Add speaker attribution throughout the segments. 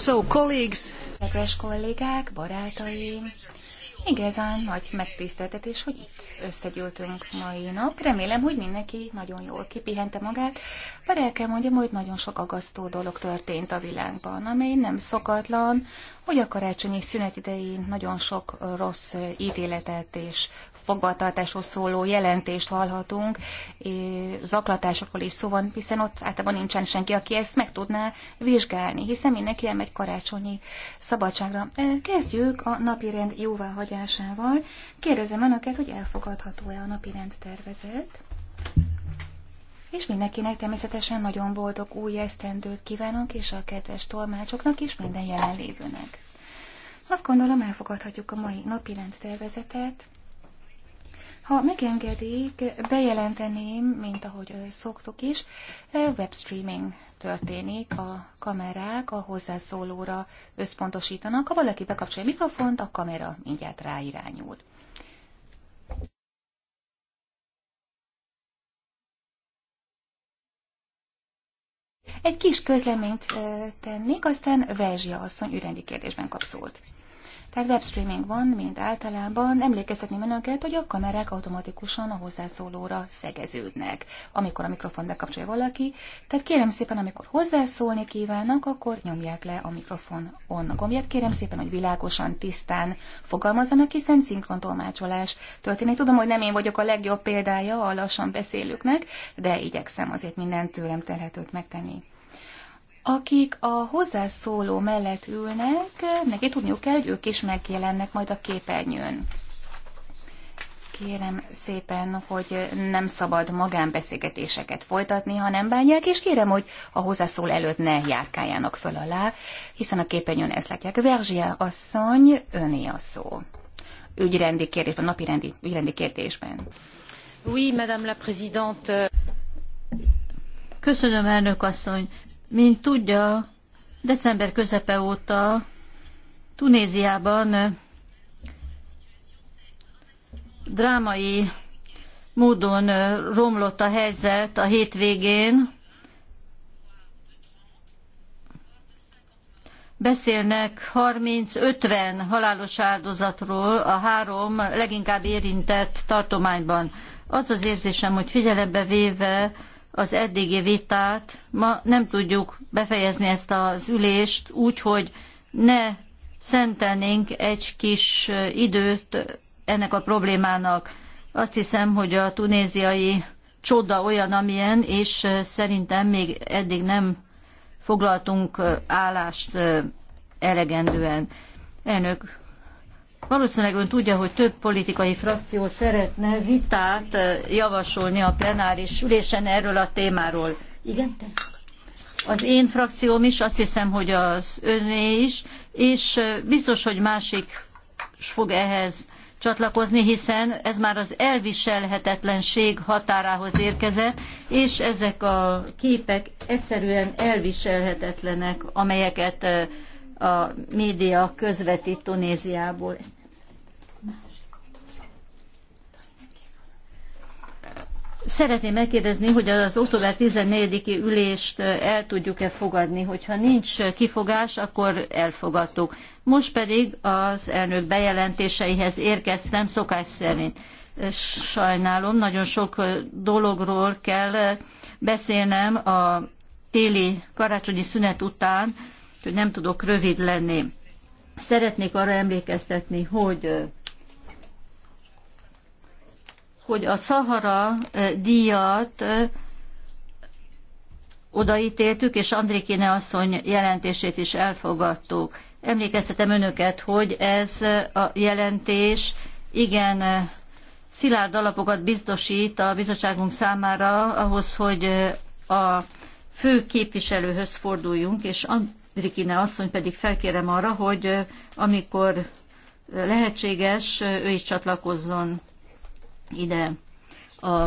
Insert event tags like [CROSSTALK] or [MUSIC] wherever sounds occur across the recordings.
Speaker 1: So,
Speaker 2: colleagues. Kedves kollégák, barátaim, igazán nagy megtiszteltetés, hogy itt összegyűltünk mai nap. Remélem, hogy mindenki nagyon jól kipihente magát, bár el kell mondjam, hogy nagyon sok agasztó dolog történt a világban, amely nem szokatlan, hogy a karácsonyi szünet idején nagyon sok rossz ítéletet és fogvatartásról szóló jelentést hallhatunk, zaklatásokról is szó van, hiszen ott általában nincsen senki, aki ezt meg tudná vizsgálni, hiszen mindenki elmegy karácsonyi szabadságra. E, kezdjük a napirend jóváhagyásával. Kérdezem önöket, hogy elfogadható-e a napirend tervezet. És mindenkinek természetesen nagyon boldog új esztendőt kívánunk, és a kedves tolmácsoknak és minden jelenlévőnek. Azt gondolom, elfogadhatjuk a mai napi rendtervezetet. Ha megengedik, bejelenteném, mint ahogy szoktuk is, webstreaming történik, a kamerák a hozzászólóra összpontosítanak. Ha valaki bekapcsolja a mikrofont, a kamera mindjárt ráirányul. Egy kis közleményt tennék, aztán Verzsia asszony ürendi kérdésben kap szót. Tehát webstreaming van, mint általában. Emlékeztetném önöket, hogy a kamerák automatikusan a hozzászólóra szegeződnek, amikor a mikrofon bekapcsolja valaki. Tehát kérem szépen, amikor hozzászólni kívánnak, akkor nyomják le a mikrofon onnan gombját. Kérem szépen, hogy világosan, tisztán fogalmazzanak, hiszen tolmácsolás történik. Tudom, hogy nem én vagyok a legjobb példája a lassan beszélőknek, de igyekszem azért mindent tőlem telhetőt megtenni akik a hozzászóló mellett ülnek, neki tudniuk kell, hogy ők is megjelennek majd a képernyőn. Kérem szépen, hogy nem szabad magánbeszélgetéseket folytatni, ha nem bánják, és kérem, hogy a hozzászól előtt ne járkáljanak föl alá, hiszen a képernyőn ezt látják. Verzsia asszony, öné a szó. Ügyrendi kérdésben, napirendi
Speaker 3: ügyrendi kérdésben. Oui, madame la présidente. Köszönöm, elnök asszony. Mint tudja, december közepe óta Tunéziában drámai módon romlott a helyzet a hétvégén. Beszélnek 30-50 halálos áldozatról a három leginkább érintett tartományban. Az az érzésem, hogy figyelembe véve az eddigi vitát. Ma nem tudjuk befejezni ezt az ülést úgy, hogy ne szentelnénk egy kis időt ennek a problémának. Azt hiszem, hogy a tunéziai csoda olyan, amilyen, és szerintem még eddig nem foglaltunk állást elegendően. Elnök Valószínűleg ön tudja, hogy több politikai frakció szeretne vitát javasolni a plenáris ülésen erről a témáról. Igen, te? Az én frakcióm is, azt hiszem, hogy az öné is, és biztos, hogy másik fog ehhez csatlakozni, hiszen ez már az elviselhetetlenség határához érkezett, és ezek a képek egyszerűen elviselhetetlenek, amelyeket a média közvetít Tunéziából. Szeretném megkérdezni, hogy az október 14-i ülést el tudjuk-e fogadni. Hogyha nincs kifogás, akkor elfogadtuk. Most pedig az elnök bejelentéseihez érkeztem szokás szerint. Sajnálom, nagyon sok dologról kell beszélnem a téli karácsonyi szünet után, hogy nem tudok rövid lenni. Szeretnék arra emlékeztetni, hogy hogy a Szahara eh, díjat eh, odaítéltük, és Andrikine asszony jelentését is elfogadtuk. Emlékeztetem önöket, hogy ez eh, a jelentés igen szilárd alapokat biztosít a bizottságunk számára ahhoz, hogy a fő képviselőhöz forduljunk, és Andrikine asszony pedig felkérem arra, hogy amikor lehetséges, ő is csatlakozzon ide a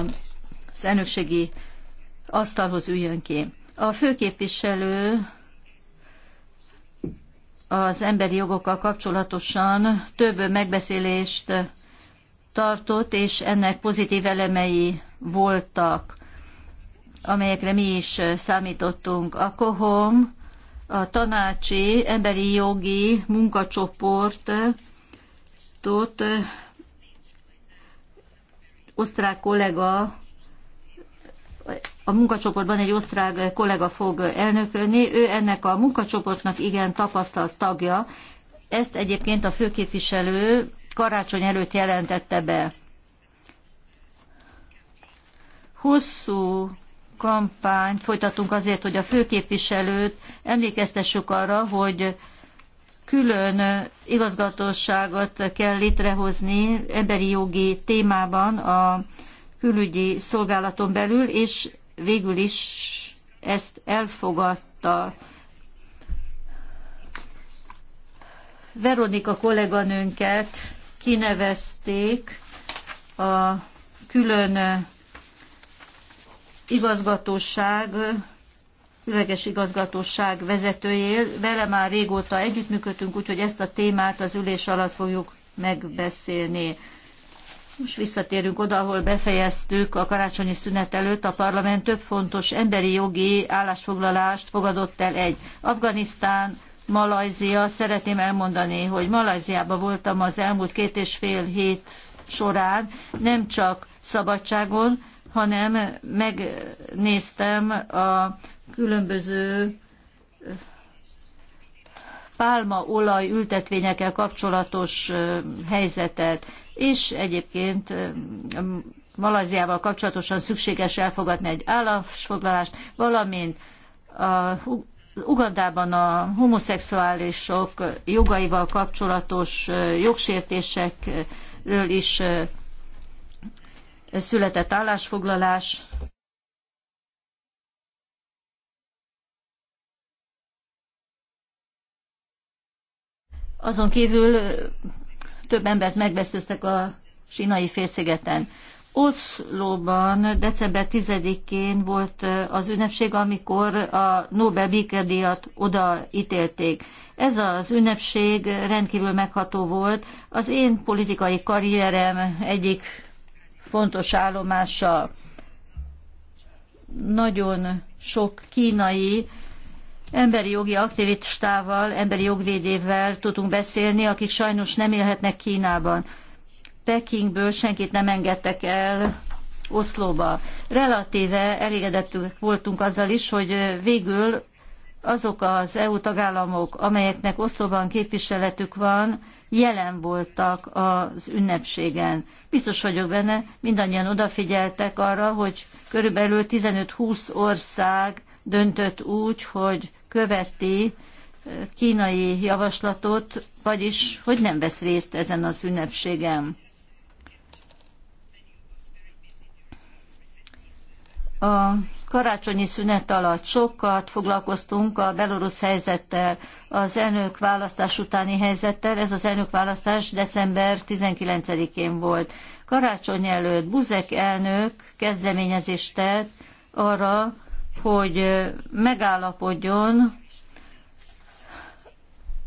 Speaker 3: elnökségi asztalhoz üljön ki. A főképviselő az emberi jogokkal kapcsolatosan több megbeszélést tartott, és ennek pozitív elemei voltak, amelyekre mi is számítottunk. A KOHOM, a tanácsi emberi jogi munkacsoport osztrák kollega, a munkacsoportban egy osztrák kollega fog elnökölni, ő ennek a munkacsoportnak igen tapasztalt tagja, ezt egyébként a főképviselő karácsony előtt jelentette be. Hosszú kampányt folytatunk azért, hogy a főképviselőt emlékeztessük arra, hogy külön igazgatóságot kell létrehozni emberi jogi témában a külügyi szolgálaton belül, és végül is ezt elfogadta. Veronika kolléganőnket kinevezték a külön igazgatóság üleges igazgatóság vezetőjével már régóta együttműködtünk, úgyhogy ezt a témát az ülés alatt fogjuk megbeszélni. Most visszatérünk oda, ahol befejeztük a karácsonyi szünet előtt. A parlament több fontos emberi jogi állásfoglalást fogadott el egy. Afganisztán, Malajzia, szeretném elmondani, hogy Malajziában voltam az elmúlt két és fél hét során, nem csak szabadságon, hanem megnéztem a különböző pálmaolaj ültetvényekkel kapcsolatos helyzetet, és egyébként Malajziával kapcsolatosan szükséges elfogadni egy állásfoglalást, valamint a Ugandában a homoszexuálisok jogaival kapcsolatos jogsértésekről is született állásfoglalás. Azon kívül több embert megvesztőztek a sinai félszigeten. Oszlóban december 10-én volt az ünnepség, amikor a Nobel békedíjat oda ítélték. Ez az ünnepség rendkívül megható volt. Az én politikai karrierem egyik fontos állomása. Nagyon sok kínai emberi jogi aktivistával, emberi jogvédével tudtunk beszélni, akik sajnos nem élhetnek Kínában. Pekingből senkit nem engedtek el Oszlóba. Relatíve elégedettük voltunk azzal is, hogy végül azok az EU tagállamok, amelyeknek Oszlóban képviseletük van, jelen voltak az ünnepségen. Biztos vagyok benne, mindannyian odafigyeltek arra, hogy körülbelül 15-20 ország döntött úgy, hogy követi kínai javaslatot, vagyis hogy nem vesz részt ezen az ünnepségen. A karácsonyi szünet alatt sokat foglalkoztunk a belorusz helyzettel, az elnök választás utáni helyzettel. Ez az elnök választás december 19-én volt. Karácsony előtt Buzek elnök kezdeményezést tett arra, hogy megállapodjon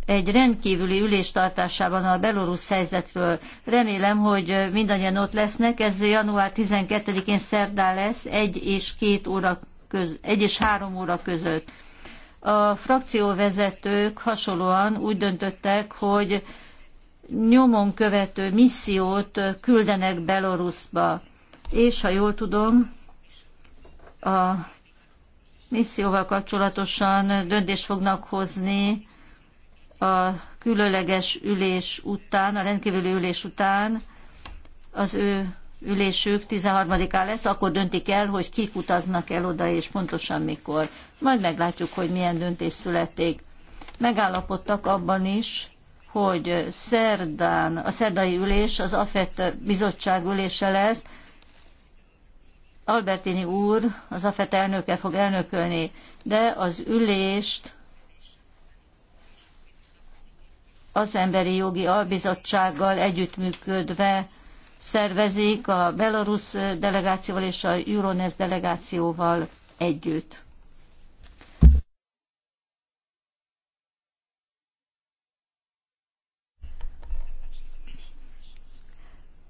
Speaker 3: egy rendkívüli ülés tartásában a belorusz helyzetről. Remélem, hogy mindannyian ott lesznek. Ez január 12-én szerdán lesz, egy és két óra köz, egy és három óra között. A frakcióvezetők hasonlóan úgy döntöttek, hogy nyomon követő missziót küldenek Belarusba. És ha jól tudom, a misszióval kapcsolatosan döntést fognak hozni a különleges ülés után, a rendkívüli ülés után az ő ülésük 13-án lesz, akkor döntik el, hogy kik utaznak el oda, és pontosan mikor. Majd meglátjuk, hogy milyen döntés születik. Megállapodtak abban is, hogy szerdán, a szerdai ülés az AFET bizottság ülése lesz, Albertini úr az AFET elnöke fog elnökölni, de az ülést az Emberi Jogi Albizottsággal együttműködve szervezik a Belarus delegációval és a Euronest delegációval együtt.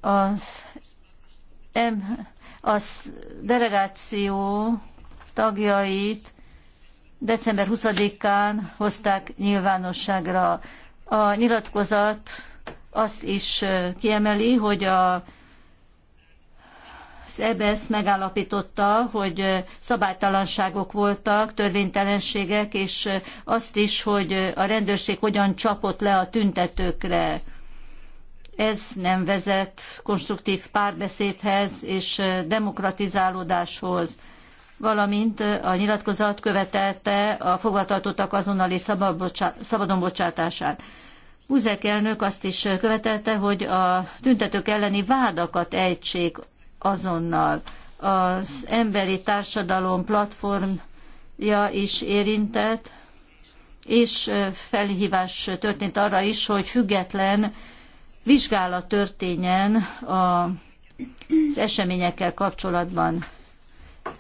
Speaker 3: Az M a delegáció tagjait december 20-án hozták nyilvánosságra. A nyilatkozat azt is kiemeli, hogy a az EBSZ e megállapította, hogy szabálytalanságok voltak, törvénytelenségek, és azt is, hogy a rendőrség hogyan csapott le a tüntetőkre ez nem vezet konstruktív párbeszédhez és demokratizálódáshoz, valamint a nyilatkozat követelte a fogvatartottak azonnali bocsátását. Buzek elnök azt is követelte, hogy a tüntetők elleni vádakat ejtsék azonnal. Az emberi társadalom platformja is érintett, és felhívás történt arra is, hogy független vizsgálat történjen az eseményekkel kapcsolatban.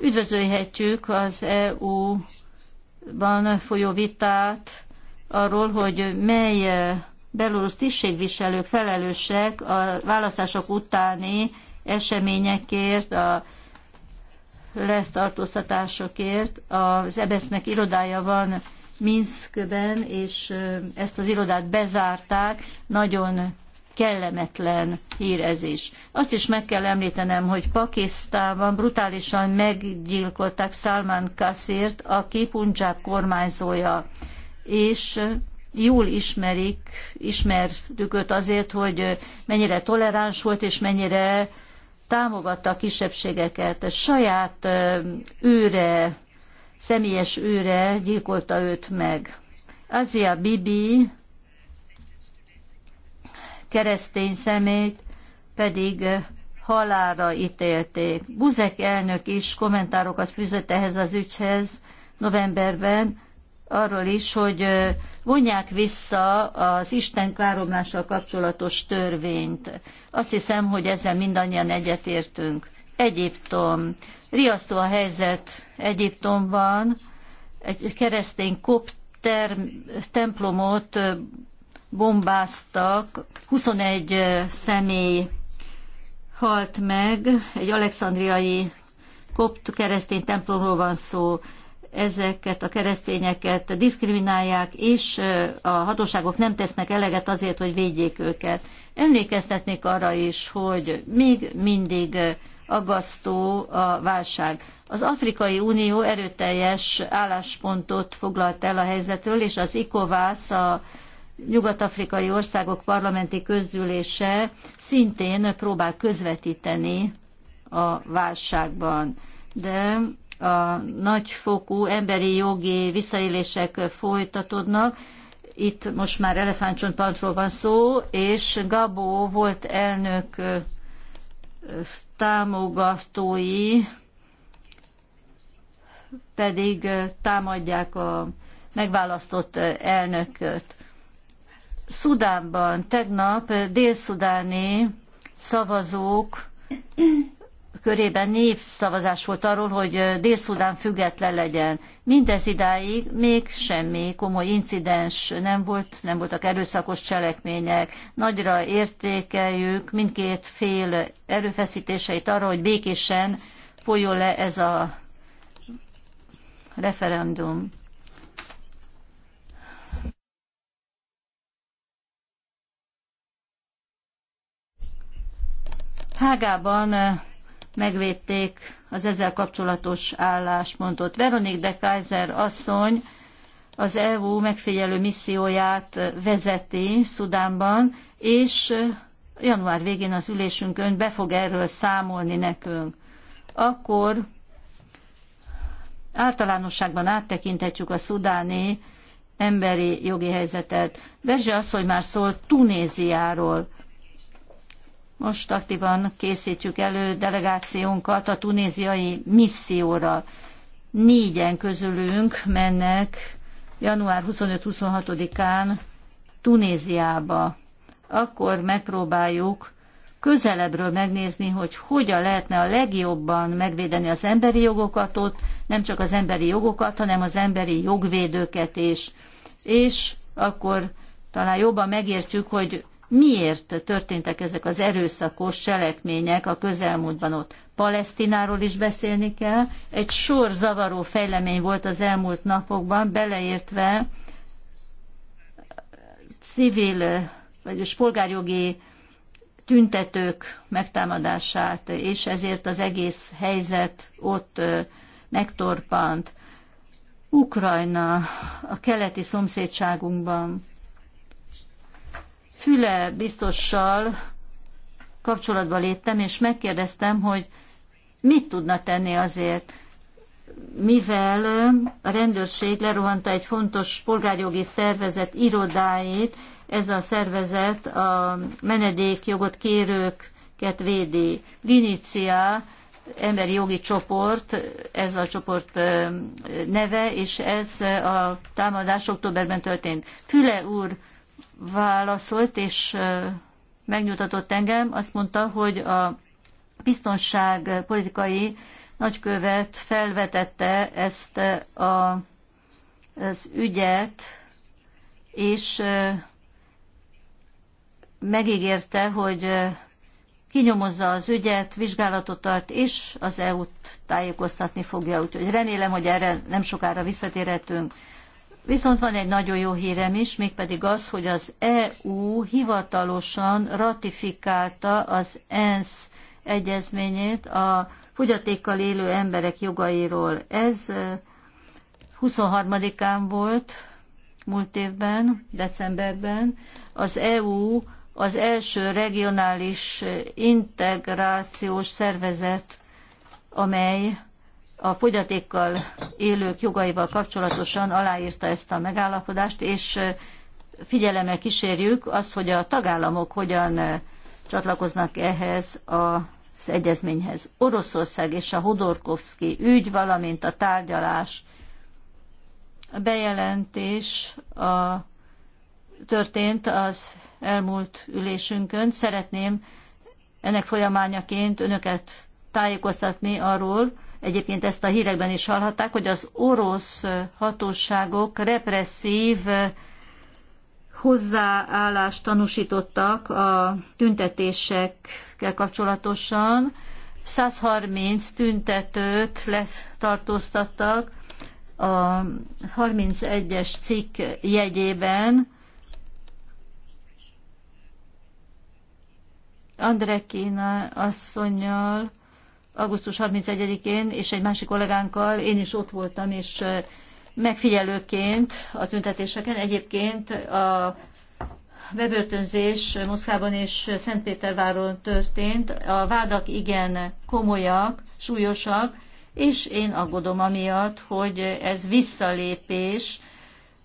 Speaker 3: Üdvözölhetjük az EU-ban folyó vitát arról, hogy mely belorusz tisztségviselők felelősek a választások utáni eseményekért, a letartóztatásokért. Az EBESZ-nek irodája van Minskben, és ezt az irodát bezárták. Nagyon kellemetlen hír ez is. Azt is meg kell említenem, hogy Pakisztánban brutálisan meggyilkolták Salman Kasszirt, aki Punjab kormányzója, és jól ismerik, ismertük őt azért, hogy mennyire toleráns volt, és mennyire támogatta a kisebbségeket. Saját őre, személyes őre gyilkolta őt meg. Azia Bibi keresztény szemét pedig eh, halára ítélték. Buzek elnök is kommentárokat fűzött ehhez az ügyhez novemberben, arról is, hogy eh, vonják vissza az Isten káromlással kapcsolatos törvényt. Azt hiszem, hogy ezzel mindannyian egyetértünk. Egyiptom. Riasztó a helyzet Egyiptomban. Egy keresztény kopter templomot eh, bombáztak, 21 személy halt meg, egy alexandriai kopt keresztény templomról van szó, ezeket a keresztényeket diszkriminálják, és a hatóságok nem tesznek eleget azért, hogy védjék őket. Emlékeztetnék arra is, hogy még mindig aggasztó a válság. Az Afrikai Unió erőteljes álláspontot foglalt el a helyzetről, és az ICOVÁSZ, a nyugat-afrikai országok parlamenti közgyűlése szintén próbál közvetíteni a válságban. De a nagyfokú emberi jogi visszaélések folytatódnak. Itt most már elefántcsontpantról van szó, és Gabó volt elnök támogatói pedig támadják a megválasztott elnököt. Szudánban tegnap eh, délszudáni szavazók körében népszavazás volt arról, hogy eh, Dél-Szudán független legyen. Mindez idáig még semmi komoly incidens nem volt, nem voltak erőszakos cselekmények. Nagyra értékeljük mindkét fél erőfeszítéseit arra, hogy békésen folyjon le ez a referendum. Hágában megvédték az ezzel kapcsolatos álláspontot. Veronique de Kaiser asszony az EU megfigyelő misszióját vezeti Szudánban, és január végén az ülésünkön be fog erről számolni nekünk. Akkor általánosságban áttekinthetjük a szudáni emberi jogi helyzetet. Berzse asszony már szólt Tunéziáról. Most aktívan készítjük elő delegációnkat a tunéziai misszióra. Négyen közülünk mennek január 25-26-án Tunéziába. Akkor megpróbáljuk közelebbről megnézni, hogy hogyan lehetne a legjobban megvédeni az emberi jogokat ott, nem csak az emberi jogokat, hanem az emberi jogvédőket is. És akkor talán jobban megértjük, hogy miért történtek ezek az erőszakos cselekmények a közelmúltban ott. Palesztináról is beszélni kell. Egy sor zavaró fejlemény volt az elmúlt napokban, beleértve civil, vagyis polgárjogi tüntetők megtámadását, és ezért az egész helyzet ott megtorpant. Ukrajna a keleti szomszédságunkban Füle biztossal kapcsolatba léptem, és megkérdeztem, hogy mit tudna tenni azért, mivel a rendőrség lerohanta egy fontos polgárjogi szervezet irodáit, ez a szervezet a menedékjogot kérőket védi. Linicia emberi jogi csoport, ez a csoport neve, és ez a támadás októberben történt. Füle úr válaszolt, és megnyugtatott engem, azt mondta, hogy a biztonság politikai nagykövet felvetette ezt a, az ügyet, és megígérte, hogy kinyomozza az ügyet, vizsgálatot tart, és az EU-t tájékoztatni fogja. Úgyhogy remélem, hogy erre nem sokára visszatérhetünk. Viszont van egy nagyon jó hírem is, mégpedig az, hogy az EU hivatalosan ratifikálta az ENSZ egyezményét a fogyatékkal élő emberek jogairól. Ez 23-án volt múlt évben, decemberben. Az EU az első regionális integrációs szervezet, amely a fogyatékkal élők jogaival kapcsolatosan aláírta ezt a megállapodást, és figyelemmel kísérjük azt, hogy a tagállamok hogyan csatlakoznak ehhez az egyezményhez. Oroszország és a Hodorkovszki ügy, valamint a tárgyalás, a bejelentés a, történt az elmúlt ülésünkön. Szeretném ennek folyamányaként önöket tájékoztatni arról, egyébként ezt a hírekben is hallhatták, hogy az orosz hatóságok represszív hozzáállást tanúsítottak a tüntetésekkel kapcsolatosan. 130 tüntetőt lesz tartóztattak a 31-es cikk jegyében. Andrekina asszonynal augusztus 31-én, és egy másik kollégánkkal én is ott voltam, és megfigyelőként a tüntetéseken. Egyébként a bebörtönzés Moszkvában és Szentpéterváron történt. A vádak igen komolyak, súlyosak, és én aggódom amiatt, hogy ez visszalépés,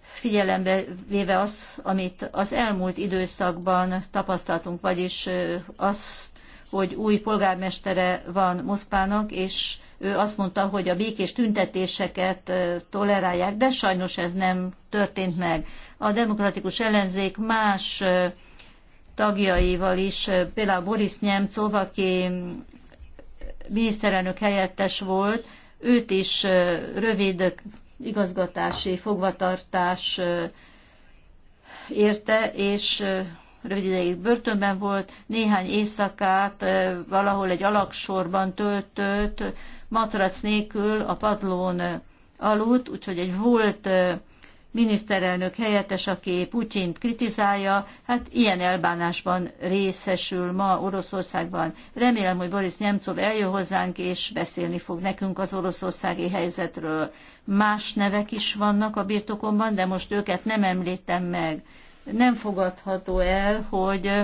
Speaker 3: figyelembe véve azt, amit az elmúlt időszakban tapasztaltunk, vagyis azt hogy új polgármestere van Moszkvának, és ő azt mondta, hogy a békés tüntetéseket tolerálják, de sajnos ez nem történt meg. A demokratikus ellenzék más tagjaival is, például Boris Nemcov, aki miniszterelnök helyettes volt, őt is rövid igazgatási fogvatartás érte, és rövid ideig börtönben volt, néhány éjszakát valahol egy alaksorban töltött, matrac nélkül a padlón aludt, úgyhogy egy volt miniszterelnök helyettes, aki Putyint kritizálja, hát ilyen elbánásban részesül ma Oroszországban. Remélem, hogy Boris Nemcov eljön hozzánk, és beszélni fog nekünk az oroszországi helyzetről. Más nevek is vannak a birtokomban, de most őket nem említem meg nem fogadható el, hogy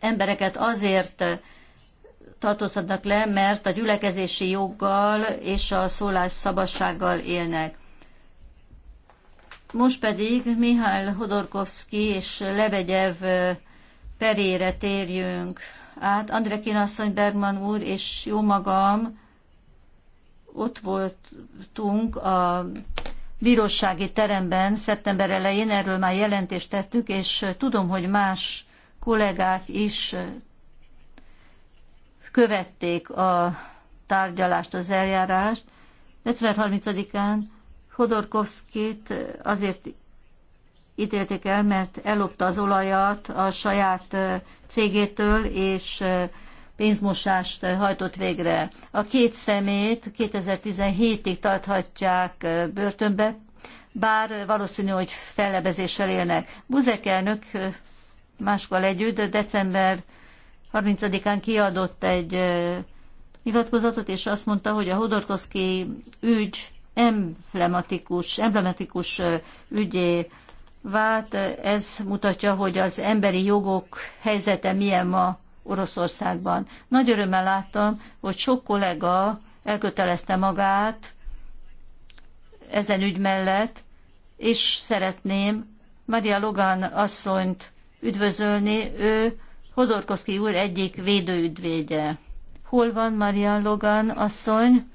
Speaker 3: embereket azért tartóztatnak le, mert a gyülekezési joggal és a szólásszabadsággal élnek. Most pedig Mihály Hodorkovszki és Lebegyev perére térjünk át. André Kinasszony Bergman úr és jó magam, ott voltunk a bírósági teremben szeptember elején, erről már jelentést tettük, és tudom, hogy más kollégák is követték a tárgyalást, az eljárást. 30-án Hodorkovszkit azért ítélték el, mert ellopta az olajat a saját cégétől, és pénzmosást hajtott végre. A két szemét 2017-ig tarthatják börtönbe, bár valószínű, hogy fellebezéssel élnek. Buzek elnök máskal együtt december 30-án kiadott egy nyilatkozatot, és azt mondta, hogy a Hodorkoszki ügy emblematikus, emblematikus ügyé vált. Ez mutatja, hogy az emberi jogok helyzete milyen ma. Oroszországban. Nagy örömmel láttam, hogy sok kollega elkötelezte magát ezen ügy mellett, és szeretném Maria Logan asszonyt üdvözölni, ő Hodorkoszki úr egyik védőüdvédje. Hol van Maria Logan asszony?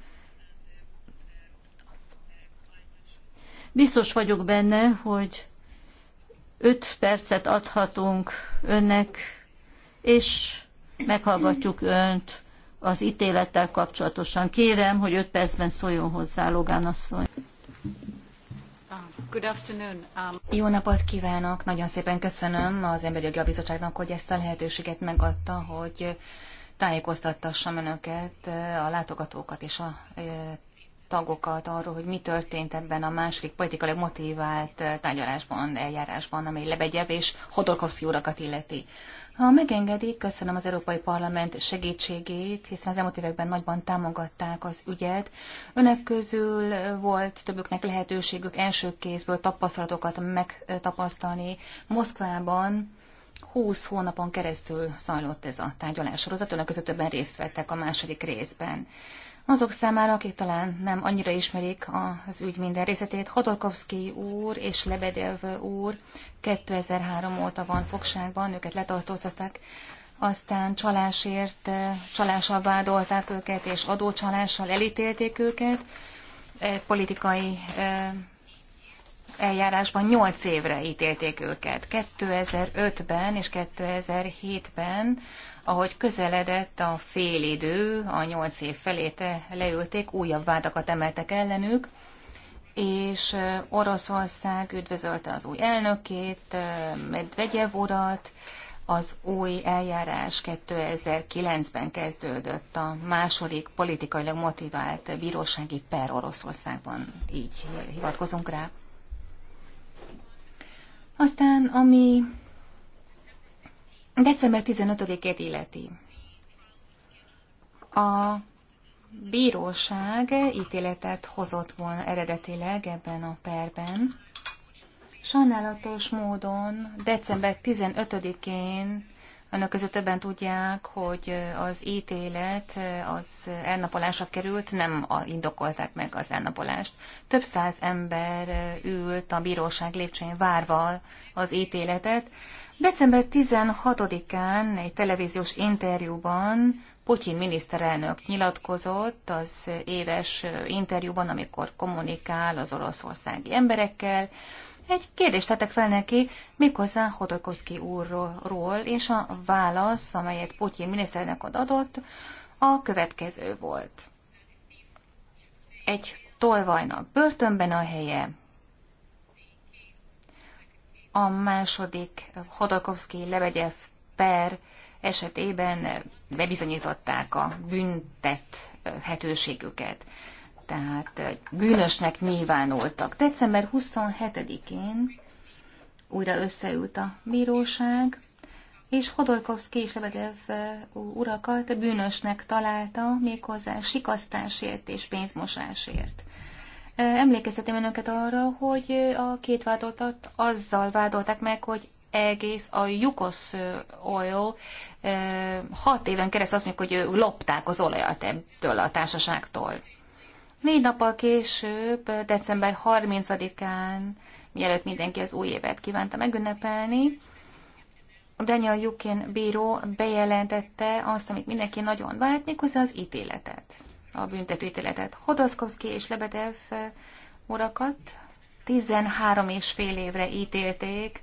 Speaker 3: Biztos vagyok benne, hogy öt percet adhatunk önnek és meghallgatjuk Önt az ítélettel kapcsolatosan. Kérem, hogy öt percben szóljon hozzá Logán asszony.
Speaker 4: Good afternoon. Um...
Speaker 3: Jó napot kívánok! Nagyon szépen
Speaker 2: köszönöm az Emberi Jogi Bizottságnak, hogy ezt a lehetőséget megadta, hogy tájékoztattassam önöket, a látogatókat és a tagokat arról, hogy mi történt ebben a második politikailag motivált tárgyalásban, eljárásban, amely Lebegyev és Hodorkovszki urakat illeti. Ha megengedik, köszönöm az Európai Parlament segítségét, hiszen az elmúlt években nagyban támogatták az ügyet. Önök közül volt többüknek lehetőségük első kézből tapasztalatokat megtapasztalni. Moszkvában 20 hónapon keresztül zajlott ez a tárgyalássorozat, önök között többen részt vettek a második részben. Azok számára, akik talán nem annyira ismerik az ügy minden részletét, Hodorkovszki úr és Lebedev úr 2003 óta van fogságban, őket letartóztatták, aztán csalásért, csalással vádolták őket, és adócsalással elítélték őket, e, politikai e, eljárásban 8 évre ítélték őket. 2005-ben és 2007-ben ahogy közeledett a idő, a nyolc év felét leülték, újabb vádakat emeltek ellenük, és Oroszország üdvözölte az új elnökét, Medvegyev urat, az új eljárás 2009-ben kezdődött a második politikailag motivált bírósági per Oroszországban, így hivatkozunk rá. Aztán, ami December 15-ét illeti. A bíróság ítéletet hozott volna eredetileg ebben a perben. Sajnálatos módon december 15-én Önök között többen tudják, hogy az ítélet az elnapolásra került, nem indokolták meg az elnapolást. Több száz ember ült a bíróság lépcsőjén várva az ítéletet. December 16-án egy televíziós interjúban Putyin miniszterelnök nyilatkozott az éves interjúban, amikor kommunikál az oroszországi emberekkel. Egy kérdést tettek fel neki, méghozzá Hodorkovszki úrról, és a válasz, amelyet Putyin miniszterelnök adott, a következő volt. Egy tolvajnak börtönben a helye, a második Hodakovsky Lebegyev per esetében bebizonyították a büntet hetőségüket. Tehát bűnösnek nyilvánultak. December 27-én újra összeült a bíróság, és Hodorkovszki és Lebedev urakat bűnösnek találta méghozzá sikasztásért és pénzmosásért. Emlékeztetem önöket arra, hogy a két vádoltat azzal vádolták meg, hogy egész a Yukos Oil hat éven keresztül azt mondjuk, hogy lopták az olajat ebből a társaságtól. Négy nappal később, december 30-án, mielőtt mindenki az új évet kívánta megünnepelni, Daniel Yukin bíró bejelentette azt, amit mindenki nagyon vált, méghozzá az ítéletet a büntetőítéletet. Hodorszkowski és Lebedev eh, urakat 13 és fél évre ítélték,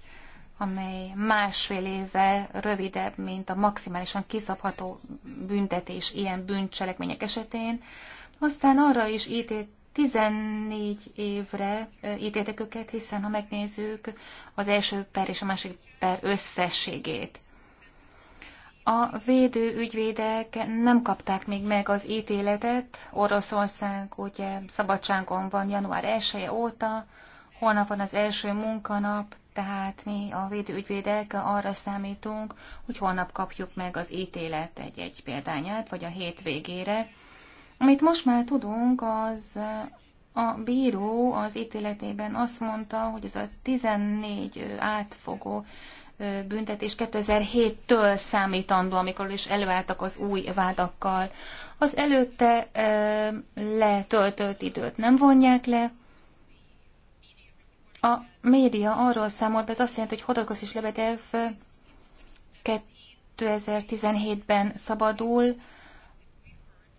Speaker 2: amely másfél évvel rövidebb, mint a maximálisan kiszabható büntetés ilyen bűncselekmények esetén. Aztán arra is ítélt 14 évre eh, ítéltek őket, hiszen ha megnézzük az első per és a másik per összességét. A védő ügyvédek nem kapták még meg az ítéletet. Oroszország ugye szabadságon van január 1 -e óta, holnap van az első munkanap, tehát mi a ügyvédek arra számítunk, hogy holnap kapjuk meg az ítélet egy-egy példányát, vagy a végére. Amit most már tudunk, az a bíró az ítéletében azt mondta, hogy ez a 14 átfogó büntetés 2007-től számítandó, amikor is előálltak az új vádakkal. Az előtte letöltött időt nem vonják le. A média arról számolt be, ez azt jelenti, hogy Hodorkosz és Lebedev 2017-ben szabadul.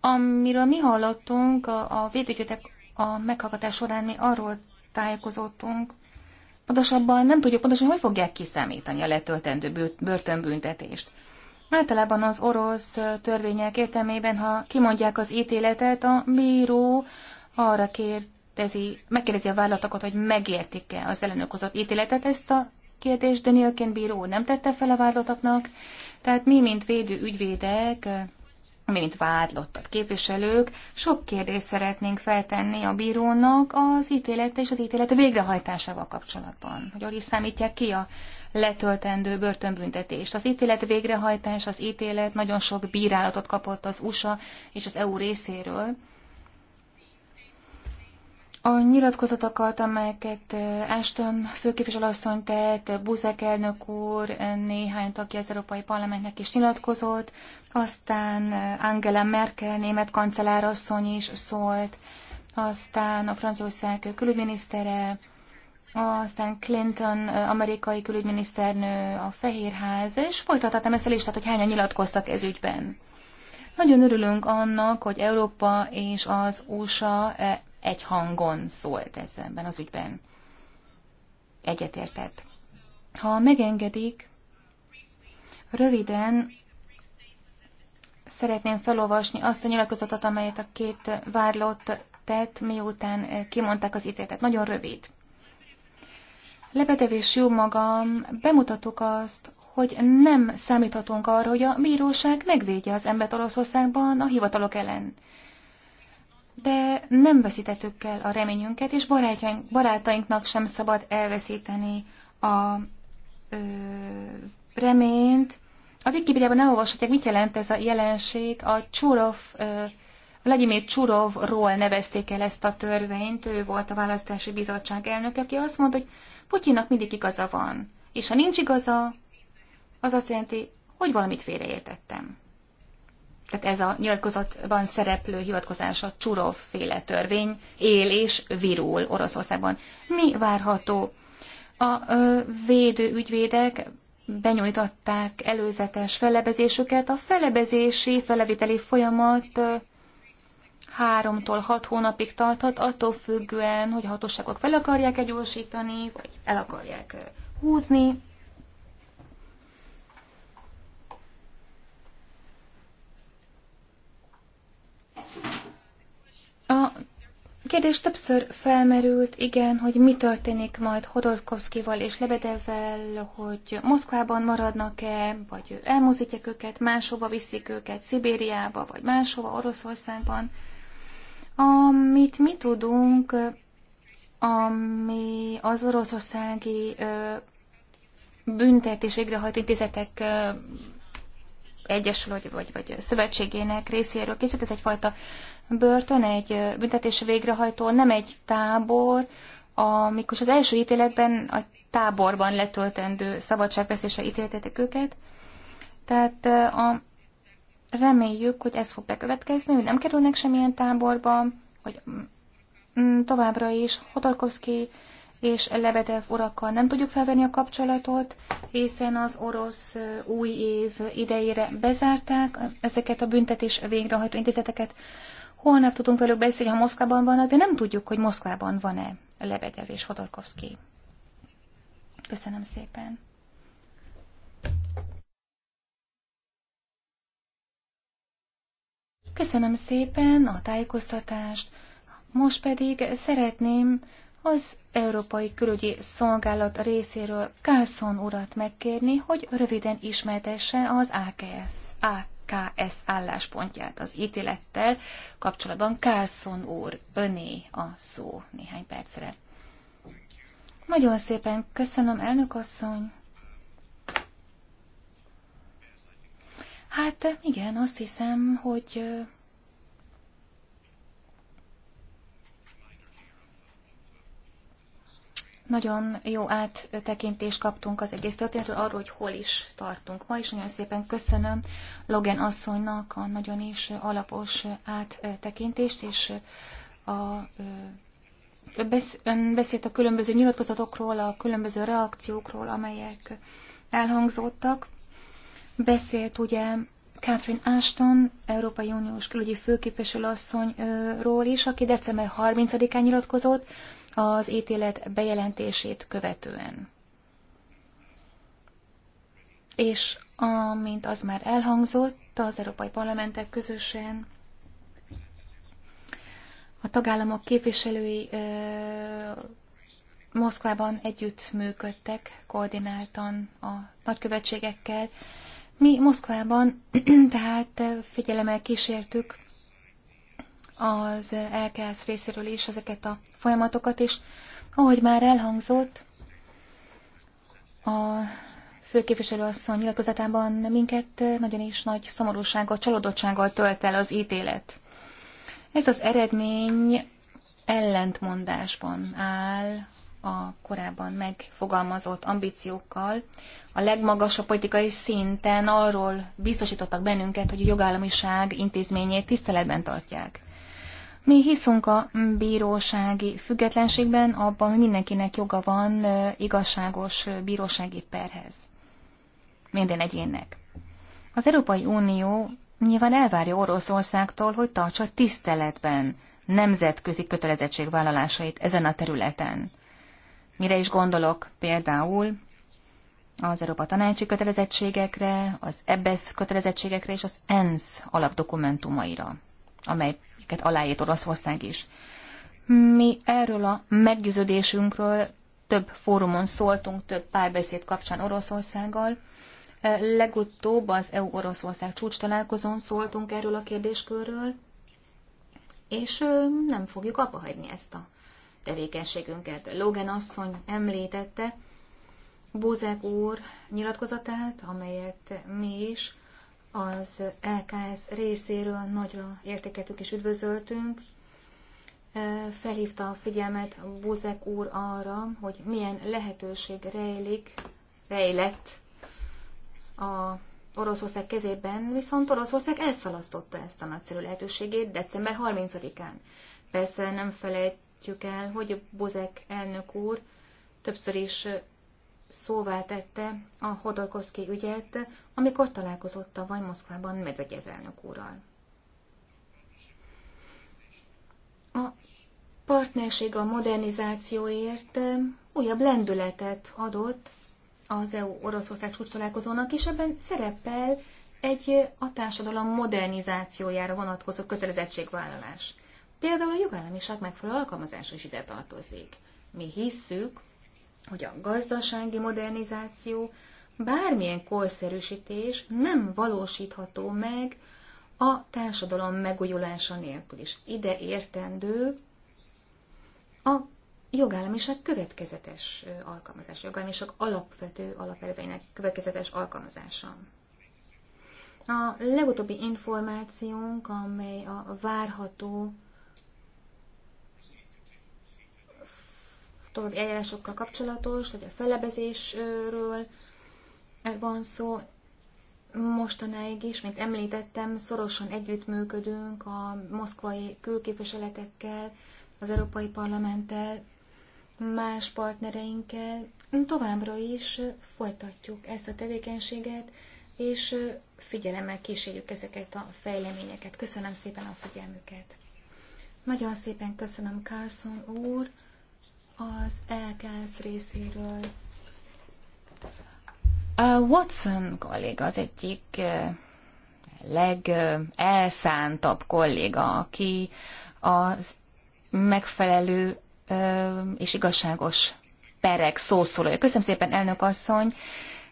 Speaker 2: Amiről mi hallottunk, a, a védőgyötek a meghallgatás során mi arról tájékozottunk, Pontosabban nem tudjuk pontosan, hogy fogják kiszámítani a letöltendő börtönbüntetést. Általában az orosz törvények értelmében, ha kimondják az ítéletet, a bíró arra kérdezi, megkérdezi a vállalatokat, hogy megértik-e az ellenőkozott ítéletet. Ezt a kérdést Danielként bíró nem tette fel a vállalatoknak, tehát mi, mint védő ügyvédek, mint vádlottat képviselők, sok kérdést szeretnénk feltenni a bírónak az ítélet és az ítélet végrehajtásával kapcsolatban. Hogy is számítják ki a letöltendő börtönbüntetést. Az ítélet végrehajtás, az ítélet nagyon sok bírálatot kapott az USA és az EU részéről a nyilatkozatokat, amelyeket Ashton főképviselőasszony tett, Buzek elnök úr, néhány tagja az Európai Parlamentnek is nyilatkozott, aztán Angela Merkel, német kancellárasszony is szólt, aztán a Franciaország külügyminisztere, aztán Clinton, amerikai külügyminiszternő, a Fehérház, és folytathatnám ezt a listát, hogy hányan nyilatkoztak ez ügyben. Nagyon örülünk annak, hogy Európa és az USA egy hangon szólt ezzelben az ügyben. Egyetértett. Ha megengedik, röviden szeretném felolvasni azt a nyilatkozatot, amelyet a két vádlott tett, miután kimondták az ítéletet. Nagyon rövid. Lebedev és jó magam, bemutatok azt, hogy nem számíthatunk arra, hogy a bíróság megvédje az embert Oroszországban a hivatalok ellen de nem veszítettük el a reményünket, és barátjaink, barátainknak sem szabad elveszíteni a ö, reményt. A nem elolvashatják, mit jelent ez a jelenség. A Csurov, ö, Vladimir Csurovról nevezték el ezt a törvényt, ő volt a választási bizottság elnöke, aki azt mondta, hogy Putyinnak mindig igaza van, és ha nincs igaza, az azt jelenti, hogy valamit félreértettem tehát ez a nyilatkozatban szereplő hivatkozás a Csurov féle törvény él és virul Oroszországban. Mi várható? A ö, védő ügyvédek benyújtatták előzetes felebezésüket. A felebezési, feleviteli folyamat háromtól hat hónapig tarthat, attól függően, hogy a hatóságok fel akarják-e gyorsítani, vagy el akarják húzni. A kérdés többször felmerült, igen, hogy mi történik majd Hodorkovszkival és Lebedevvel, hogy Moszkvában maradnak-e, vagy elmozdítják őket, máshova viszik őket, Szibériába, vagy máshova, Oroszországban. Amit mi tudunk, ami az oroszországi büntetés végrehajtó intézetek egyesület vagy, vagy szövetségének részéről készült. Ez egyfajta börtön, egy büntetés végrehajtó, nem egy tábor, amikor az első ítéletben a táborban letöltendő szabadságveszésre ítéltetek őket. Tehát a, reméljük, hogy ez fog bekövetkezni, hogy nem kerülnek semmilyen táborba, hogy mm, továbbra is Hodorkovszki és Lebedev urakkal nem tudjuk felvenni a kapcsolatot, hiszen az orosz új év idejére bezárták ezeket a büntetés végrehajtó intézeteket. Holnap tudunk velük beszélni, ha Moszkvában vannak, de nem tudjuk, hogy Moszkvában van-e Lebedev és Hodorkovszki. Köszönöm szépen. Köszönöm szépen a tájékoztatást. Most pedig szeretném az Európai Külügyi Szolgálat részéről Carlson urat megkérni, hogy röviden ismertesse az AKS, AKS álláspontját az ítélettel kapcsolatban. Carlson úr, öné a szó néhány percre. Nagyon szépen köszönöm, elnök asszony. Hát igen, azt hiszem, hogy Nagyon jó áttekintést kaptunk az egész történetről, arról, hogy hol is tartunk ma, és nagyon szépen köszönöm Logan asszonynak a nagyon is alapos áttekintést, és a ön beszélt a különböző nyilatkozatokról, a különböző reakciókról, amelyek elhangzottak. Beszélt ugye Catherine Ashton, Európai Uniós külügyi asszonyról is, aki december 30-án nyilatkozott, az ítélet bejelentését követően. És amint az már elhangzott, az Európai Parlamentek közösen a tagállamok képviselői ö, Moszkvában együtt működtek, koordináltan a nagykövetségekkel. Mi Moszkvában [CLEARS THROAT] tehát figyelemmel kísértük az LKS részéről is ezeket a folyamatokat, és ahogy már elhangzott, a főképviselő asszony nyilatkozatában minket nagyon is nagy szomorúsággal, csalódottsággal tölt el az ítélet. Ez az eredmény ellentmondásban áll a korábban megfogalmazott ambíciókkal. A legmagasabb politikai szinten arról biztosítottak bennünket, hogy a jogállamiság intézményét tiszteletben tartják. Mi hiszünk a bírósági függetlenségben, abban, hogy mindenkinek joga van igazságos bírósági perhez. Minden egyénnek. Az Európai Unió nyilván elvárja Oroszországtól, hogy tartsa tiszteletben nemzetközi kötelezettségvállalásait ezen a területen. Mire is gondolok például az Európa Tanácsi kötelezettségekre, az EBESZ kötelezettségekre és az ENSZ alapdokumentumaira, amely amelyeket aláírt Olaszország is. Mi erről a meggyőződésünkről több fórumon szóltunk, több párbeszéd kapcsán Oroszországgal. E, legutóbb az EU-Oroszország csúcs találkozón szóltunk erről a kérdéskörről, és e, nem fogjuk hagyni ezt a tevékenységünket. Logan asszony említette Bozek úr nyilatkozatát, amelyet mi is az LKS részéről nagyra értékeltük és üdvözöltünk. Felhívta a figyelmet Buzek úr arra, hogy milyen lehetőség rejlik, rejlett a Oroszország kezében, viszont Oroszország elszalasztotta ezt a nagyszerű lehetőségét december 30-án. Persze nem felejtjük el, hogy Buzek elnök úr többször is szóvá tette a Hodorkovszki ügyet, amikor találkozott a Moszkvában Medvegyev elnök úrral. A partnerség a modernizációért eh, újabb lendületet adott az EU-Oroszország csúcstalálkozónak, és ebben szerepel egy eh, a társadalom modernizációjára vonatkozó kötelezettségvállalás. Például a jogállamiság megfelelő alkalmazása is ide tartozik. Mi hisszük, hogy a gazdasági modernizáció, bármilyen korszerűsítés nem valósítható meg a társadalom megújulása nélkül is. Ide értendő a jogállamiság következetes alkalmazása, jogállamiság alapvető alapelveinek következetes alkalmazása. A legutóbbi információnk, amely a várható további eljárásokkal kapcsolatos, vagy a felebezésről van szó. Mostanáig is, mint említettem, szorosan együttműködünk a moszkvai külképviseletekkel, az Európai Parlamenttel, más partnereinkkel. Továbbra is folytatjuk ezt a tevékenységet, és figyelemmel kísérjük ezeket a fejleményeket. Köszönöm szépen a figyelmüket! Nagyon szépen köszönöm, Carson úr! az LKS részéről. A Watson kolléga az egyik legelszántabb kolléga, aki az megfelelő és igazságos perek szószólója. Köszönöm szépen, elnök asszony!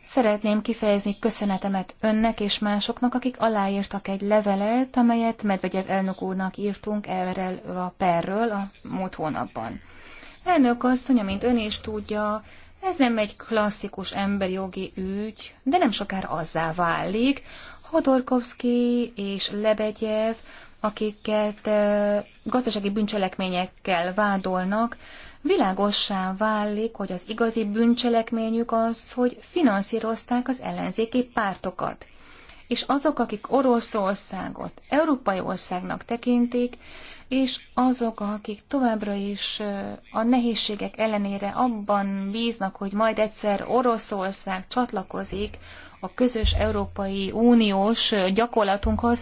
Speaker 2: Szeretném kifejezni köszönetemet önnek és másoknak, akik aláírtak egy levelet, amelyet Medvegyev elnök úrnak írtunk erről a perről a múlt hónapban. Elnök asszony, mint ön is tudja, ez nem egy klasszikus emberi jogi ügy, de nem sokára azzá válik. Hodorkovszki és Lebegyev, akiket gazdasági bűncselekményekkel vádolnak, világossá válik, hogy az igazi bűncselekményük az, hogy finanszírozták az ellenzéki pártokat. És azok, akik Oroszországot európai országnak tekintik, és azok, akik továbbra is a nehézségek ellenére abban bíznak, hogy majd egyszer Oroszország csatlakozik a közös Európai Uniós gyakorlatunkhoz,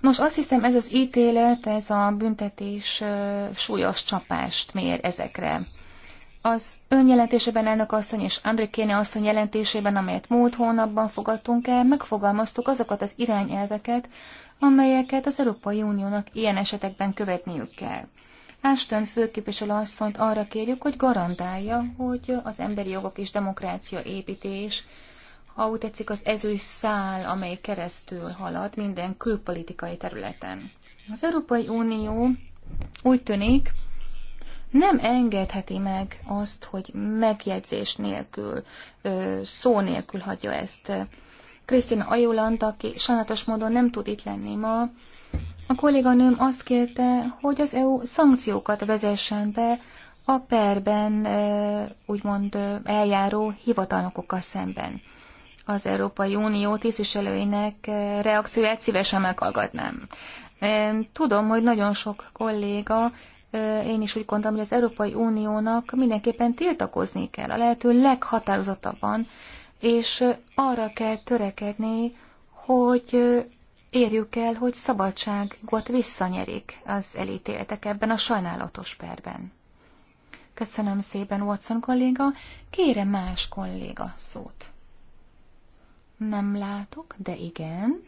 Speaker 2: Nos, azt hiszem ez az ítélet, ez a büntetés súlyos csapást mér ezekre. Az önjelentésében elnök asszony és André Kéne asszony jelentésében, amelyet múlt hónapban fogadtunk el, megfogalmaztuk azokat az irányelveket, amelyeket az Európai Uniónak ilyen esetekben követniük kell. Ashton főképviselő asszonyt arra kérjük, hogy garantálja, hogy az emberi jogok és demokrácia építés, ha úgy tetszik, az ezői szál, amely keresztül halad minden külpolitikai területen. Az Európai Unió úgy tűnik, nem engedheti meg azt, hogy megjegyzés nélkül, szó nélkül hagyja ezt Krisztina Ajulant, aki sajnálatos módon nem tud itt lenni ma. A kolléganőm azt kérte, hogy az EU szankciókat vezessen be a perben úgymond eljáró hivatalnokokkal szemben. Az Európai Unió tisztviselőinek reakcióját szívesen meghallgatnám. Tudom, hogy nagyon sok kolléga én is úgy gondolom, hogy az Európai Uniónak mindenképpen tiltakozni kell, a lehető leghatározottabban és arra kell törekedni, hogy érjük el, hogy szabadságot visszanyerik az elítéltek ebben a sajnálatos perben. Köszönöm szépen, Watson kolléga. Kérem más kolléga szót. Nem látok, de igen.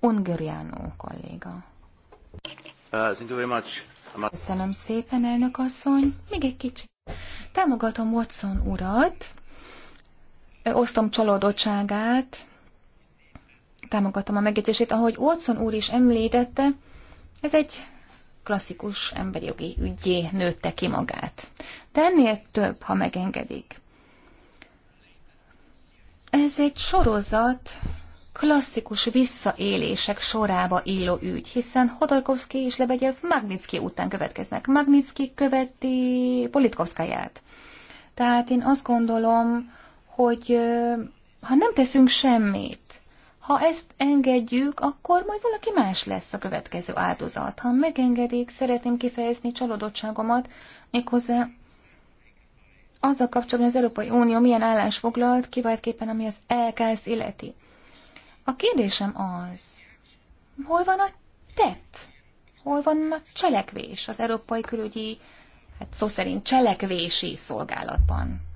Speaker 2: Ungoriano kolléga.
Speaker 4: Uh, Köszönöm
Speaker 2: szépen, elnök asszony. Még egy kicsit. Támogatom Watson urat osztom csalódottságát, támogatom a megjegyzését, ahogy Watson úr is említette, ez egy klasszikus emberi jogi ügyé nőtte ki magát. De ennél több, ha megengedik. Ez egy sorozat klasszikus visszaélések sorába illó ügy, hiszen Hodorkovsky és Lebegyev Magnitsky után következnek. Magnitsky követi Politkovskáját. Tehát én azt gondolom, hogy ha nem teszünk semmit, ha ezt engedjük, akkor majd valaki más lesz a következő áldozat. Ha megengedik, szeretném kifejezni csalódottságomat, méghozzá azzal kapcsolatban az Európai Unió milyen állás foglalt, kiváltképpen ami az LKS illeti. A kérdésem az, hol van a tett? Hol van a cselekvés az Európai Külügyi, hát szó szerint cselekvési szolgálatban?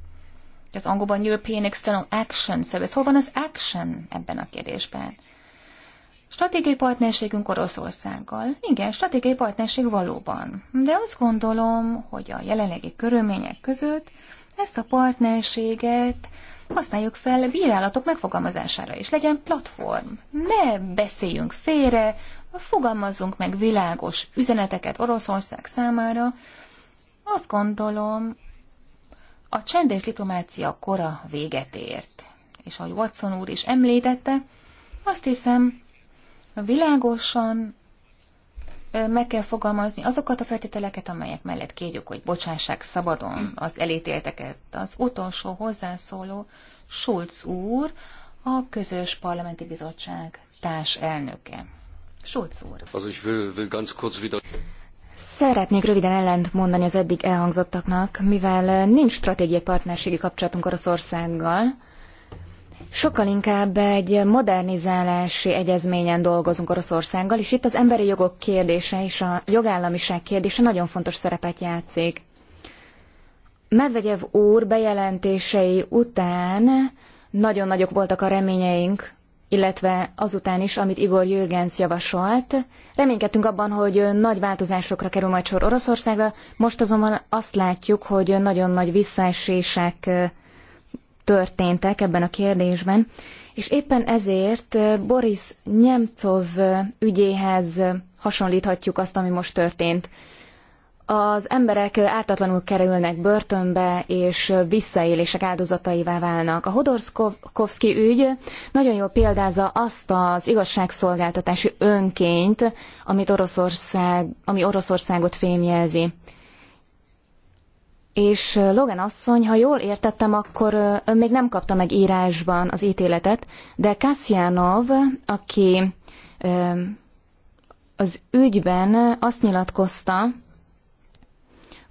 Speaker 2: Ez angolban European External Action Service. Hol van az action ebben a kérdésben? Stratégiai partnerségünk Oroszországgal. Igen, stratégiai partnerség valóban. De azt gondolom, hogy a jelenlegi körülmények között ezt a partnerséget használjuk fel bírálatok megfogalmazására is. Legyen platform. Ne beszéljünk félre, fogalmazzunk meg világos üzeneteket Oroszország számára. Azt gondolom, a csendes diplomácia kora véget ért. És ahogy Watson úr is említette, azt hiszem, világosan meg kell fogalmazni azokat a feltételeket, amelyek mellett kérjük, hogy bocsássák szabadon az elítélteket. Az utolsó hozzászóló Schulz úr, a közös parlamenti bizottság társelnöke. Schulz úr.
Speaker 4: Also ich will, will ganz kurz wieder...
Speaker 5: Szeretnék röviden ellent mondani az eddig elhangzottaknak, mivel nincs stratégiai partnerségi kapcsolatunk Oroszországgal, Sokkal inkább egy modernizálási egyezményen dolgozunk Oroszországgal, és itt az emberi jogok kérdése és a jogállamiság kérdése nagyon fontos szerepet játszik. Medvegyev úr bejelentései után nagyon nagyok voltak a reményeink illetve azután is, amit Igor Jürgens javasolt. Reménykedtünk abban, hogy nagy változásokra kerül majd sor Oroszországra, most azonban azt látjuk, hogy nagyon nagy visszaesések történtek ebben a kérdésben, és éppen ezért Boris Nemcov ügyéhez hasonlíthatjuk azt, ami most történt az emberek ártatlanul kerülnek börtönbe, és visszaélések áldozataivá válnak. A Hodorszkovszki ügy nagyon jól példázza azt az igazságszolgáltatási önként, amit Oroszország, ami Oroszországot fémjelzi. És Logan asszony, ha jól értettem, akkor ön még nem kapta meg írásban az ítéletet, de Kasianov, aki az ügyben azt nyilatkozta,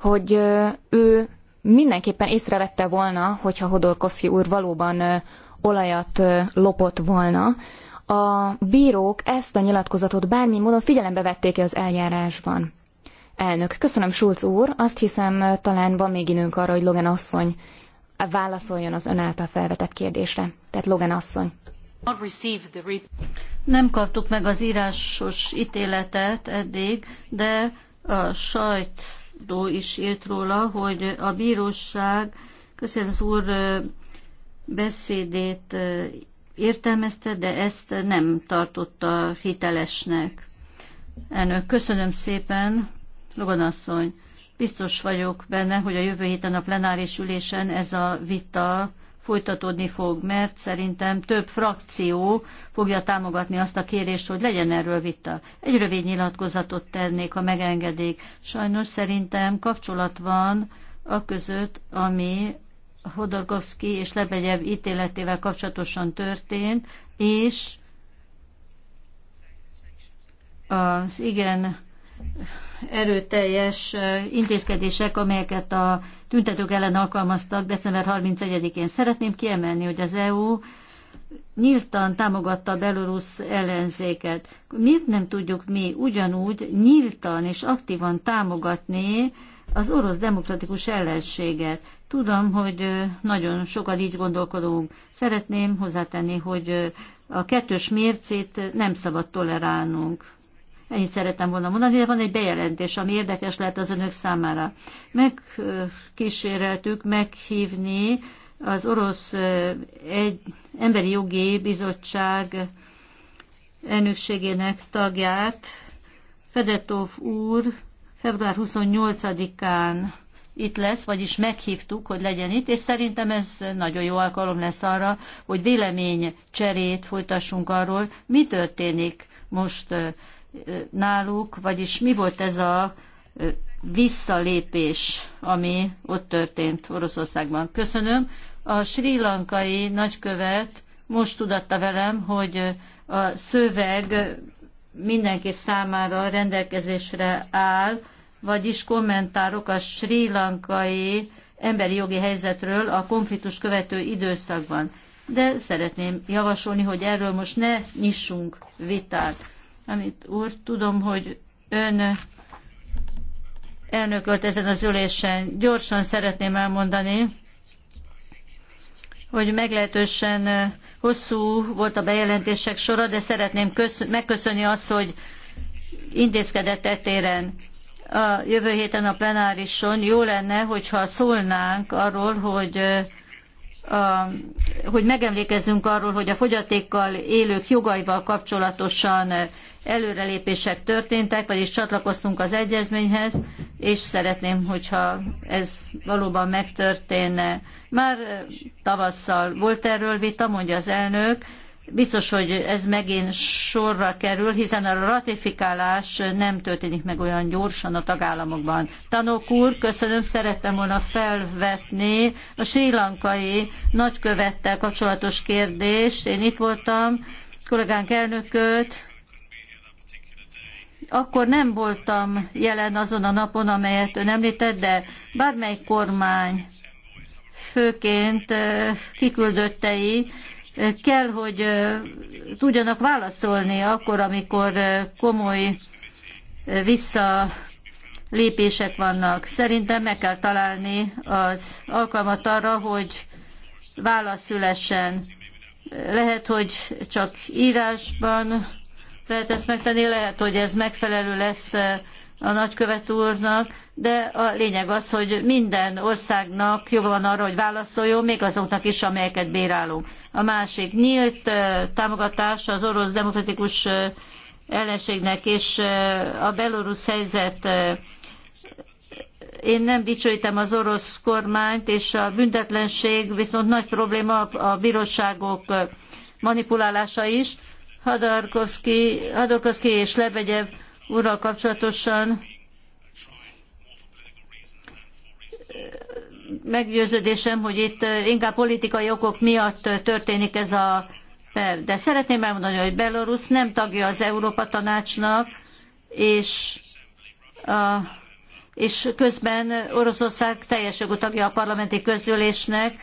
Speaker 5: hogy ő mindenképpen észrevette volna, hogyha Hodorkovszki úr valóban olajat lopott volna. A bírók ezt a nyilatkozatot bármi módon figyelembe vették az eljárásban. Elnök, köszönöm Schulz úr, azt hiszem talán van még időnk arra, hogy Logan asszony válaszoljon az ön által felvetett kérdésre. Tehát Logan asszony.
Speaker 3: Nem kaptuk meg az írásos ítéletet eddig, de a sajt Guaidó is írt róla, hogy a bíróság, köszönöm az úr beszédét értelmezte, de ezt nem tartotta hitelesnek. Elnök, köszönöm szépen, Logonasszony. Biztos vagyok benne, hogy a jövő héten a plenáris ülésen ez a vita folytatódni fog, mert szerintem több frakció fogja támogatni azt a kérést, hogy legyen erről vita. Egy rövid nyilatkozatot tennék, ha megengedik. Sajnos szerintem kapcsolat van a között, ami Hodorkovszki és Lebegyev ítéletével kapcsolatosan történt, és az igen erőteljes intézkedések, amelyeket a tüntetők ellen alkalmaztak december 31-én. Szeretném kiemelni, hogy az EU nyíltan támogatta a belorusz ellenzéket. Miért nem tudjuk mi ugyanúgy nyíltan és aktívan támogatni az orosz demokratikus ellenséget? Tudom, hogy nagyon sokat így gondolkodunk. Szeretném hozzátenni, hogy a kettős mércét nem szabad tolerálnunk. Ennyit szerettem volna mondani, de van egy bejelentés, ami érdekes lehet az önök számára. Megkíséreltük meghívni az Orosz egy, Emberi Jogi Bizottság elnökségének tagját, Fedetov úr február 28-án itt lesz, vagyis meghívtuk, hogy legyen itt, és szerintem ez nagyon jó alkalom lesz arra, hogy vélemény cserét folytassunk arról, mi történik most náluk, vagyis mi volt ez a visszalépés, ami ott történt Oroszországban. Köszönöm. A sri lankai nagykövet most tudatta velem, hogy a szöveg mindenki számára rendelkezésre áll, vagyis kommentárok a sri lankai emberi jogi helyzetről a konfliktus követő időszakban. De szeretném javasolni, hogy erről most ne nyissunk vitát amit úr, tudom, hogy ön elnökölt ezen az ülésen. Gyorsan szeretném elmondani, hogy meglehetősen hosszú volt a bejelentések sora, de szeretném megköszönni azt, hogy intézkedett etéren. A jövő héten a plenárison jó lenne, hogyha szólnánk arról, hogy a, hogy megemlékezzünk arról, hogy a fogyatékkal élők jogaival kapcsolatosan előrelépések történtek, vagyis csatlakoztunk az egyezményhez, és szeretném, hogyha ez valóban megtörténne. Már tavasszal volt erről vita, mondja az elnök, biztos, hogy ez megint sorra kerül, hiszen a ratifikálás nem történik meg olyan gyorsan a tagállamokban. Tanok úr, köszönöm, szerettem volna felvetni a sílankai nagykövettel kapcsolatos kérdést. Én itt voltam, kollégánk elnököt, akkor nem voltam jelen azon a napon, amelyet ön említett, de bármely kormány, főként kiküldöttei, kell, hogy tudjanak válaszolni akkor, amikor komoly visszalépések vannak. Szerintem meg kell találni az alkalmat arra, hogy válasz szülessen. Lehet, hogy csak írásban, lehet ezt megtenni, lehet, hogy ez megfelelő lesz a nagykövet úrnak, de a lényeg az, hogy minden országnak joga van arra, hogy válaszoljon, még azoknak is, amelyeket bírálunk. A másik nyílt támogatás az orosz demokratikus ellenségnek és a belorusz helyzet én nem dicsőítem az orosz kormányt, és a büntetlenség viszont nagy probléma a bíróságok manipulálása is. Hadarkovszki, és Lebegyev úrral kapcsolatosan eh, meggyőződésem, hogy itt eh, inkább politikai okok miatt eh, történik ez a per. De szeretném elmondani, hogy Belarus nem tagja az Európa Tanácsnak, és, a, és közben Oroszország teljes jogú tagja a parlamenti közülésnek,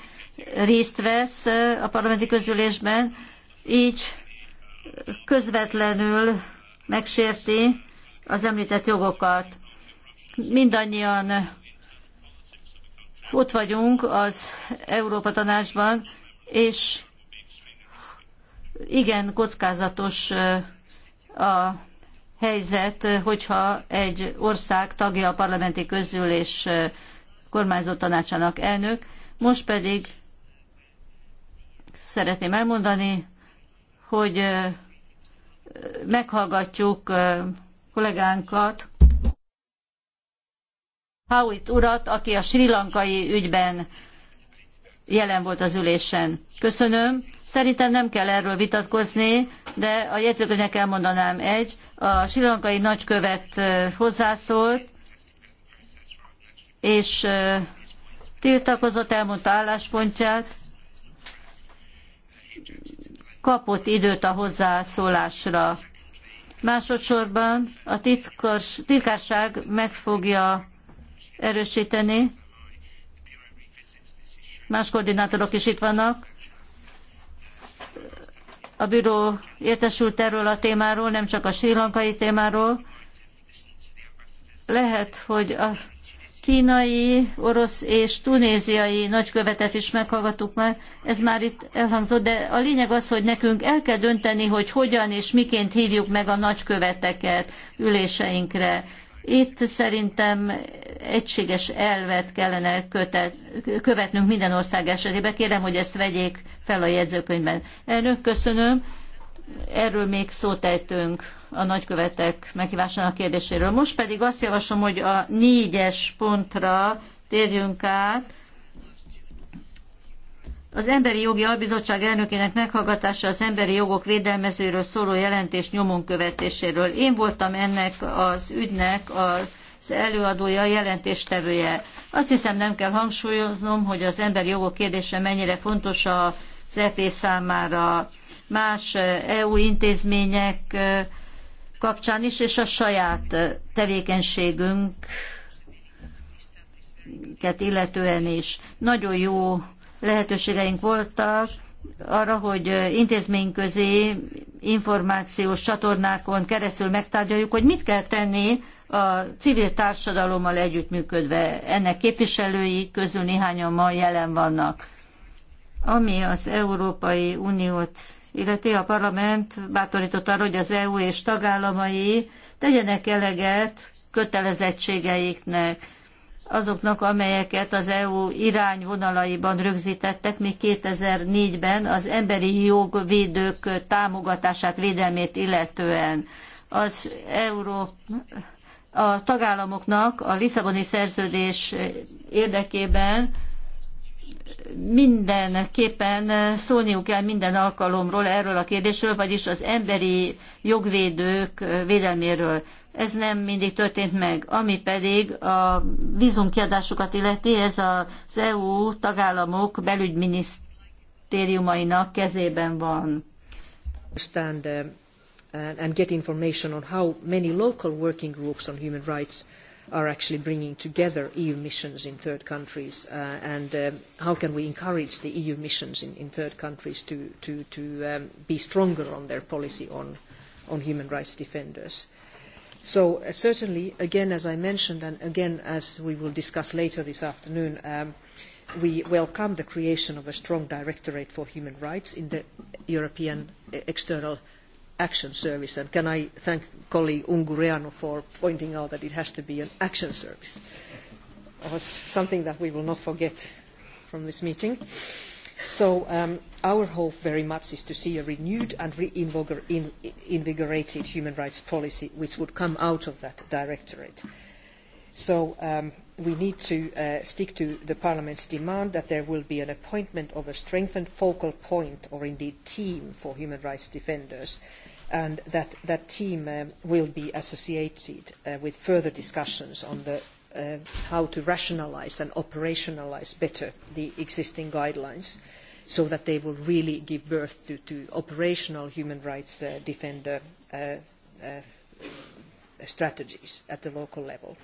Speaker 3: részt vesz a parlamenti közülésben, így közvetlenül megsérti az említett jogokat. Mindannyian ott vagyunk az Európa Tanácsban, és igen kockázatos a helyzet, hogyha egy ország tagja a parlamenti közülés kormányzó tanácsának elnök. Most pedig szeretném elmondani, hogy meghallgatjuk kollégánkat, Howitt urat, aki a sri lankai ügyben jelen volt az ülésen. Köszönöm. Szerintem nem kell erről vitatkozni, de a jegyzőkönyvnek elmondanám egy. A sri lankai nagykövet hozzászólt, és tiltakozott, elmondta álláspontját, kapott időt a hozzászólásra. Másodszorban a titkos, titkárság meg fogja erősíteni, más koordinátorok is itt vannak, a büró értesült erről a témáról, nem csak a sri lankai témáról. Lehet, hogy a kínai, orosz és tunéziai nagykövetet is meghallgattuk már, ez már itt elhangzott, de a lényeg az, hogy nekünk el kell dönteni, hogy hogyan és miként hívjuk meg a nagyköveteket üléseinkre. Itt szerintem egységes elvet kellene kötet, követnünk minden ország esetében. Kérem, hogy ezt vegyék fel a jegyzőkönyvben. Elnök, köszönöm. Erről még szót ejtünk a nagykövetek meghívásának kérdéséről. Most pedig azt javaslom, hogy a négyes pontra térjünk át. Az Emberi Jogi Albizottság elnökének meghallgatása az emberi jogok védelmezőről szóló jelentés nyomon követéséről. Én voltam ennek az ügynek az előadója, a jelentéstevője. Azt hiszem nem kell hangsúlyoznom, hogy az emberi jogok kérdése mennyire fontos a EP számára. Más EU eh, e intézmények eh, kapcsán is, és a saját tevékenységünket illetően is. Nagyon jó lehetőségeink voltak arra, hogy intézményközi információs csatornákon keresztül megtárgyaljuk, hogy mit kell tenni a civil társadalommal együttműködve. Ennek képviselői közül néhányan ma jelen vannak ami az Európai Uniót illeti, a parlament bátorított arra, hogy az EU és tagállamai tegyenek eleget kötelezettségeiknek, azoknak, amelyeket az EU irányvonalaiban rögzítettek még 2004-ben az emberi jogvédők támogatását, védelmét illetően. Az Euró a tagállamoknak a Lisszaboni szerződés érdekében mindenképpen szólniuk kell minden alkalomról erről a kérdésről, vagyis az emberi jogvédők védelméről. Ez nem mindig történt meg. Ami pedig a vízumkiadásokat illeti, ez az EU tagállamok belügyminisztériumainak
Speaker 1: kezében van. Stand, uh, and get information on how many local working groups on human rights are actually bringing together EU missions in third countries uh, and um, how can we encourage the EU missions in, in third countries to, to, to um, be stronger on their policy on, on human rights defenders. So uh, certainly, again, as I mentioned, and again, as we will discuss later this afternoon, um, we welcome the creation of a strong directorate for human rights in the European uh, External action service. And can I thank colleague Ungureanu for pointing out that it has to be an action service? It was something that we will not forget from this meeting. So um, our hope very much is to see a renewed and reinvigorated human rights policy which would come out of that directorate. So um, we need to uh, stick to the Parliament's demand that there will be an appointment of a strengthened focal point or indeed team for human rights defenders and that, that team um, will be associated uh, with further discussions on the, uh, how to rationalise and operationalise better the existing guidelines so that they will really give birth to, to operational human rights uh, defender uh, uh, strategies at the local level.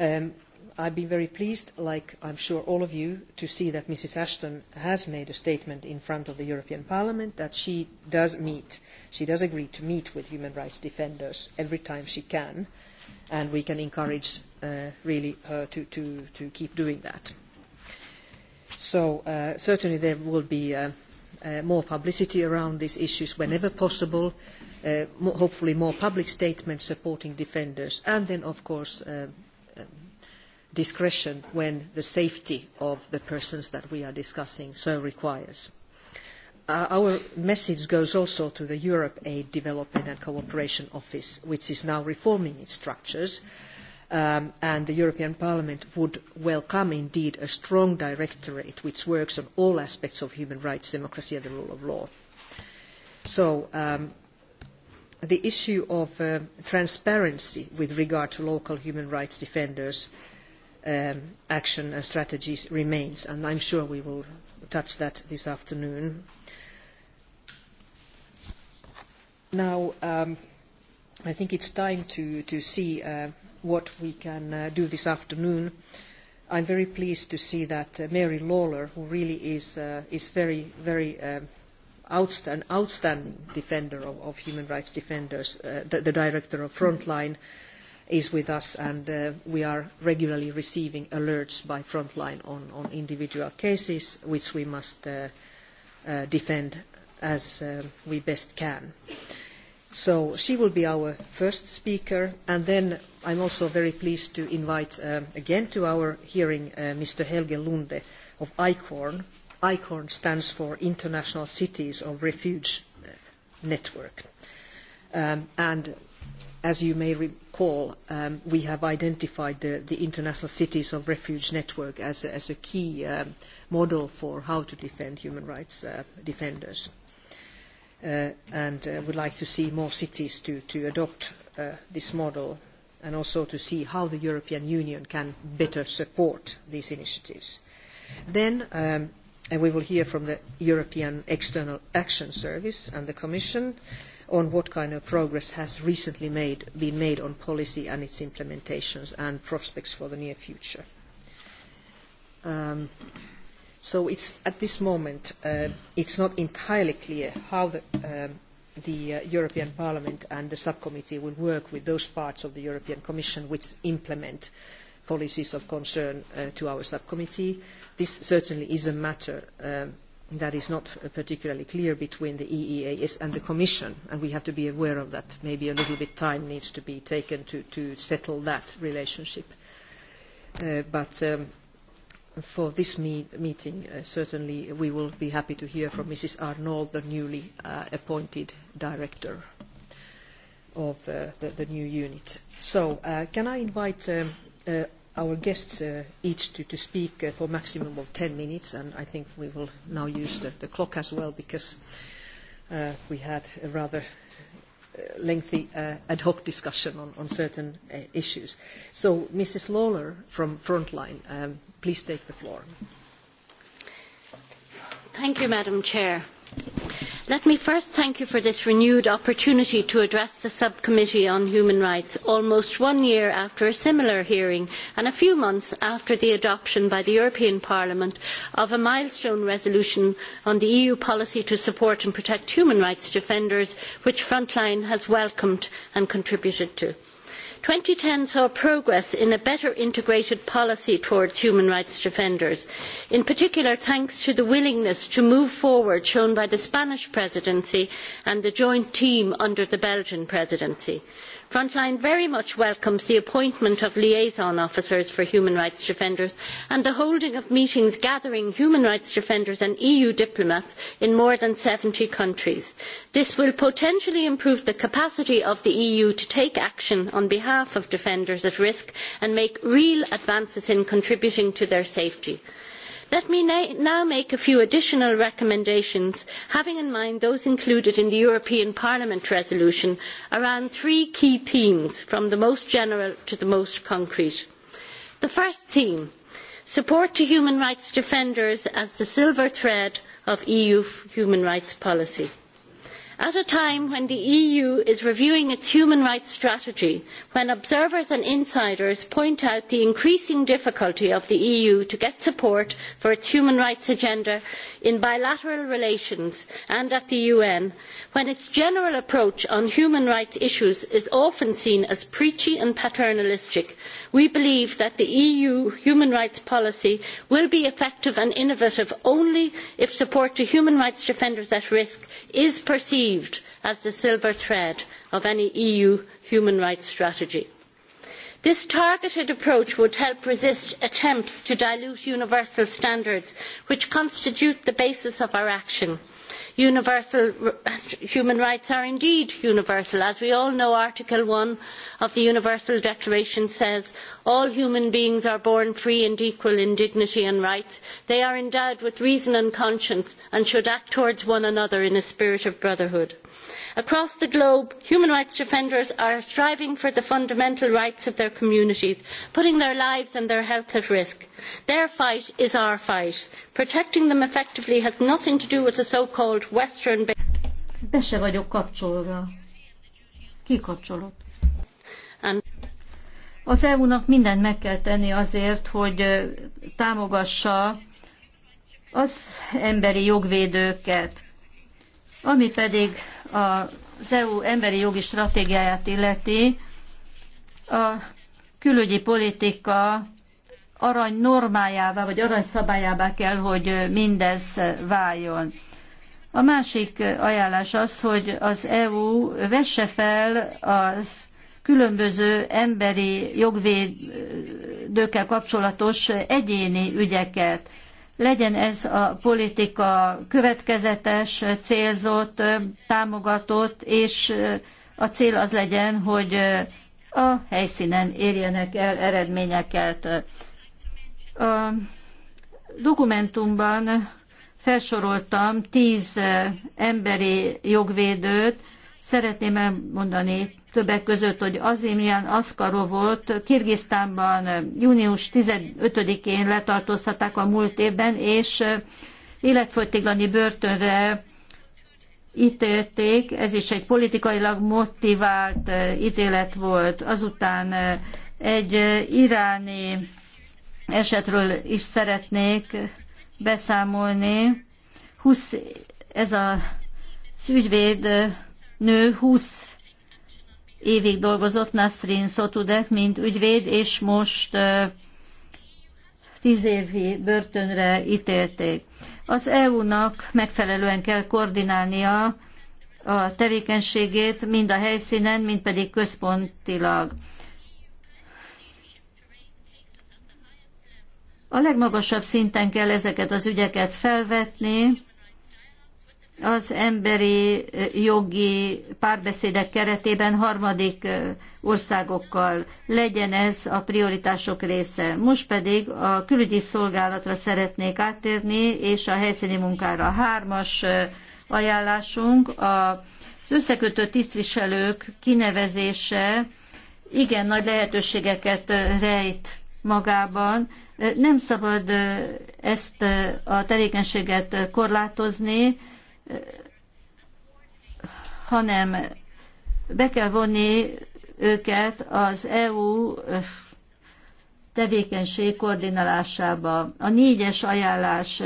Speaker 1: Um, I've been very pleased, like I'm sure all of you, to see that Mrs. Ashton has made a statement in front of the European Parliament that she does meet, she does agree to meet with human rights defenders every time she can, and we can encourage uh, really her uh, to, to, to keep doing that. So uh, certainly there will be uh, uh, more publicity around these issues whenever possible, uh, hopefully more public statements supporting defenders, and then of course uh, discretion when the safety of the persons that we are discussing so requires. Uh, our message goes also to the Europe Aid Development and Cooperation Office, which is now reforming its structures. Um, and the European Parliament would welcome indeed a strong directorate which works on all aspects of human rights, democracy and the rule of law. So um, the issue of uh, transparency with regard to local human rights defenders uh, um, action and uh, strategies remains, and I'm sure we will touch that this afternoon. Now, um, I think it's time to, to see uh, what we can uh, do this afternoon. I'm very pleased to see that uh, Mary Lawler, who really is, uh, is very, very uh, outstanding defender of, of human rights defenders, uh, the, the director of Frontline, mm-hmm is with us, and uh, we are regularly receiving alerts by frontline on, on individual cases, which we must uh, uh, defend as uh, we best can. So she will be our first speaker, and then I'm also very pleased to invite uh, again to our hearing uh, Mr. Helge Lunde of ICORN. ICORN stands for International Cities of Refuge Network. Um, and as you may recall, um, we have identified the, the, International Cities of Refuge Network as a, as a key um, model for how to defend human rights uh, defenders. Uh, and uh, would like to see more cities to, to adopt uh, this model and also to see how the European Union can better support these initiatives. Then um, and we will hear from the European External Action Service and the Commission. Uh, on what kind of progress has recently made, been made on policy and its implementations and prospects for the near future. Um, so it's, at this moment, uh, it's not entirely clear how the, um, the uh, European Parliament and the subcommittee will work with those parts of the European Commission which implement policies of concern uh, to our subcommittee. This certainly is a matter um, that is not particularly clear between the EEAS and the Commission, and we have to be aware of that. Maybe a little bit time needs to be taken to, to settle that relationship. Uh, but um, for this me meeting, uh, certainly we will be happy to hear from Mrs. Arnold, the newly uh, appointed director of uh, the, the, new unit. So uh, can I invite um, uh, our guests uh, each to, to speak uh, for maximum of 10 minutes, and I think we will now use the, the clock as well because uh, we had a rather uh, lengthy uh, ad hoc discussion on, on certain uh, issues. So, Mrs. Lawler from Frontline, um, please take the floor.
Speaker 4: Thank you, Madam Chair. Let me first thank you for this renewed opportunity to address the Subcommittee on Human Rights almost one year after a similar hearing and a few months after the adoption by the European Parliament of a milestone resolution on the EU policy to support and protect human rights defenders, which Frontline has welcomed and contributed to. 2010 saw progress in a better integrated policy towards human rights defenders, in particular thanks to the willingness to move forward shown by the Spanish presidency and the joint team under the Belgian presidency frontline very much welcomes the appointment of liaison officers for human rights defenders and the holding of meetings gathering human rights defenders and eu diplomats in more than seventy countries. this will potentially improve the capacity of the eu to take action on behalf of defenders at risk and make real advances in contributing to their safety. Let me na now make a few additional recommendations, having in mind those included in the European Parliament resolution around three key themes, from the most general to the most concrete. The first theme, support to human rights defenders as the silver thread of EU human rights policy at a time when the eu is reviewing its human rights strategy when observers and insiders point out the increasing difficulty of the eu to get support for its human rights agenda in bilateral relations and at the un when its general approach on human rights issues is often seen as preachy and paternalistic we believe that the eu human rights policy will be effective and innovative only if support to human rights defenders at risk is perceived perceived as the silver thread of any eu human rights strategy. this targeted approach would help resist attempts to dilute universal standards which constitute the basis of our action universal human rights are indeed universal. as we all know article one of the universal declaration says all human beings are born free and equal in dignity and rights. they are endowed with reason and conscience and should act towards one another in a spirit of brotherhood across the globe human rights defenders are striving for the fundamental rights of their communities putting their lives and their health at risk. their fight is our fight. protecting them effectively has nothing to do with the so called western.
Speaker 3: Be se vagyok kapcsolva. Kikapcsolod. Az EU-nak mindent meg kell tenni azért, hogy támogassa az emberi jogvédőket, ami pedig az EU emberi jogi stratégiáját illeti, a külügyi politika arany normájává, vagy arany szabályává kell, hogy mindez váljon. A másik ajánlás az, hogy az EU vesse fel az különböző emberi jogvédőkkel kapcsolatos egyéni ügyeket, legyen ez a politika következetes, célzott, támogatott, és a cél az legyen, hogy a helyszínen érjenek el eredményeket. A dokumentumban felsoroltam tíz emberi jogvédőt, szeretném elmondani többek között, hogy Azimian Aszkaró volt, Kirgisztánban június 15-én letartóztatták a múlt évben, és életfogytiglani börtönre ítélték, ez is egy politikailag motivált ítélet volt. Azután egy iráni esetről is szeretnék beszámolni. 20, ez a ügyvéd nő 20 évig dolgozott Nasrin Sotudek, mint ügyvéd, és most tíz évi börtönre ítélték. Az EU-nak megfelelően kell koordinálnia a tevékenységét mind a helyszínen, mind pedig központilag. A legmagasabb szinten kell ezeket az ügyeket felvetni, az emberi jogi párbeszédek keretében harmadik országokkal. Legyen ez a prioritások része. Most pedig a külügyi szolgálatra szeretnék áttérni, és a helyszíni munkára. Hármas ajánlásunk az összekötő tisztviselők kinevezése igen nagy lehetőségeket rejt magában. Nem szabad ezt a tevékenységet korlátozni, hanem be kell vonni őket az EU tevékenység koordinálásába. A négyes ajánlás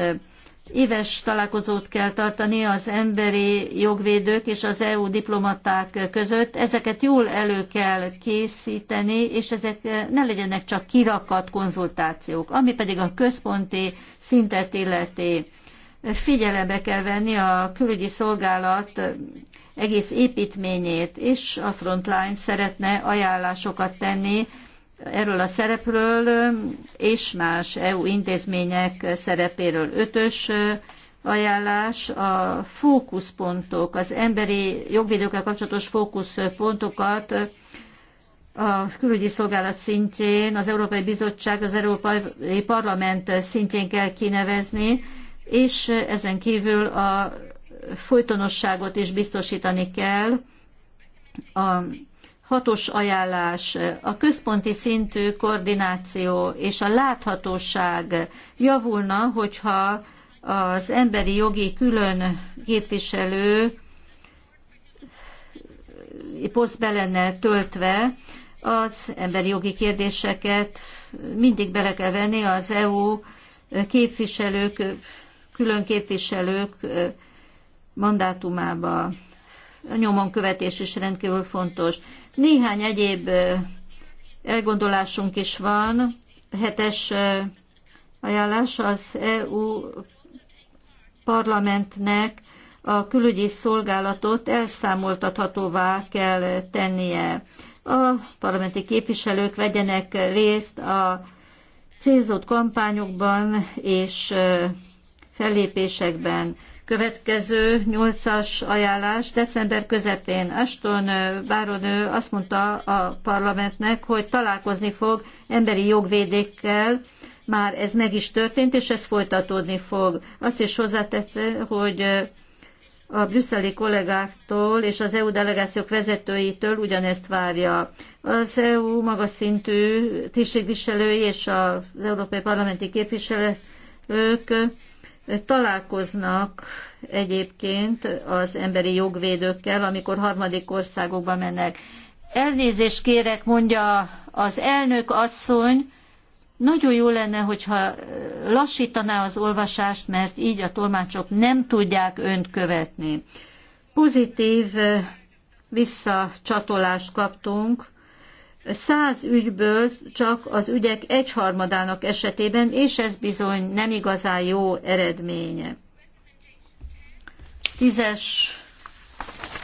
Speaker 3: éves találkozót kell tartani az emberi jogvédők és az EU diplomaták között. Ezeket jól elő kell készíteni, és ezek ne legyenek csak kirakat konzultációk. Ami pedig a központi szintet illeti figyelembe kell venni a külügyi szolgálat egész építményét, és a Frontline szeretne ajánlásokat tenni erről a szerepről és más EU intézmények szerepéről. Ötös ajánlás a fókuszpontok, az emberi jogvédőkkel kapcsolatos fókuszpontokat a külügyi szolgálat szintjén, az Európai Bizottság, az Európai Parlament szintjén kell kinevezni, és ezen kívül a folytonosságot is biztosítani kell. A hatos ajánlás, a központi szintű koordináció és a láthatóság javulna, hogyha az emberi jogi külön képviselő poszt be lenne töltve, az emberi jogi kérdéseket mindig bele kell venni az EU képviselők külön képviselők mandátumába a nyomon követés is rendkívül fontos. Néhány egyéb elgondolásunk is van. Hetes ajánlás az EU parlamentnek a külügyi szolgálatot elszámoltathatóvá kell tennie. A parlamenti képviselők vegyenek részt a célzott kampányokban és fellépésekben. Következő nyolcas ajánlás december közepén Aston Báronő azt mondta a parlamentnek, hogy találkozni fog emberi jogvédékkel, már ez meg is történt, és ez folytatódni fog. Azt is hozzátette, hogy a brüsszeli kollégáktól és az EU delegációk vezetőitől ugyanezt várja. Az EU magas szintű tisztségviselői és az európai parlamenti képviselők találkoznak egyébként az emberi jogvédőkkel, amikor harmadik országokba mennek. Elnézést kérek, mondja az elnök asszony, nagyon jó lenne, hogyha lassítaná az olvasást, mert így a tolmácsok nem tudják önt követni. Pozitív visszacsatolást kaptunk száz ügyből csak az ügyek egyharmadának esetében, és ez bizony nem igazán jó eredménye. Tízes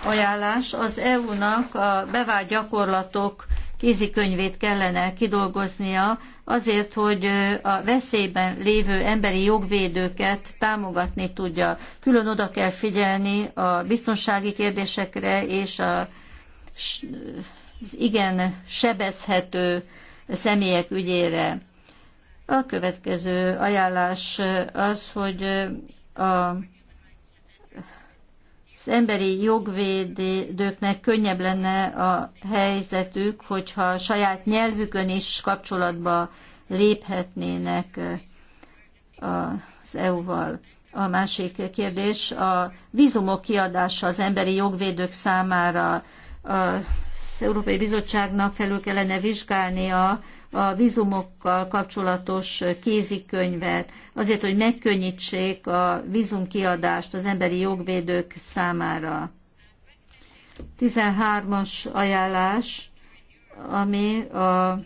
Speaker 3: ajánlás az EU-nak a bevált gyakorlatok kézikönyvét kellene kidolgoznia azért, hogy a veszélyben lévő emberi jogvédőket támogatni tudja. Külön oda kell figyelni a biztonsági kérdésekre és a az igen sebezhető személyek ügyére. A következő ajánlás az, hogy a, az emberi jogvédőknek könnyebb lenne a helyzetük, hogyha saját nyelvükön is kapcsolatba léphetnének az EU-val. A másik kérdés a vízumok kiadása az emberi jogvédők számára. A Európai Bizottságnak felül kellene vizsgálnia a vízumokkal kapcsolatos kézikönyvet, azért, hogy megkönnyítsék a vízumkiadást az emberi jogvédők számára. 13-as ajánlás, ami a, az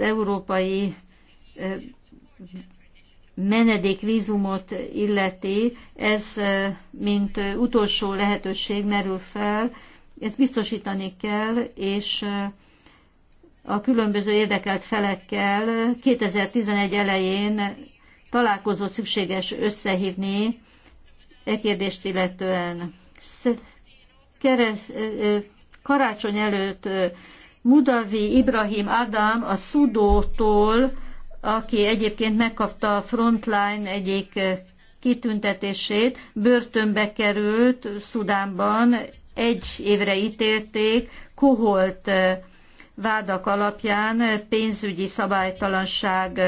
Speaker 3: európai menedékvízumot illeti, ez mint utolsó lehetőség merül fel, ezt biztosítani kell, és eh, a különböző érdekelt felekkel 2011 elején találkozó szükséges összehívni e kérdést illetően. Eh, eh, karácsony előtt Mudavi Ibrahim Adam a Szudótól, aki egyébként megkapta a Frontline egyik kitüntetését, börtönbe került Szudánban egy évre ítélték, koholt vádak alapján pénzügyi szabálytalanság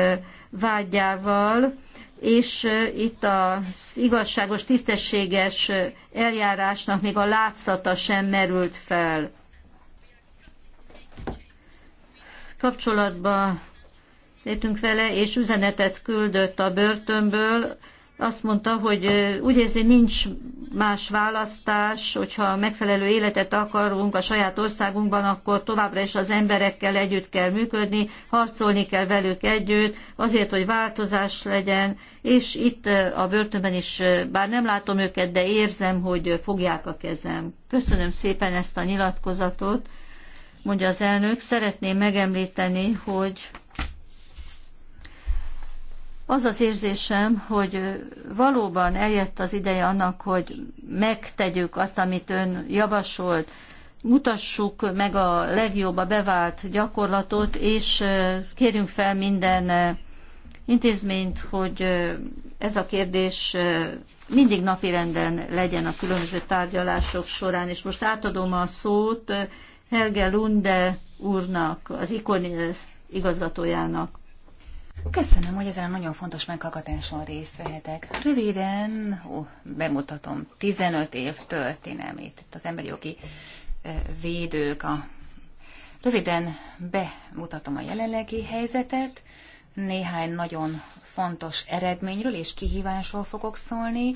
Speaker 3: vágyával, és itt az igazságos, tisztességes eljárásnak még a látszata sem merült fel. Kapcsolatba léptünk vele, és üzenetet küldött a börtönből, azt mondta, hogy úgy érzi, nincs más választás, hogyha megfelelő életet akarunk a saját országunkban, akkor továbbra is az emberekkel együtt kell működni, harcolni kell velük együtt, azért, hogy változás legyen, és itt a börtönben is, bár nem látom őket, de érzem, hogy fogják a kezem. Köszönöm szépen ezt a nyilatkozatot, mondja az elnök. Szeretném megemlíteni, hogy az az érzésem, hogy valóban eljött az ideje annak, hogy megtegyük azt, amit ön javasolt, mutassuk meg a legjobb, a bevált gyakorlatot, és kérjünk fel minden intézményt, hogy ez a kérdés mindig napirenden legyen a különböző tárgyalások során. És most átadom a szót Helge Lunde úrnak, az ikon igazgatójának.
Speaker 2: Köszönöm, hogy ezen a nagyon fontos meghallgatáson részt vehetek. Röviden ó,
Speaker 3: bemutatom
Speaker 2: 15 év történelmét. Itt az emberi jogi védők a Röviden bemutatom a jelenlegi helyzetet, néhány nagyon fontos eredményről és kihívásról fogok szólni,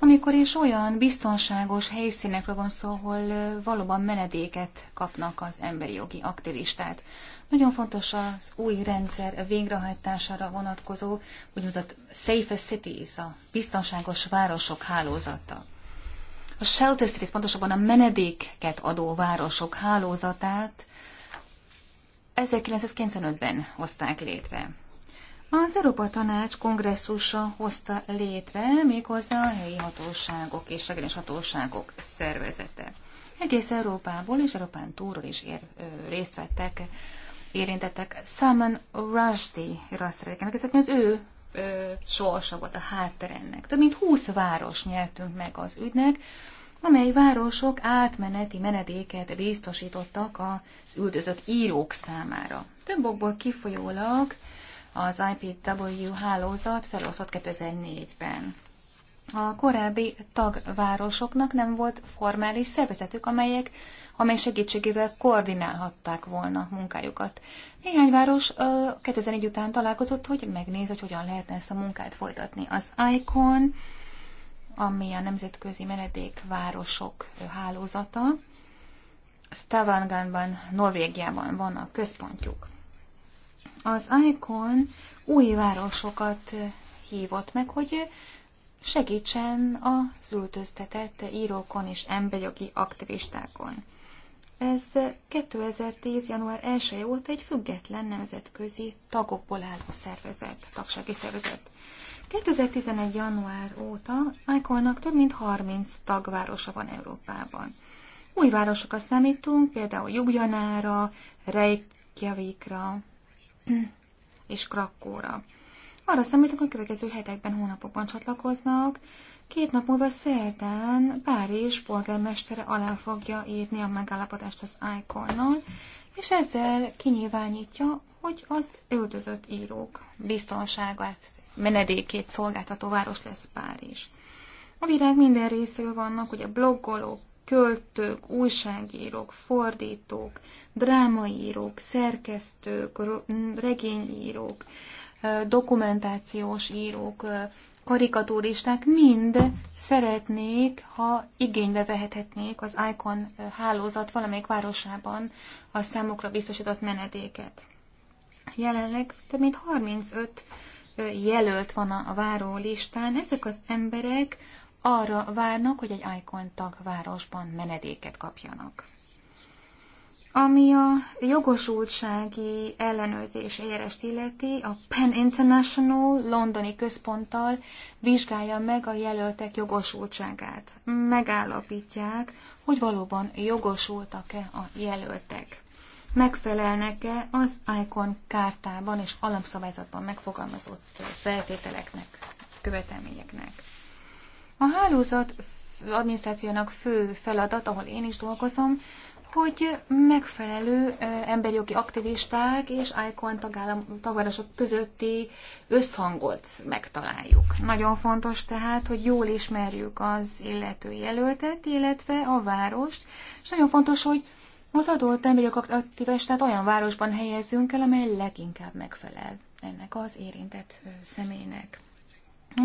Speaker 2: amikor is olyan biztonságos helyszínekről van szó, ahol valóban menedéket kapnak az emberi jogi aktivistát. Nagyon fontos az új rendszer végrehajtására vonatkozó, úgynevezett Safe Cities, a biztonságos városok hálózata. A Shelter Cities, pontosabban a menedéket adó városok hálózatát 1995-ben hozták létre. Az Európa Tanács kongresszusa hozta létre méghozzá a helyi hatóságok és regionális hatóságok szervezete. Egész Európából és Európán túlról is ér, ö, részt vettek, érintettek. Salman Rushdie-ra szeretnék megkezdeni, az ő ö, sorsa volt a hátterennek. Több mint 20 város nyertünk meg az ügynek, amely városok átmeneti menedéket biztosítottak az üldözött írók számára. Több okból kifolyólag az IPW hálózat felosztott 2004-ben. A korábbi tagvárosoknak nem volt formális szervezetük, amelyek, amely segítségével koordinálhatták volna munkájukat. Néhány város 2004 után találkozott, hogy megnéz, hogy hogyan lehetne ezt a munkát folytatni. Az ICON, ami a Nemzetközi Menedékvárosok hálózata, Stavanganban, Norvégiában van a központjuk. Az ICON új városokat hívott meg, hogy segítsen az zültöztetett írókon és emberjogi aktivistákon. Ez 2010. január 1 óta egy független nemzetközi tagokból álló szervezet, tagsági szervezet. 2011. január óta Iconnak több mint 30 tagvárosa van Európában. Új városokra számítunk, például Jubjanára, Reykjavikra, és Krakóra. Arra számítok, hogy a következő hetekben, hónapokban csatlakoznak. Két nap múlva szerdán Párizs polgármestere alá fogja írni a megállapodást az ICON-nal, és ezzel kinyilvánítja, hogy az öltözött írók biztonságát, menedékét szolgáltató város lesz Párizs. A világ minden részéről vannak, hogy a bloggolók, költők, újságírók, fordítók, drámaírók, szerkesztők, regényírók, dokumentációs írók, karikatúristák mind szeretnék, ha igénybe vehethetnék az ICON hálózat valamelyik városában a számukra biztosított menedéket. Jelenleg több mint 35 jelölt van a váró listán. Ezek az emberek arra várnak, hogy egy ICON tagvárosban menedéket kapjanak. Ami a jogosultsági ellenőrzés eljárást illeti, a Penn International londoni központtal vizsgálja meg a jelöltek jogosultságát. Megállapítják, hogy valóban jogosultak-e a jelöltek. Megfelelnek-e az ICON kártában és alapszabályzatban megfogalmazott feltételeknek, követelményeknek. A hálózat adminisztrációnak fő feladat, ahol én is dolgozom, hogy megfelelő emberi aktivisták és ICON tagállam, tagvárosok közötti összhangot megtaláljuk. Nagyon fontos tehát, hogy jól ismerjük az illető jelöltet, illetve a várost, és nagyon fontos, hogy az adott emberi aktivistát olyan városban helyezzünk el, amely leginkább megfelel ennek az érintett személynek.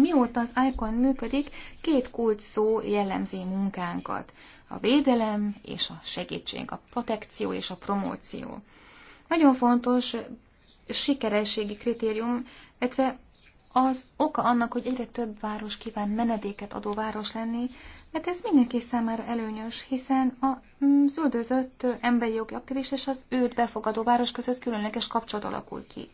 Speaker 2: Mióta az ICON működik, két kult szó jellemzi munkánkat a védelem és a segítség, a protekció és a promóció. Nagyon fontos sikerességi kritérium, illetve az oka annak, hogy egyre több város kíván menedéket adó város lenni, mert ez mindenki számára előnyös, hiszen a zöldözött emberi jogi aktivist és az őt befogadó város között különleges kapcsolat alakul ki.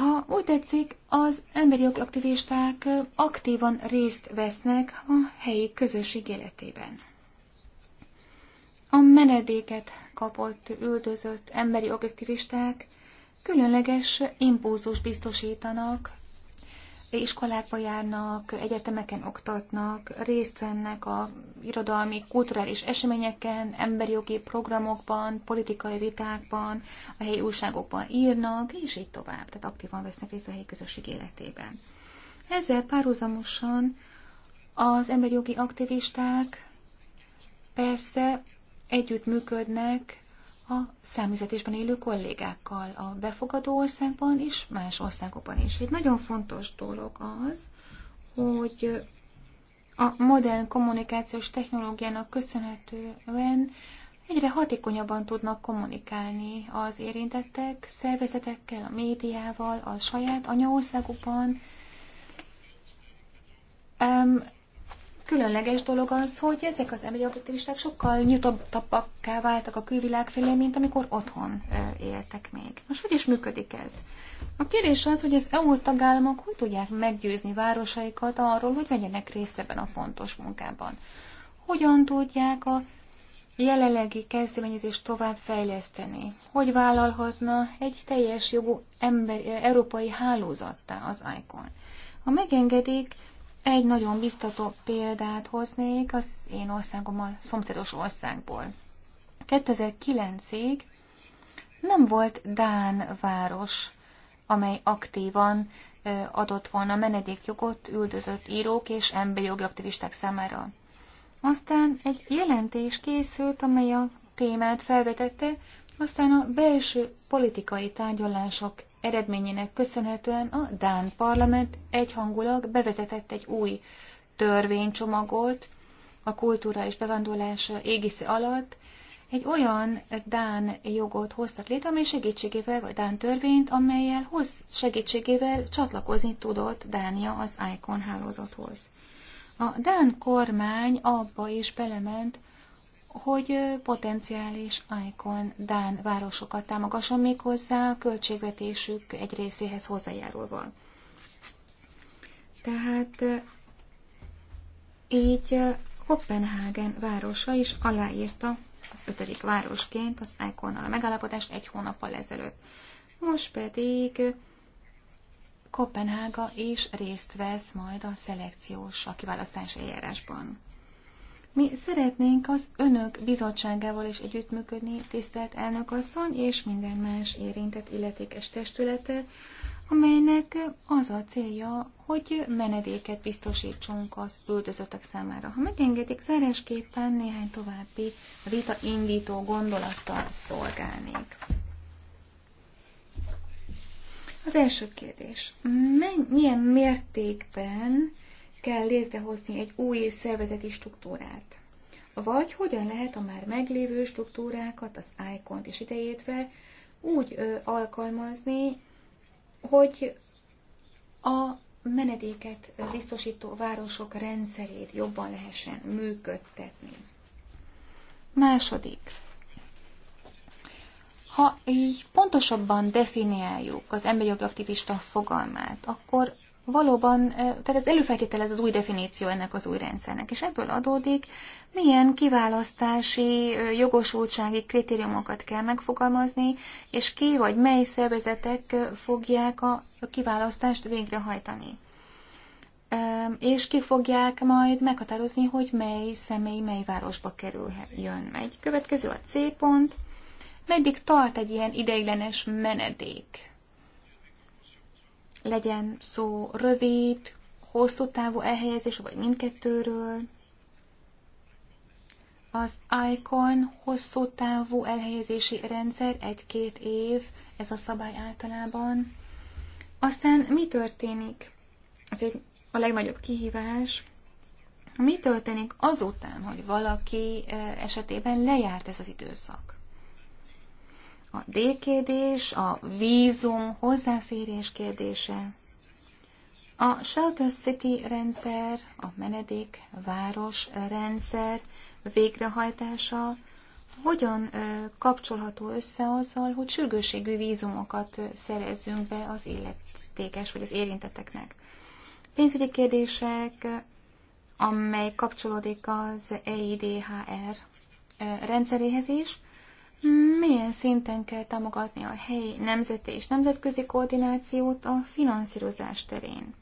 Speaker 2: Ha úgy tetszik, az emberi jogi aktivisták aktívan részt vesznek a helyi közösség életében. A menedéket kapott, üldözött emberi jogi aktivisták különleges impulzus biztosítanak iskolákba járnak, egyetemeken oktatnak, részt vennek a irodalmi, kulturális eseményeken, emberi jogi programokban, politikai vitákban, a helyi újságokban írnak, és így tovább. Tehát aktívan vesznek részt a helyi közösség életében. Ezzel párhuzamosan az emberi jogi aktivisták persze együttműködnek a számüzetésben élő kollégákkal a befogadó országban és más országokban is. Egy nagyon fontos dolog az, hogy a modern kommunikációs technológiának köszönhetően egyre hatékonyabban tudnak kommunikálni az érintettek szervezetekkel, a médiával, a saját anyaországukban. Különleges dolog az, hogy ezek az emberi sokkal nyitottabbakká váltak a külvilág felé, mint amikor otthon éltek még. Most hogy is működik ez? A kérdés az, hogy az EU tagállamok hogy tudják meggyőzni városaikat arról, hogy vegyenek részt ebben a fontos munkában. Hogyan tudják a jelenlegi kezdeményezést továbbfejleszteni? Hogy vállalhatna egy teljes jogú ember, európai hálózattá az ICON? Ha megengedik, egy nagyon biztató példát hoznék az én országom a szomszédos országból. 2009-ig nem volt Dán város, amely aktívan adott volna menedékjogot üldözött írók és emberi jogi aktivisták számára. Aztán egy jelentés készült, amely a témát felvetette, aztán a belső politikai tárgyalások eredményének köszönhetően a Dán parlament egyhangulag bevezetett egy új törvénycsomagot a kultúra és bevándorlás égisze alatt, egy olyan Dán jogot hoztak létre, amely segítségével, vagy Dán törvényt, amelyel hoz segítségével csatlakozni tudott Dánia az ICON hálózathoz. A Dán kormány abba is belement, hogy potenciális Icon Dán városokat támogasson méghozzá a költségvetésük egy részéhez hozzájárulva. Tehát így Kopenhágen városa is aláírta az ötödik városként az icon a megállapodást egy hónappal ezelőtt. Most pedig Kopenhága is részt vesz majd a szelekciós, a kiválasztási eljárásban. Mi szeretnénk az önök bizottságával is együttműködni, tisztelt elnökasszony és minden más érintett illetékes testülete, amelynek az a célja, hogy menedéket biztosítsunk az üldözöttek számára. Ha megengedik, zárásképpen néhány további vita indító gondolattal szolgálnék. Az első kérdés. Milyen mértékben kell létrehozni egy új szervezeti struktúrát. Vagy hogyan lehet a már meglévő struktúrákat, az icon és idejétve úgy ö, alkalmazni, hogy a menedéket biztosító városok rendszerét jobban lehessen működtetni. Második. Ha így pontosabban definiáljuk az emberi jogi aktivista fogalmát, akkor valóban, eh, tehát ez előfeltétel ez az új definíció ennek az új rendszernek, és ebből adódik, milyen kiválasztási, jogosultsági kritériumokat kell megfogalmazni, és ki vagy mely szervezetek fogják a kiválasztást végrehajtani. És ki fogják majd meghatározni, hogy mely személy mely városba kerül, jön. meg. következő a C pont. Meddig tart egy ilyen ideiglenes menedék? legyen szó rövid, hosszú távú elhelyezés, vagy mindkettőről. Az ICON hosszú távú elhelyezési rendszer egy-két év, ez a szabály általában. Aztán mi történik? Ez egy a legnagyobb kihívás. Mi történik azután, hogy valaki eh, esetében lejárt ez az időszak? A D kérdés, a vízum hozzáférés kérdése, a Shelter City rendszer, a menedék város rendszer végrehajtása hogyan kapcsolható össze azzal, hogy sürgőségű vízumokat szerezünk be az illetékes vagy az érintetteknek. Pénzügyi kérdések, amely kapcsolódik az EIDHR rendszeréhez is, milyen szinten kell támogatni a helyi nemzeti és nemzetközi koordinációt a finanszírozás terén.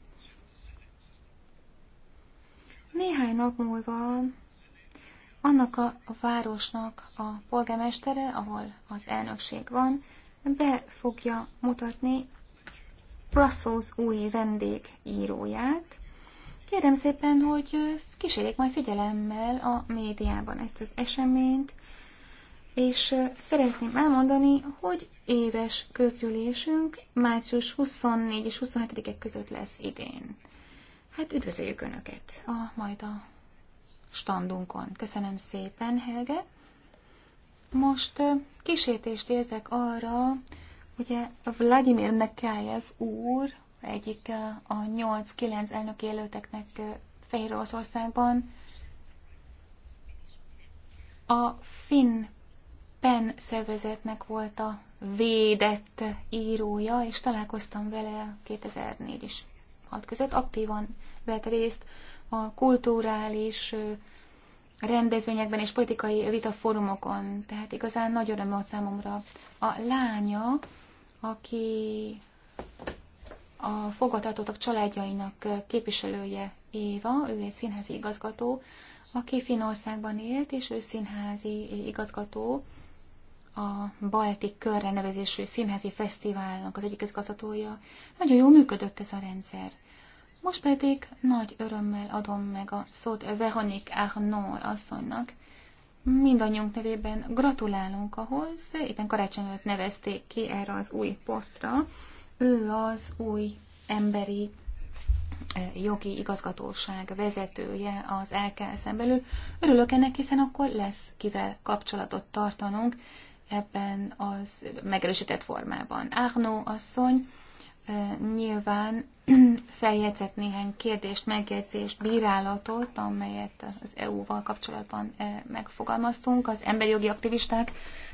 Speaker 2: Néhány nap múlva annak a városnak a polgármestere, ahol az elnökség van, be fogja mutatni Brussels új vendégíróját. Kérem szépen, hogy kísérjék majd figyelemmel a médiában ezt az eseményt, és szeretném elmondani, hogy éves közgyűlésünk március 24 és 27-ek között lesz idén. Hát üdvözöljük Önöket a, majd a standunkon. Köszönöm szépen, Helge. Most kísértést érzek arra, ugye Vladimir Nekájev úr, egyik a 8-9 elnök élőteknek Fehér Oroszországban, a finn PEN szervezetnek volt a védett írója, és találkoztam vele 2004 és 6 között. Aktívan vett részt a kulturális rendezvényekben és politikai vitaforumokon. Tehát igazán nagy öröm a számomra. A lánya, aki a fogadhatótak családjainak képviselője Éva, ő egy színházi igazgató, aki Finországban élt, és ő színházi igazgató a Baltik Körre nevezésű színházi fesztiválnak az egyik igazgatója. Nagyon jól működött ez a rendszer. Most pedig nagy örömmel adom meg a szót Veronique Arnaud asszonynak. Mindannyiunk nevében gratulálunk ahhoz, éppen karácsony előtt nevezték ki erre az új posztra. Ő az új emberi jogi igazgatóság vezetője az LKS-en belül. Örülök ennek, hiszen akkor lesz kivel kapcsolatot tartanunk, ebben az megerősített formában. Ágnó asszony nyilván [CLEARS THROAT] feljegyzett néhány kérdést, megjegyzést, bírálatot, amelyet az EU-val kapcsolatban megfogalmaztunk, az emberi jogi aktivisták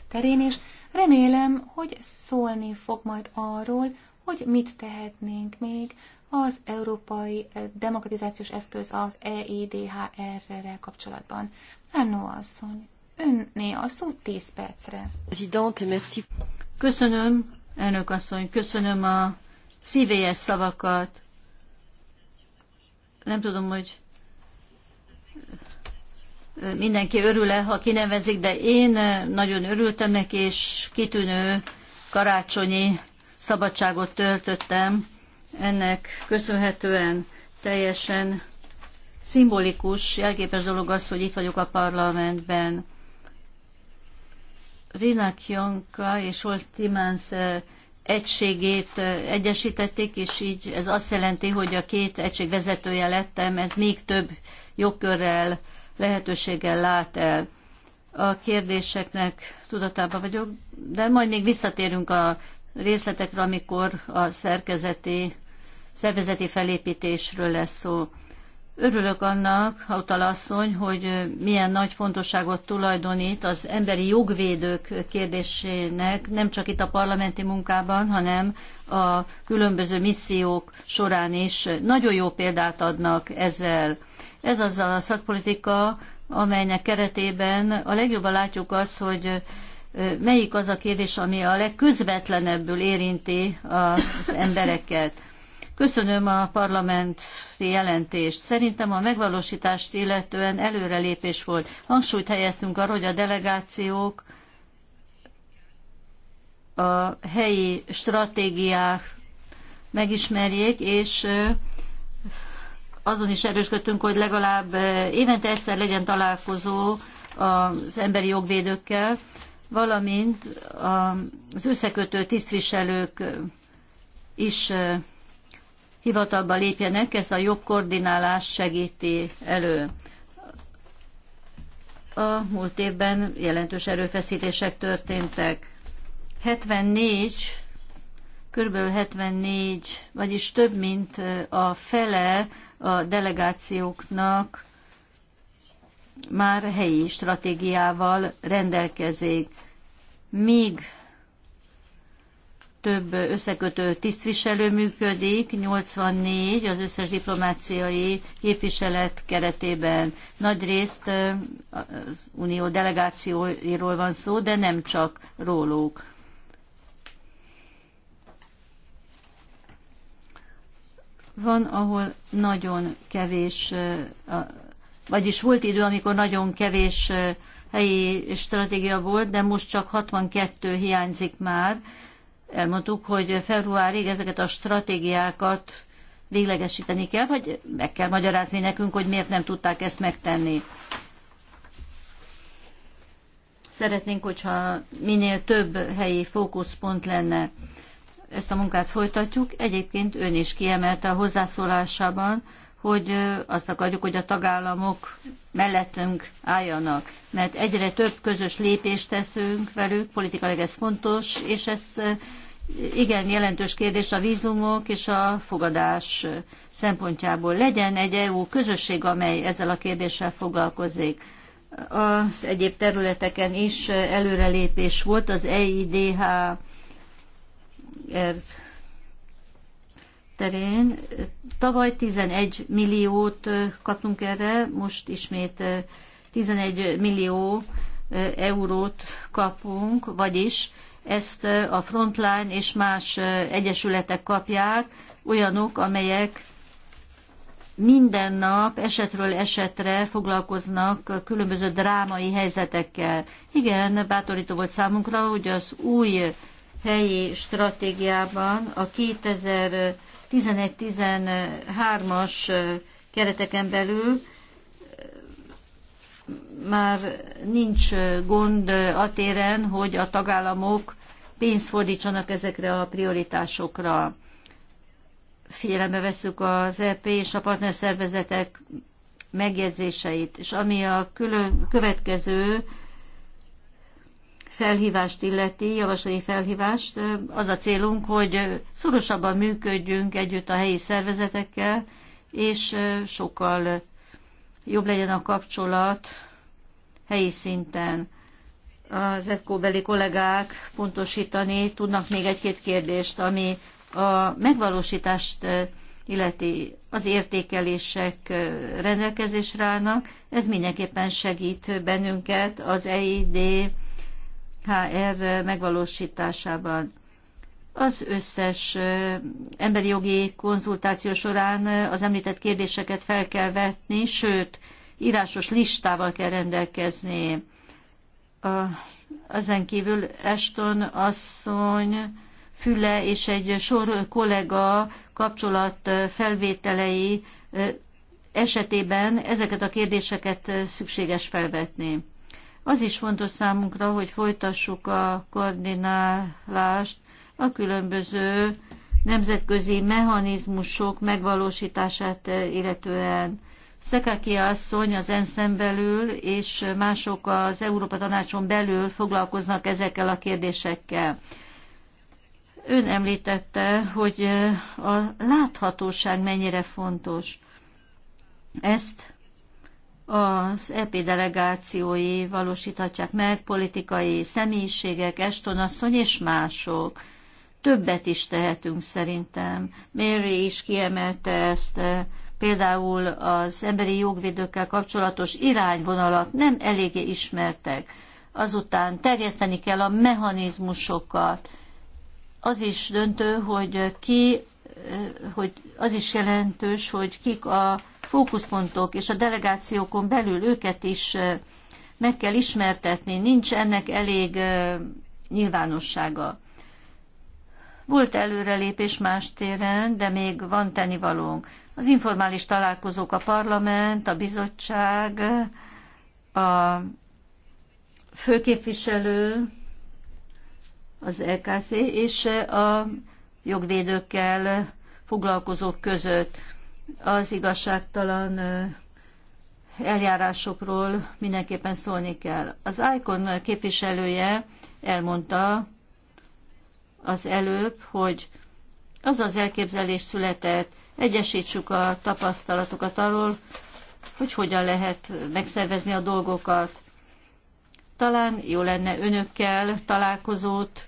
Speaker 2: terén, és remélem, hogy szólni fog majd arról, hogy mit tehetnénk még az Európai Demokratizációs Eszköz az EIDHR-rel kapcsolatban. Arno asszony. Önné a szó 10
Speaker 3: percre. Köszönöm, elnök asszony, köszönöm a szívélyes szavakat. Nem tudom, hogy mindenki örül-e, ha kinevezik, de én nagyon örültem neki, és kitűnő karácsonyi szabadságot töltöttem. Ennek köszönhetően teljesen szimbolikus, jelképes dolog az, hogy itt vagyok a parlamentben. Rinak Jonka és Old Timans egységét egyesítették, és így ez azt jelenti, hogy a két egység vezetője lettem, ez még több jogkörrel, lehetőséggel lát el. A kérdéseknek tudatában vagyok, de majd még visszatérünk a részletekre, amikor a szerkezeti, szervezeti felépítésről lesz szó. Örülök annak, Hautala asszony, hogy milyen nagy fontosságot tulajdonít az emberi jogvédők kérdésének, nem csak itt a parlamenti munkában, hanem a különböző missziók során is. Nagyon jó példát adnak ezzel. Ez az a szakpolitika, amelynek keretében a legjobban látjuk azt, hogy melyik az a kérdés, ami a legközvetlenebbül érinti az embereket. Köszönöm a parlamenti jelentést. Szerintem a megvalósítást illetően előrelépés volt. Hangsúlyt helyeztünk arra, hogy a delegációk a helyi stratégiák megismerjék, és azon is erősködtünk, hogy legalább évente egyszer legyen találkozó az emberi jogvédőkkel, valamint az összekötő tisztviselők is hivatalba lépjenek, ez a jobb koordinálás segíti elő. A múlt évben jelentős erőfeszítések történtek. 74, kb. 74, vagyis több, mint a fele a delegációknak már helyi stratégiával rendelkezik. Míg több összekötő tisztviselő működik, 84 az összes diplomáciai képviselet keretében. Nagy részt az unió delegációiról van szó, de nem csak róluk. Van, ahol nagyon kevés, vagyis volt idő, amikor nagyon kevés helyi stratégia volt, de most csak 62 hiányzik már elmondtuk, hogy februárig ezeket a stratégiákat véglegesíteni kell, vagy meg kell magyarázni nekünk, hogy miért nem tudták ezt megtenni. Szeretnénk, hogyha minél több helyi fókuszpont lenne. Ezt a munkát folytatjuk. Egyébként ön is kiemelte a hozzászólásában, hogy azt akarjuk, hogy a tagállamok mellettünk álljanak, mert egyre több közös lépést teszünk velük, politikailag ez fontos, és ezt igen jelentős kérdés a vízumok és a fogadás szempontjából. Legyen egy EU közösség, amely ezzel a kérdéssel foglalkozik. Az egyéb területeken is előrelépés volt az EIDH er terén. Tavaly 11 milliót kaptunk erre, most ismét 11 millió eurót kapunk, vagyis ezt a Frontline és más egyesületek kapják, olyanok, amelyek minden nap esetről esetre foglalkoznak különböző drámai helyzetekkel. Igen, bátorító volt számunkra, hogy az új helyi stratégiában a 2011-13-as kereteken belül már nincs gond a téren, hogy a tagállamok pénzt fordítsanak ezekre a prioritásokra. Figyelembe veszük az EP és a partnerszervezetek megjegyzéseit, és ami a külön, következő felhívást illeti, javaslói felhívást, az a célunk, hogy szorosabban működjünk együtt a helyi szervezetekkel, és sokkal jobb legyen a kapcsolat helyi szinten. Az EFKO beli kollégák pontosítani tudnak még egy-két kérdést, ami a megvalósítást eh, illeti az értékelések eh, rendelkezésre állnak. Ez mindenképpen segít bennünket az EID HR megvalósításában. Az összes emberi jogi konzultáció során az említett kérdéseket fel kell vetni, sőt, írásos listával kell rendelkezni. ezen kívül Eston asszony, Füle és egy sor kollega kapcsolat felvételei esetében ezeket a kérdéseket szükséges felvetni. Az is fontos számunkra, hogy folytassuk a koordinálást a különböző nemzetközi mechanizmusok megvalósítását eh, illetően. Szekeki asszony az ensz belül és mások az Európa Tanácson belül foglalkoznak ezekkel a kérdésekkel. Ön említette, hogy eh, a láthatóság mennyire fontos. Ezt az EP delegációi valósíthatják meg, politikai személyiségek, Eston asszony és mások többet is tehetünk szerintem. Mary is kiemelte ezt, eh, például az emberi jogvédőkkel kapcsolatos irányvonalat nem eléggé ismertek. Azután terjeszteni kell a mechanizmusokat. Az is döntő, hogy ki, eh, hogy az is jelentős, hogy kik a fókuszpontok, és a delegációkon belül őket is eh, meg kell ismertetni. Nincs ennek elég nyilvánossága. Volt előrelépés más téren, de még van tennivalónk. Az informális találkozók a parlament, a bizottság, a főképviselő, az LKC és a jogvédőkkel foglalkozók között az igazságtalan eljárásokról mindenképpen szólni kell. Az ICON képviselője elmondta, az előbb, hogy az az elképzelés született, egyesítsük a tapasztalatokat arról, hogy hogyan lehet megszervezni a dolgokat. Talán jó lenne önökkel találkozót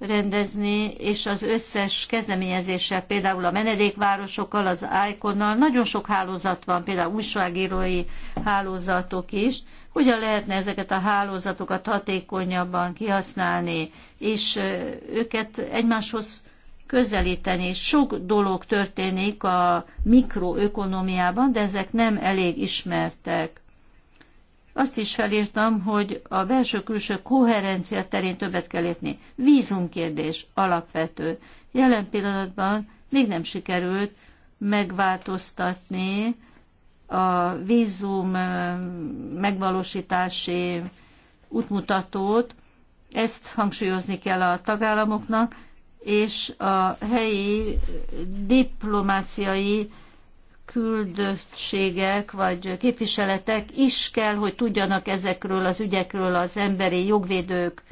Speaker 3: rendezni, és az összes kezdeményezéssel, például a menedékvárosokkal, az ICON-nal, nagyon sok hálózat van, például újságírói hálózatok is, hogyan lehetne ezeket a hálózatokat hatékonyabban kihasználni, és őket egymáshoz közelíteni. Sok dolog történik a mikroökonomiában, de ezek nem elég ismertek. Azt is felírtam, hogy a belső-külső koherencia terén többet kell lépni. Vízumkérdés alapvető. Jelen pillanatban még nem sikerült megváltoztatni a vízum megvalósítási útmutatót. Ezt hangsúlyozni kell a tagállamoknak, és a helyi diplomáciai küldöttségek vagy képviseletek is kell, hogy tudjanak ezekről az ügyekről az emberi jogvédők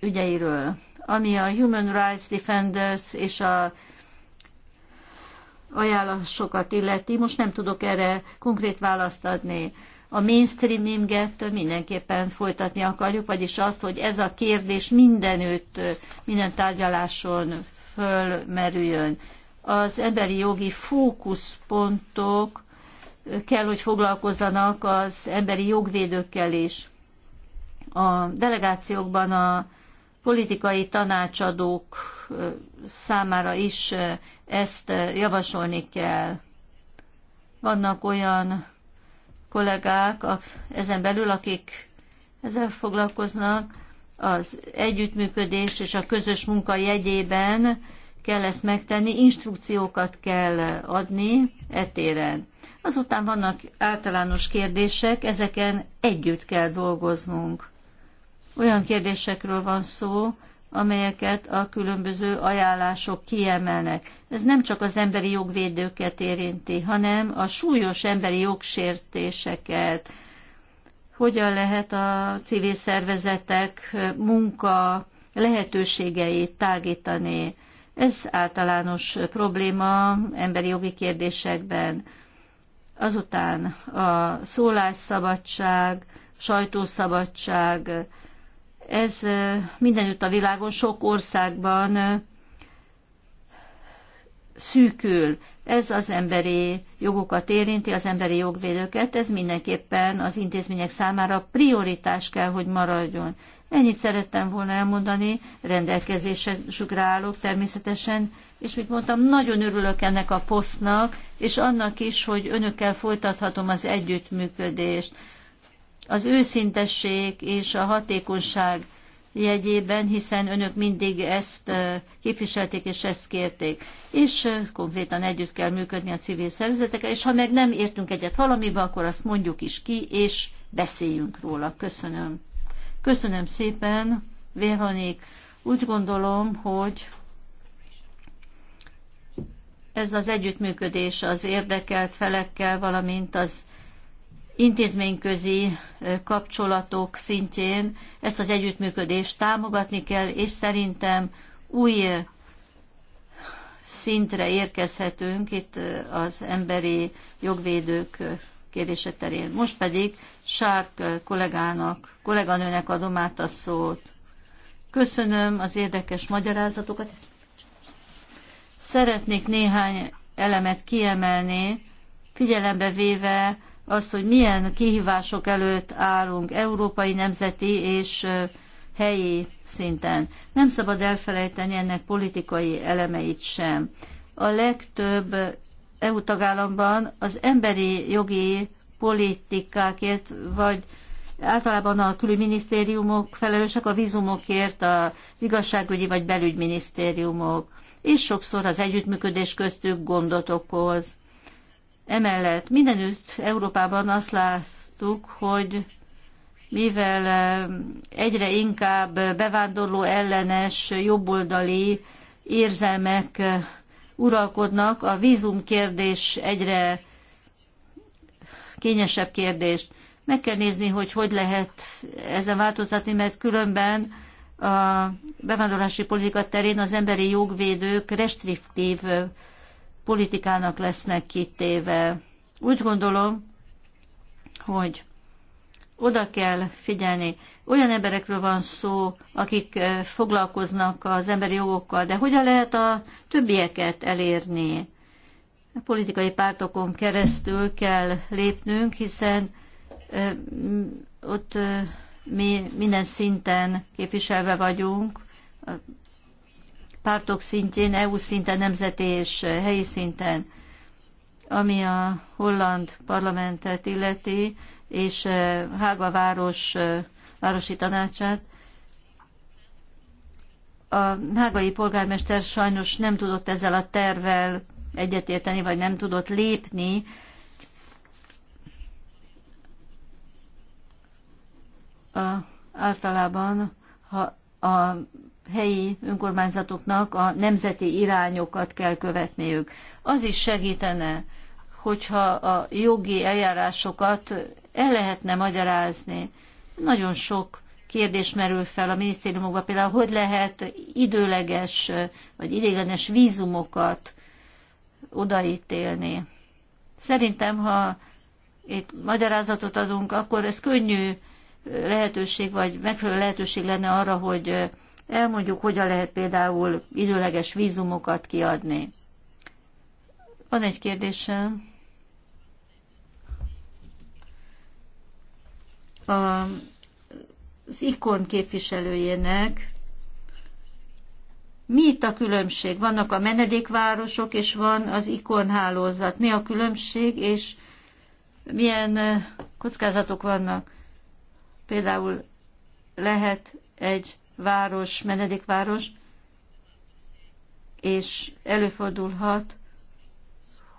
Speaker 3: ügyeiről. Ami a Human Rights Defenders és a ajánlásokat illeti, most nem tudok erre konkrét választ adni. A mainstreaminget mindenképpen folytatni akarjuk, vagyis azt, hogy ez a kérdés mindenütt, minden tárgyaláson fölmerüljön az emberi jogi fókuszpontok kell, hogy foglalkozzanak az emberi jogvédőkkel is. A delegációkban a politikai tanácsadók számára is ezt javasolni kell. Vannak olyan kollégák ezen belül, akik ezzel foglalkoznak, az együttműködés és a közös munka jegyében kell ezt megtenni, instrukciókat kell adni etéren. Azután vannak általános kérdések, ezeken együtt kell dolgoznunk. Olyan kérdésekről van szó, amelyeket a különböző ajánlások kiemelnek. Ez nem csak az emberi jogvédőket érinti, hanem a súlyos emberi jogsértéseket, hogyan lehet a civil szervezetek munka lehetőségeit tágítani, ez általános probléma emberi jogi kérdésekben. Azután a szólásszabadság, sajtószabadság, ez mindenütt a világon, sok országban szűkül. Ez az emberi jogokat érinti, az emberi jogvédőket, ez mindenképpen az intézmények számára prioritás kell, hogy maradjon. Ennyit szerettem volna elmondani, rendelkezésre állok természetesen, és mit mondtam, nagyon örülök ennek a posztnak, és annak is, hogy önökkel folytathatom az együttműködést. Az őszintesség és a hatékonyság jegyében, hiszen önök mindig ezt képviselték és ezt kérték. És konkrétan együtt kell működni a civil szervezetekkel, és ha meg nem értünk egyet valamiben, akkor azt mondjuk is ki, és beszéljünk róla. Köszönöm. Köszönöm szépen, Véronik. Úgy gondolom, hogy ez az együttműködés az érdekelt felekkel, valamint az intézményközi kapcsolatok szintjén ezt az együttműködést támogatni kell, és szerintem új szintre érkezhetünk itt az emberi jogvédők kérdése terén. Most pedig Sárk kollégának, kolléganőnek adom át a szót. Köszönöm az érdekes magyarázatokat. Szeretnék néhány elemet kiemelni, figyelembe véve az, hogy milyen kihívások előtt állunk európai, nemzeti és helyi szinten. Nem szabad elfelejteni ennek politikai elemeit sem. A legtöbb EU tagállamban az emberi jogi politikákért, vagy általában a külügyminisztériumok felelősek a vízumokért, az igazságügyi vagy belügyminisztériumok, és sokszor az együttműködés köztük gondot okoz. Emellett mindenütt Európában azt láttuk, hogy mivel egyre inkább bevándorló ellenes jobboldali érzelmek uralkodnak, a vízum kérdés egyre kényesebb kérdést. Meg kell nézni, hogy hogy lehet ezen változtatni, mert különben a bevándorlási politika terén az emberi jogvédők restriktív politikának lesznek kitéve. Úgy gondolom, hogy oda kell figyelni. Olyan emberekről van szó, akik foglalkoznak az emberi jogokkal, de hogyan lehet a többieket elérni? a politikai pártokon keresztül kell lépnünk, hiszen ott mi minden szinten képviselve vagyunk, a pártok szintjén, EU szinten, nemzeti és helyi szinten, ami a holland parlamentet illeti, és Hága város városi tanácsát. A hágai polgármester sajnos nem tudott ezzel a tervel egyetérteni, vagy nem tudott lépni, a, általában ha a helyi önkormányzatoknak a nemzeti irányokat kell követniük. Az is segítene, hogyha a jogi eljárásokat el lehetne magyarázni. Nagyon sok kérdés merül fel a minisztériumokban, például hogy lehet időleges vagy idéglenes vízumokat odaítélni. Szerintem, ha itt magyarázatot adunk, akkor ez könnyű lehetőség, vagy megfelelő lehetőség lenne arra, hogy elmondjuk, hogyan lehet például időleges vízumokat kiadni. Van egy kérdésem. A, az ikon képviselőjének mi itt a különbség? Vannak a menedékvárosok, és van az ikonhálózat. Mi a különbség, és milyen kockázatok vannak? Például lehet egy város, menedékváros, és előfordulhat,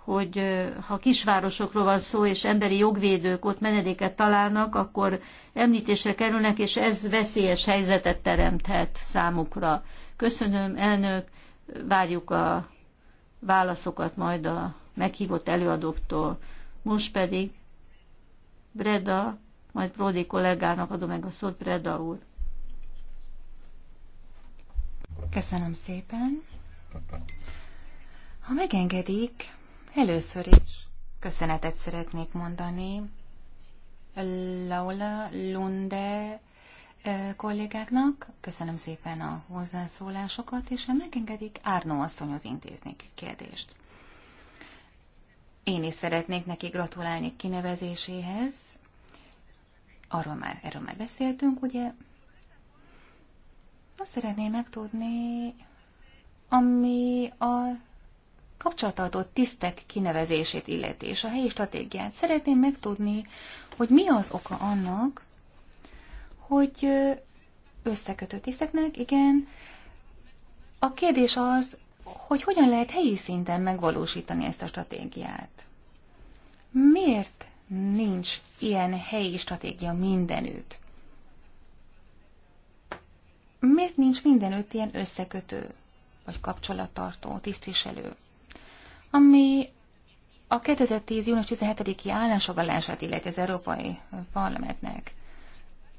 Speaker 3: hogy ha kisvárosokról van szó, és emberi jogvédők ott menedéket találnak, akkor említésre kerülnek, és ez veszélyes helyzetet teremthet számukra. Köszönöm, elnök, várjuk a válaszokat majd a meghívott előadóktól. Most pedig Breda, majd Pródi kollégának adom meg a szót, Breda úr. Köszönöm szépen.
Speaker 2: Ha megengedik, először is köszönetet szeretnék mondani Laula Lunde kollégáknak. Köszönöm szépen a hozzászólásokat, és ha megengedik, Árnó asszonyhoz intéznék egy kérdést. Én is szeretnék neki gratulálni kinevezéséhez. Arról már, erről már beszéltünk, ugye? Azt szeretném megtudni, ami a kapcsolatadó tisztek kinevezését illeti, és a helyi stratégiát. Szeretném megtudni, hogy mi az oka annak, hogy összekötött iszeknek, igen. A kérdés az, hogy hogyan lehet helyi szinten megvalósítani ezt a stratégiát. Miért nincs ilyen helyi stratégia mindenütt? Miért nincs mindenütt ilyen összekötő, vagy kapcsolattartó, tisztviselő? Ami a 2010. június 17-i állásfoglalását illeti az Európai Parlamentnek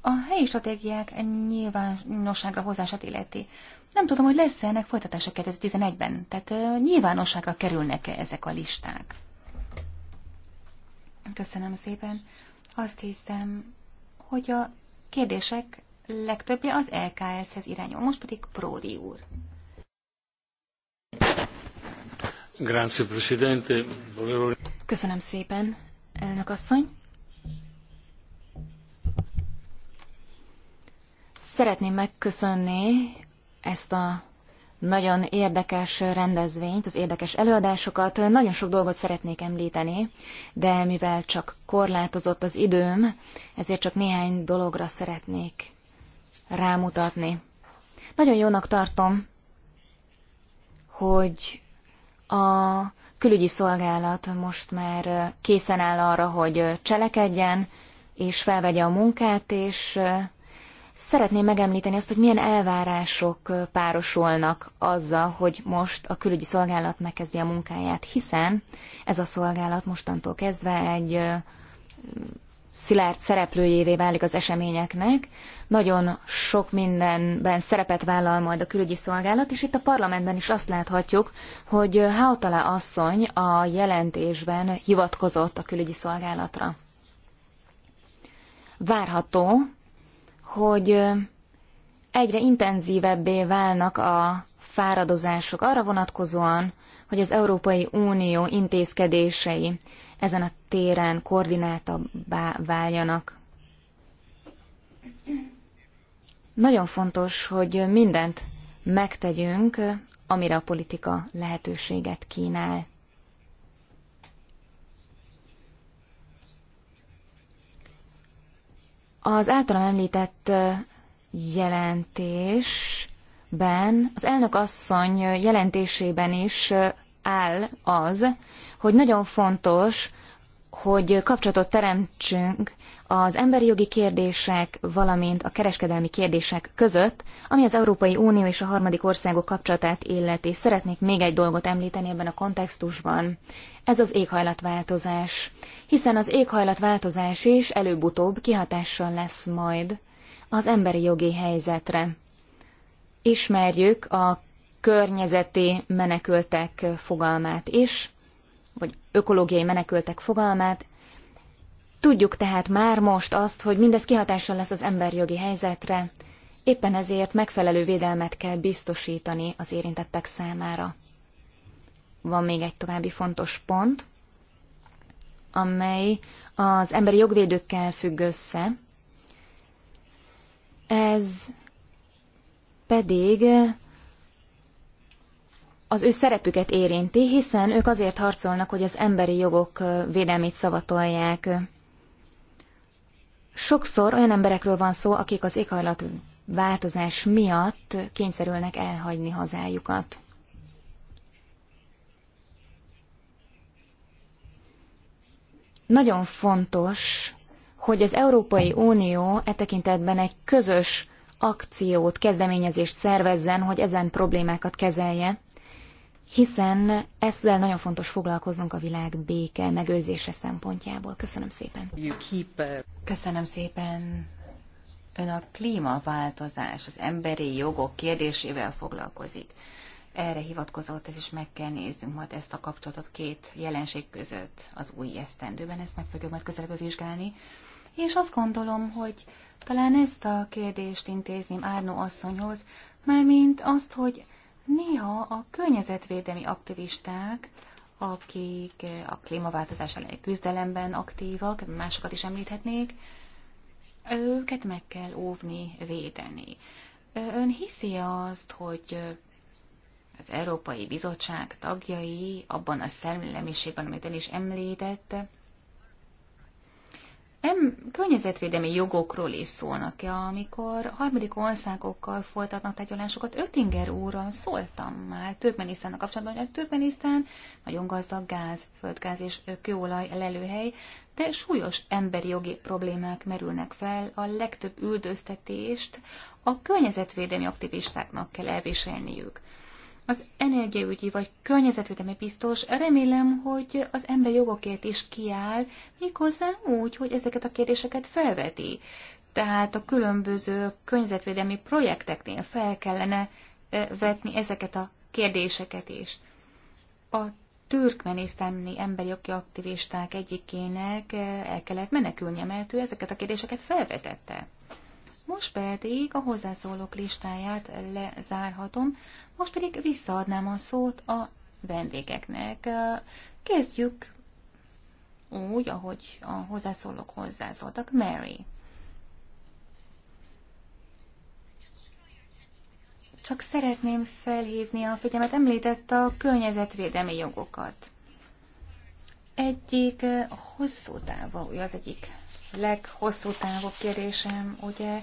Speaker 2: a helyi stratégiák nyilvánosságra hozását illeti. Nem tudom, hogy lesz-e ennek folytatása 2011-ben, tehát nyilvánosságra kerülnek-e ezek a listák. Köszönöm szépen. Azt hiszem, hogy a kérdések legtöbbje
Speaker 5: az LKS-hez irányul, most pedig Pródi úr.
Speaker 2: Grazie, Presidente.
Speaker 5: Köszönöm szépen, elnök asszony. Szeretném megköszönni ezt a nagyon érdekes rendezvényt, az érdekes előadásokat. Nagyon sok dolgot szeretnék említeni, de mivel csak korlátozott az időm, ezért csak néhány dologra szeretnék rámutatni. Nagyon jónak tartom, hogy a külügyi szolgálat most már készen áll arra, hogy cselekedjen, és felvegye a munkát, és Szeretném megemlíteni azt, hogy milyen elvárások párosulnak azzal, hogy most a külügyi szolgálat megkezdi a munkáját, hiszen ez a szolgálat mostantól kezdve egy szilárd szereplőjévé válik az eseményeknek. Nagyon sok mindenben szerepet vállal majd a külügyi szolgálat, és itt a parlamentben is azt láthatjuk, hogy Hautala asszony a jelentésben hivatkozott a külügyi szolgálatra. Várható, hogy egyre intenzívebbé válnak a fáradozások arra vonatkozóan, hogy az Európai Unió intézkedései ezen a téren koordináltabbá váljanak. Nagyon fontos, hogy mindent megtegyünk, amire a politika lehetőséget kínál. Az általam említett jelentésben, az elnök asszony jelentésében is áll az, hogy nagyon fontos, hogy kapcsolatot teremtsünk az emberi jogi kérdések, valamint a kereskedelmi kérdések között, ami az Európai Unió és a harmadik országok kapcsolatát illeti. Szeretnék még egy dolgot említeni ebben a kontextusban ez az éghajlatváltozás, hiszen az éghajlatváltozás is előbb-utóbb kihatással lesz majd az emberi jogi helyzetre. Ismerjük a környezeti menekültek fogalmát is, vagy ökológiai menekültek fogalmát. Tudjuk tehát már most azt, hogy mindez kihatással lesz az emberi jogi helyzetre, éppen ezért megfelelő védelmet kell biztosítani az érintettek számára. Van még egy további fontos pont, amely az emberi jogvédőkkel függ össze. Ez pedig az ő szerepüket érinti, hiszen ők azért harcolnak, hogy az emberi jogok védelmét szavatolják. Sokszor olyan emberekről van szó, akik az éghajlat változás miatt kényszerülnek elhagyni hazájukat. Nagyon fontos, hogy az Európai Unió e tekintetben egy közös akciót, kezdeményezést szervezzen, hogy ezen problémákat kezelje, hiszen ezzel nagyon fontos foglalkoznunk a világ béke megőrzése szempontjából. Köszönöm szépen. Köszönöm szépen. Ön a klímaváltozás,
Speaker 2: az emberi jogok kérdésével foglalkozik erre hivatkozott, ez is meg kell néznünk majd ezt a kapcsolatot két jelenség között az új esztendőben, ezt meg fogjuk majd közelebb vizsgálni. És azt gondolom, hogy talán ezt a kérdést intézném Árnó asszonyhoz, mert mint azt, hogy néha a környezetvédelmi aktivisták, akik a klímaváltozás elleni küzdelemben aktívak, másokat is említhetnék, őket meg kell óvni, védeni. Ön hiszi azt, hogy az Európai Bizottság tagjai abban a szellemiségben, amit ön is említett, nem környezetvédelmi jogokról is szólnak -e, amikor harmadik országokkal folytatnak tárgyalásokat. Öttinger úrral szóltam már a kapcsolatban, hogy a Türkmenisztán nagyon gazdag gáz, földgáz és kőolaj lelőhely, de súlyos emberi jogi problémák merülnek fel, a legtöbb üldöztetést a környezetvédelmi aktivistáknak kell elviselniük az energiaügyi vagy környezetvédelmi biztos remélem, hogy az ember jogokért is kiáll, méghozzá úgy, hogy ezeket a kérdéseket felveti. Tehát a különböző környezetvédelmi projekteknél fel kellene vetni ezeket a kérdéseket is. A türkmenisztáni emberi jogi aktivisták egyikének el kellett menekülnie, mert ő ezeket a kérdéseket felvetette. Most pedig a hozzászólók listáját lezárhatom. Most pedig visszaadnám a szót a vendégeknek. Kezdjük úgy, ahogy a hozzászólók hozzászóltak. Mary. Csak szeretném felhívni a figyelmet, említette a környezetvédelmi jogokat. Egyik hosszú távú, az egyik leghosszú távú kérdésem, ugye,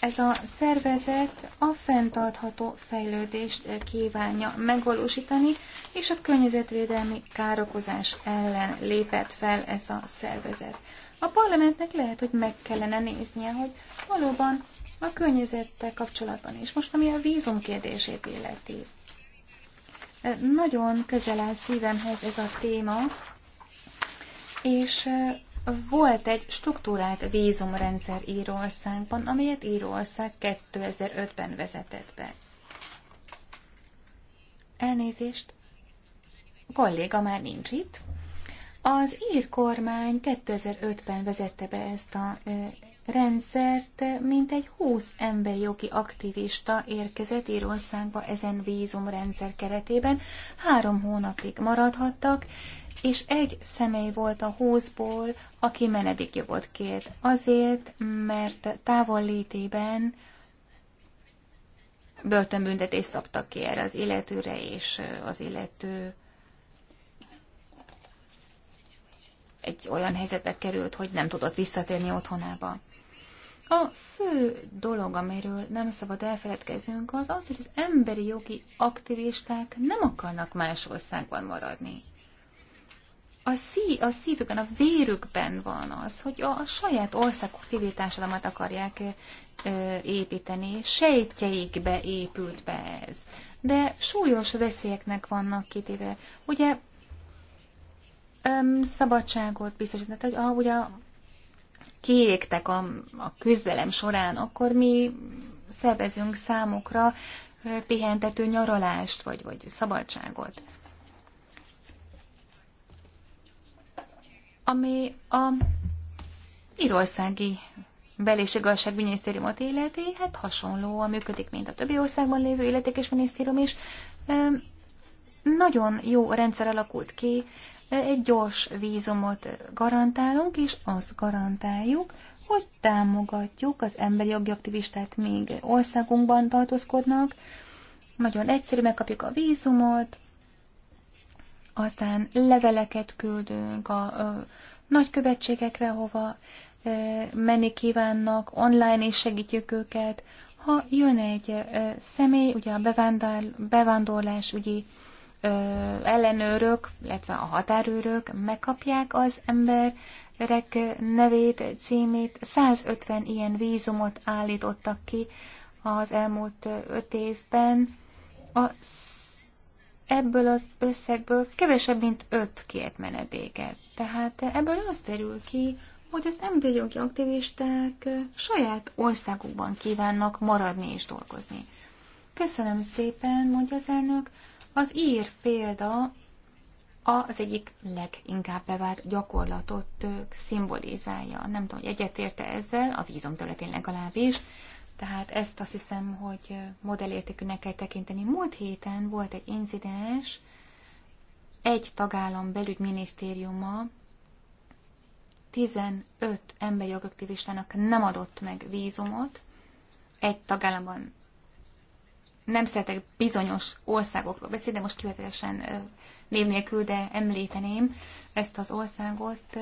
Speaker 2: ez a szervezet a fenntartható fejlődést kívánja megvalósítani, és a környezetvédelmi károkozás ellen lépett fel ez a szervezet. A parlamentnek lehet, hogy meg kellene néznie, hogy valóban a környezettel kapcsolatban is. Most, ami a vízum kérdését illeti. Nagyon közel áll szívemhez ez a téma, és volt egy struktúrált vízumrendszer Írországban, amelyet Írország 2005-ben vezetett be. Elnézést, kolléga már nincs itt. Az ír kormány 2005-ben vezette be ezt a rendszert, mint egy 20 emberi jogi aktivista érkezett Írországba ezen vízumrendszer keretében, három hónapig maradhattak, és egy személy volt a húszból, aki menedékjogot kért. Azért, mert távollétében börtönbüntetést szabtak ki erre az illetőre, és az illető egy olyan helyzetbe került, hogy nem tudott visszatérni otthonába. A fő dolog, amiről nem szabad elfeledkeznünk, az az, hogy az emberi jogi aktivisták nem akarnak más országban maradni a, szí, a szívükben, a vérükben van az, hogy a, a saját országok civil társadalmat akarják ö, építeni, sejtjeikbe épült be ez. De súlyos veszélyeknek vannak kitéve. Ugye öm, szabadságot biztosítanak, hogy ahogy a kiégtek a, a küzdelem során, akkor mi szervezünk számukra pihentető nyaralást, vagy, vagy szabadságot. ami a írországi bel- és igazságügyminisztériumot illeti, hát hasonlóan működik, mint a többi országban lévő illetékes minisztérium is. Nagyon jó rendszer alakult ki, egy gyors vízumot garantálunk, és azt garantáljuk, hogy támogatjuk az emberi jogi aktivistát, még országunkban tartózkodnak. Nagyon egyszerű, megkapjuk a vízumot, aztán leveleket küldünk a, a nagykövetségekre, hova menni kívánnak, online is segítjük őket. Ha jön egy személy, ugye a bevándorlás ügyi ellenőrök, illetve a határőrök megkapják az emberek nevét, címét. 150 ilyen vízumot állítottak ki az elmúlt öt évben. A ebből az összegből kevesebb, mint öt kért menedéket. Tehát ebből az derül ki, hogy az emberi jogi aktivisták saját országukban kívánnak maradni és dolgozni. Köszönöm szépen, mondja az elnök. Az ír példa az egyik leginkább bevált gyakorlatot szimbolizálja. Nem tudom, hogy egyetérte ezzel, a vízum területén legalábbis. Tehát ezt azt hiszem, hogy modellértékűnek kell tekinteni. Múlt héten volt egy incidens, egy tagállam belügyminisztériuma 15 emberi jogaktivistának nem adott meg vízumot, egy tagállamban nem szeretek bizonyos országokról beszélni, de most kivetesen név nélkül, de említeném ezt az országot.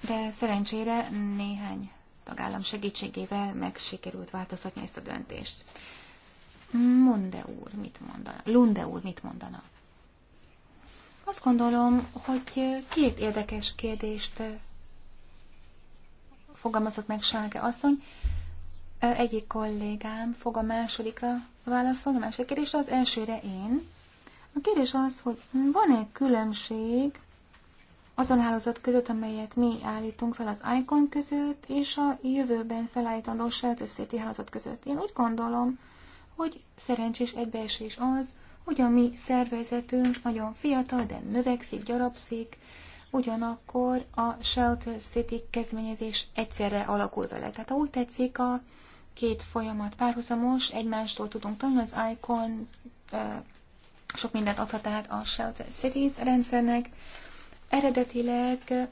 Speaker 2: De szerencsére néhány tagállam segítségével meg sikerült változtatni ezt a döntést. Munde úr mit mondana? Lunde úr mit mondana? Azt gondolom, hogy két érdekes kérdést eh, fogalmazott meg Sáke asszony. Eh, egyik kollégám fog a másodikra válaszolni, a másik kérdésre, az elsőre én. A kérdés az, hogy van-e különbség azon hálózat között, amelyet mi állítunk fel az ICON között, és a jövőben felállítandó Shelter City hálózat között. Én úgy gondolom, hogy szerencsés egybeesés az, hogy a mi szervezetünk nagyon fiatal, de növekszik, gyarapszik, ugyanakkor a Shelter City kezdeményezés egyszerre alakul vele. Tehát ha úgy tetszik, a két folyamat párhuzamos, egymástól tudunk tanulni, az ICON sok mindent adhat át a Shelter Cities rendszernek, Eredetileg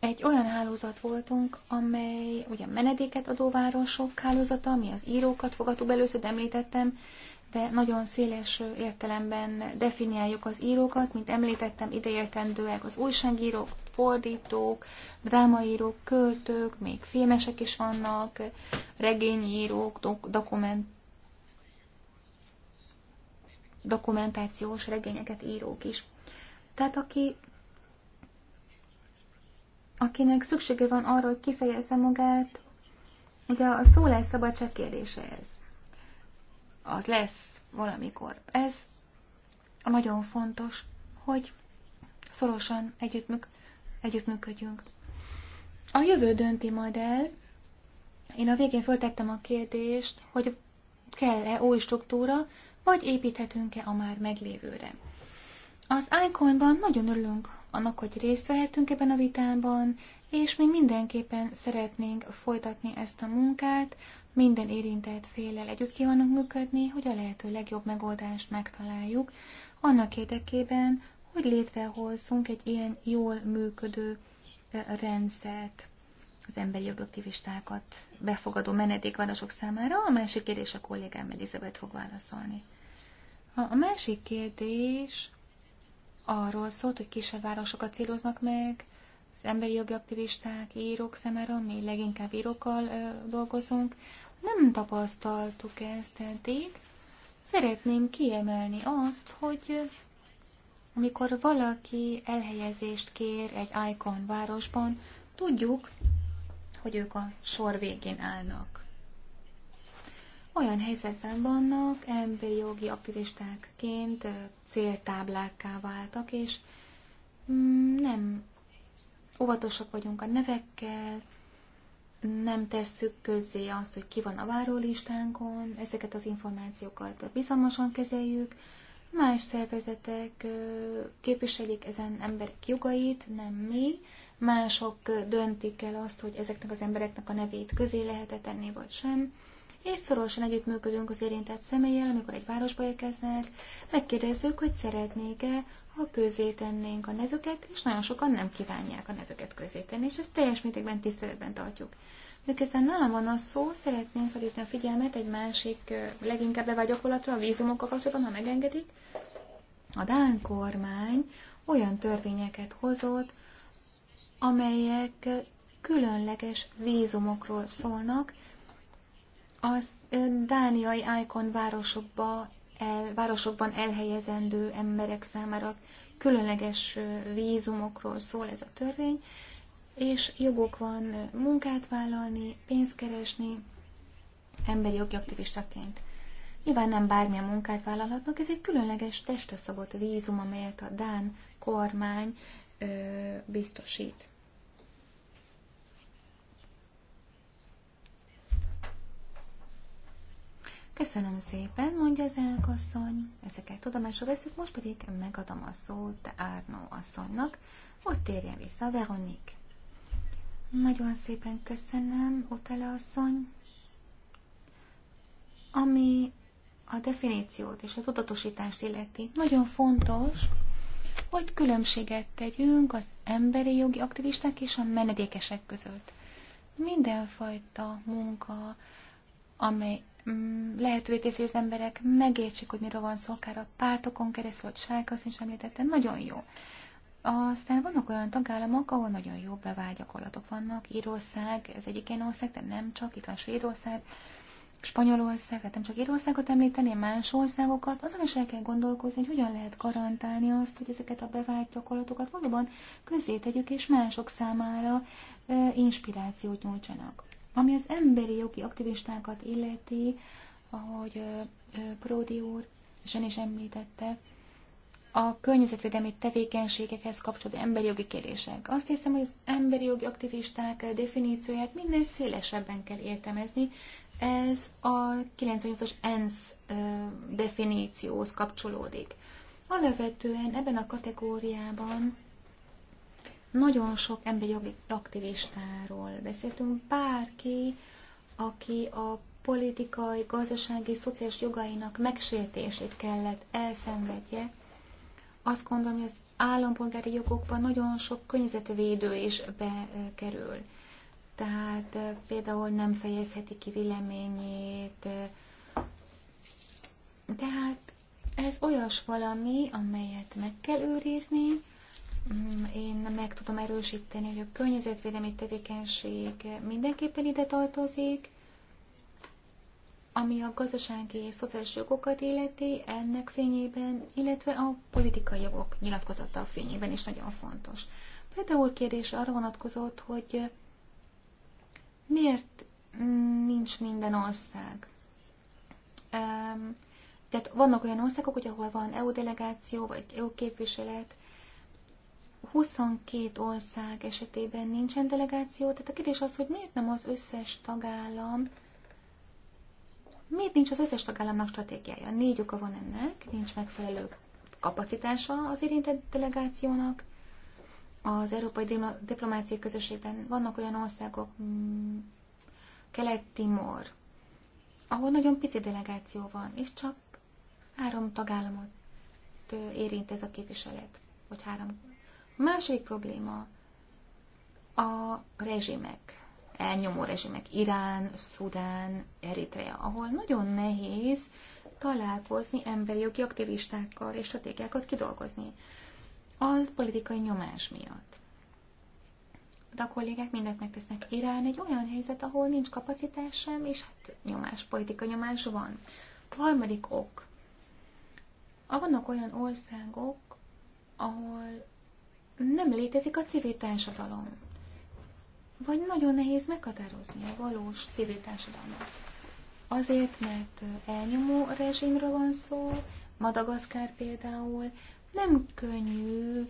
Speaker 2: egy olyan hálózat voltunk, amely ugye menedéket adó városok hálózata, ami az írókat fogadó először említettem, de nagyon széles értelemben definiáljuk az írókat, mint említettem, ideértendőek az újságírók, fordítók, drámaírók, költők, még filmesek is vannak, regényírók, dok- dokument dokumentációs regényeket írók is. Tehát aki, akinek szüksége van arra, hogy kifejezze magát, ugye a szó lesz szólásszabadság kérdése ez. Az lesz valamikor. Ez nagyon fontos, hogy szorosan együttműk, együttműködjünk. A jövő dönti majd el. Én a végén föltettem a kérdést, hogy kell-e új struktúra, vagy építhetünk-e a már meglévőre. Az Iconban nagyon örülünk annak, hogy részt vehetünk ebben a vitában, és mi mindenképpen szeretnénk folytatni ezt a munkát, minden érintett félel együtt kívánunk működni, hogy a lehető legjobb megoldást megtaláljuk, annak érdekében, hogy létrehozzunk egy ilyen jól működő rendszert az emberi jogaktivistákat befogadó menedékvárosok számára. A másik kérdés a kollégám Elizabeth fog válaszolni. A másik kérdés arról szólt, hogy kisebb városokat céloznak meg, az emberi jogi aktivisták, írók szemére, mi leginkább írókkal ö, dolgozunk. Nem tapasztaltuk ezt eddig. Szeretném kiemelni azt, hogy amikor valaki elhelyezést kér egy icon városban, tudjuk, hogy ők a sor végén állnak olyan helyzetben vannak, emberi jogi aktivistákként céltáblákká váltak, és mm, nem óvatosak vagyunk a nevekkel, nem tesszük közzé azt, hogy ki van a várólistánkon, ezeket az információkat bizalmasan kezeljük, más szervezetek képviselik ezen emberek jogait, nem mi, mások döntik el azt, hogy ezeknek az embereknek a nevét közé lehet -e tenni, vagy sem és szorosan együttműködünk az érintett személlyel, amikor egy városba érkeznek, megkérdezzük, hogy szeretnék-e, ha közé tennénk a nevüket, és nagyon sokan nem kívánják a nevüket közé tenni, és ezt teljes mértékben tiszteletben tartjuk. Miközben nálam van a szó, szeretném felhívni a figyelmet egy másik, leginkább bevágyakorlatra, a vízumokkal kapcsolatban, ha megengedik. A Dán kormány olyan törvényeket hozott, amelyek különleges vízumokról szólnak, az dániai Icon városokba el, városokban elhelyezendő emberek számára különleges vízumokról szól ez a törvény, és jogok van munkát vállalni, pénzt keresni, emberi jogi aktivistaként. Nyilván nem bármilyen munkát vállalhatnak, ez egy különleges testre szabott vízum, amelyet a Dán kormány ö, biztosít. Köszönöm szépen, mondja az elkasszony. Ezeket tudomásul veszük, most pedig megadom a szót Árnó asszonynak, hogy térjen vissza Veronik. Nagyon szépen köszönöm, Utele asszony. Ami a definíciót és a tudatosítást illeti, nagyon fontos, hogy különbséget tegyünk az emberi jogi aktivisták és a menedékesek között. Mindenfajta munka, amely Mm, lehetővé teszi, az emberek megértsék, hogy miről van szó, akár a pártokon keresztül, vagy sárkasz is említettem, nagyon jó. Aztán vannak olyan tagállamok, ahol nagyon jó bevágyakorlatok vannak. Írország, ez egyik ilyen ország, de nem csak, itt van Svédország, Spanyolország, tehát nem csak Írországot említeném, más országokat, azon is el kell gondolkozni, hogy hogyan lehet garantálni azt, hogy ezeket a bevált gyakorlatokat valóban közé tegyük, és mások számára e, inspirációt nyújtsanak. Ami az emberi jogi aktivistákat illeti, ahogy Pródi úr és ön is említette, a környezetvédelmi tevékenységekhez kapcsolódó emberi jogi kérdések. Azt hiszem, hogy az emberi jogi aktivisták definícióját minden szélesebben kell értelmezni. Ez a 98-as ENSZ definícióhoz kapcsolódik. Alapvetően ebben a kategóriában nagyon sok emberi jogi aktivistáról beszéltünk, bárki, aki a politikai, gazdasági, szociális jogainak megsértését kellett elszenvedje, azt gondolom, hogy az állampolgári jogokban nagyon sok környezetvédő is bekerül. Tehát eh, például nem fejezheti ki véleményét. Eh. Tehát ez olyas valami, amelyet meg kell őrizni, Mm, én meg tudom erősíteni, hogy a környezetvédelmi tevékenység mindenképpen ide tartozik, ami a gazdasági és szociális jogokat illeti, ennek fényében, illetve a politikai jogok nyilatkozata a fényében is nagyon fontos. Például kérdés arra vonatkozott, hogy miért nincs minden ország. Tehát vannak olyan országok, hogy ahol van EU delegáció, vagy EU képviselet, 22 ország esetében nincsen delegáció, tehát a kérdés az, hogy miért nem az összes tagállam, miért nincs az összes tagállamnak stratégiája? Négy oka van ennek, nincs megfelelő kapacitása az érintett delegációnak. Az Európai Diplomáciai Közösségben vannak olyan országok, Kelet-Timor, ahol nagyon pici delegáció van, és csak három tagállamot érint ez a képviselet, vagy három másik probléma a rezsimek, elnyomó rezsimek, Irán, Szudán, Eritrea, ahol nagyon nehéz találkozni emberi jogi aktivistákkal és stratégiákat kidolgozni. Az politikai nyomás miatt. De a kollégák mindent megtesznek. Irán egy olyan helyzet, ahol nincs kapacitás sem, és hát nyomás, politikai nyomás van. A harmadik ok. Ah, vannak olyan országok, ahol nem létezik a civil társadalom. Vagy nagyon nehéz meghatározni a valós civil társadalmat. Azért, mert elnyomó rezsimről van szó, Madagaszkár például, nem könnyű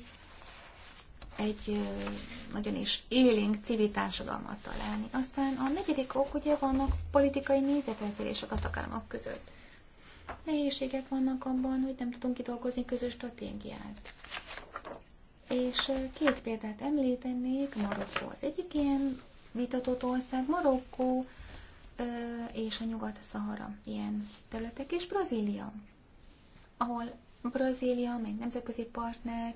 Speaker 2: egy nagyon is élénk civil társadalmat találni. Aztán a negyedik ok, ugye vannak politikai nézeteltérések a tagállamok között. Nehézségek vannak abban, hogy nem tudunk kidolgozni közös stratégiát. És két példát említenék, Marokkó az egyik ilyen vitatott ország, Marokkó és a Nyugat-Szahara ilyen területek, és Brazília, ahol Brazília, meg nemzetközi partner,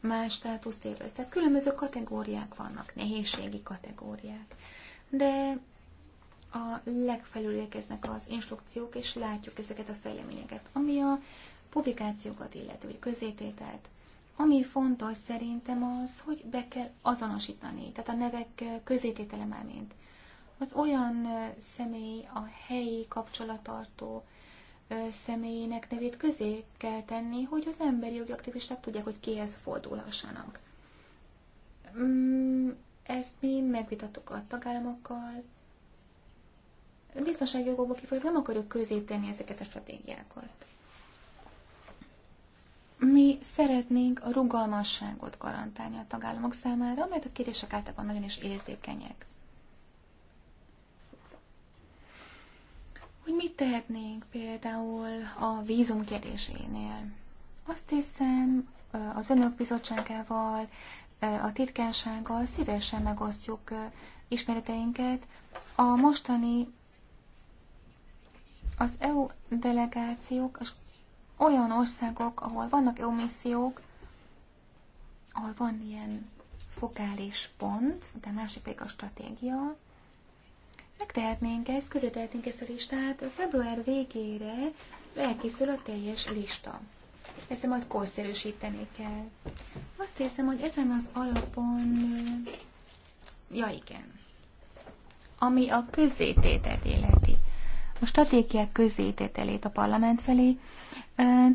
Speaker 2: más státuszt élvez. Tehát különböző kategóriák vannak, nehézségi kategóriák. De a legfelül érkeznek az instrukciók, és látjuk ezeket a fejleményeket, ami a publikációkat illeti, vagy közétételt. Ami fontos szerintem az, hogy be kell azonosítani, tehát a nevek közététele már mint. Az olyan személy, a helyi kapcsolatartó személyének nevét közé kell tenni, hogy az emberi jogi aktivisták tudják, hogy kihez fordulhassanak. Mm, ezt mi megvitattuk a tagállamokkal. Biztonsági jogokból kifolyólag nem akarjuk közé tenni ezeket a stratégiákat. Mi szeretnénk a rugalmasságot garantálni a tagállamok számára, mert a kérések általában nagyon is érzékenyek. Hogy mit tehetnénk például a vízum kérdésénél? Azt hiszem, az önök bizottságával, a titkársággal szívesen megosztjuk ismereteinket. A mostani az EU delegációk olyan országok, ahol vannak jó missziók, ahol van ilyen fokális pont, de másik pedig a stratégia, megtehetnénk ezt, közé tehetnénk ezt a listát, február végére elkészül a teljes lista. Ezt majd korszerűsíteni kell. Azt hiszem, hogy ezen az alapon... Ja, igen. Ami a közzététet életi a stratégiák közzétételét a parlament felé.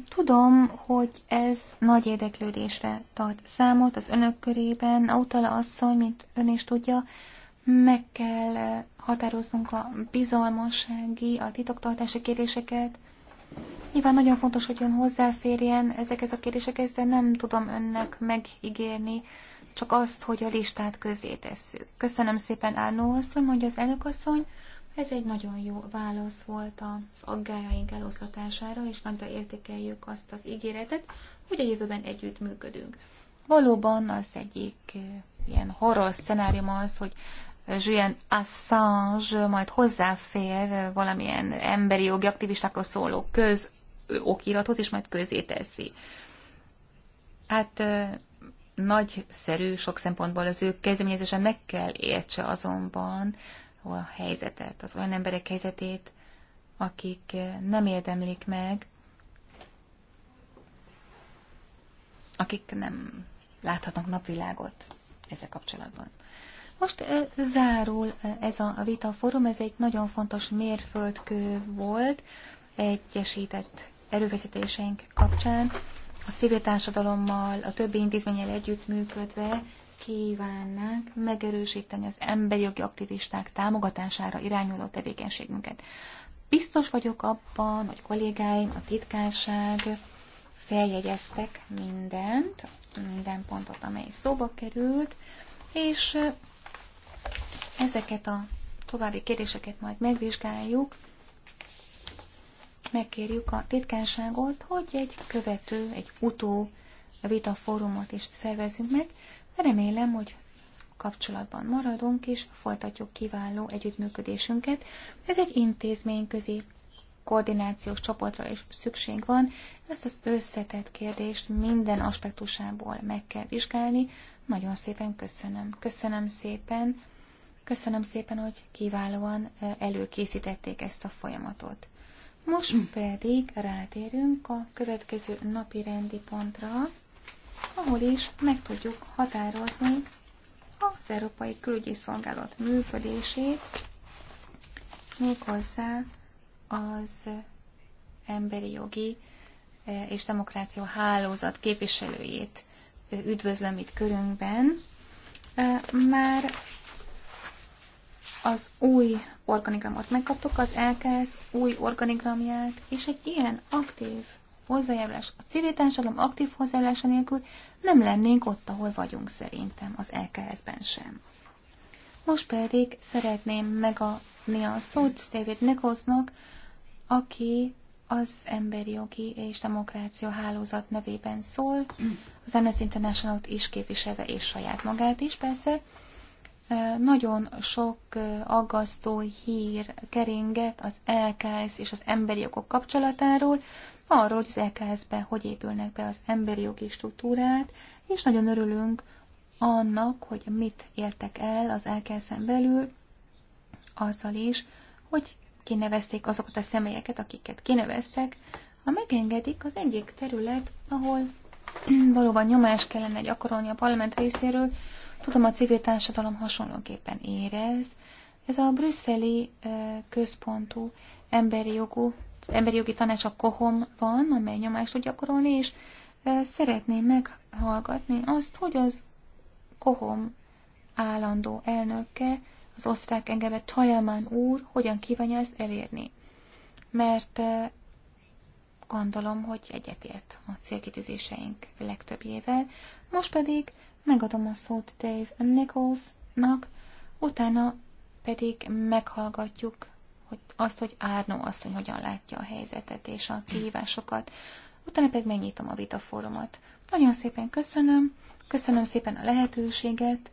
Speaker 2: Tudom, hogy ez nagy érdeklődésre tart számot az önök körében. Autala asszony, mint ön is tudja, meg kell határoznunk a bizalmassági, a titoktartási kérdéseket. Nyilván nagyon fontos, hogy ön hozzáférjen ezekhez a kérdésekhez, de nem tudom önnek megígérni, csak azt, hogy a listát közzé tesszük. Köszönöm szépen Árnó asszony, mondja az elnök asszony. Ez egy nagyon jó válasz volt az aggájaink eloszlatására, és nagyra értékeljük azt az ígéretet, hogy a jövőben együtt működünk. Valóban az egyik ilyen horror szenárium az, hogy Julian Assange majd hozzáfér valamilyen emberi jogi aktivistákról szóló köz okirathoz, és majd közé teszi. Hát nagyszerű sok szempontból az ő kezdeményezésen meg kell értse azonban, a helyzetet, az olyan emberek helyzetét, akik eh, nem érdemlik meg, akik nem láthatnak napvilágot ezzel kapcsolatban. Most eh, zárul eh, ez a vita forum, ez egy nagyon fontos mérföldkő volt egyesített erőfeszítéseink kapcsán, a civil társadalommal, a többi intézménnyel együttműködve kívánnánk megerősíteni az emberi jogi aktivisták támogatására irányuló tevékenységünket. Biztos vagyok abban, hogy kollégáim, a titkárság feljegyeztek mindent, minden pontot, amely szóba került, és ezeket a további kérdéseket majd megvizsgáljuk, megkérjük a titkárságot, hogy egy követő, egy utó vita fórumot is szervezünk meg, Remélem, hogy kapcsolatban maradunk és folytatjuk kiváló együttműködésünket. Ez egy intézményközi koordinációs csoportra is szükség van. Ezt az összetett kérdést minden aspektusából meg kell vizsgálni. Nagyon szépen köszönöm. Köszönöm szépen. Köszönöm szépen, hogy kiválóan előkészítették ezt a folyamatot. Most pedig rátérünk a következő napi rendi pontra ahol is meg tudjuk határozni az Európai Külügyi Szolgálat működését, méghozzá az emberi jogi eh, és demokrácia hálózat képviselőjét eh, üdvözlöm itt körünkben. Eh, már az új organigramot megkaptuk, az LKS új organigramját, és egy ilyen aktív hozzájárulás, a civil társadalom aktív hozzájárulása nélkül nem lennénk ott, ahol vagyunk szerintem, az LKS-ben sem. Most pedig szeretném megadni a szót David Nicholsnak, aki az emberi jogi és demokrácia hálózat nevében szól, az Amnesty international is képviselve, és saját magát is persze. Nagyon sok aggasztó hír keringet az LKS és az emberi jogok kapcsolatáról, arról, hogy az EKS-be hogy épülnek be az emberi jogi struktúrát, és nagyon örülünk annak, hogy mit értek el az EKS-en belül, azzal is, hogy kinevezték azokat a személyeket, akiket kineveztek. Ha megengedik, az egyik terület, ahol [CLEARS THROAT] valóban nyomás kellene gyakorolni a parlament részéről, tudom, a civil társadalom hasonlóképpen érez. Ez a brüsszeli központú emberi jogú emberi jogi tanács a kohom van, amely nyomást tud gyakorolni, és szeretném meghallgatni azt, hogy az kohom állandó elnöke, az osztrák engeve Tajamán úr hogyan kívánja ezt elérni. Mert gondolom, hogy egyetért a célkitűzéseink legtöbbjével. Most pedig megadom a szót Dave Nicholsnak, utána pedig meghallgatjuk hogy azt, hogy Árnó asszony hogyan látja a helyzetet és a kihívásokat. Utána pedig megnyitom a vitafórumot. Nagyon szépen köszönöm, köszönöm szépen a lehetőséget,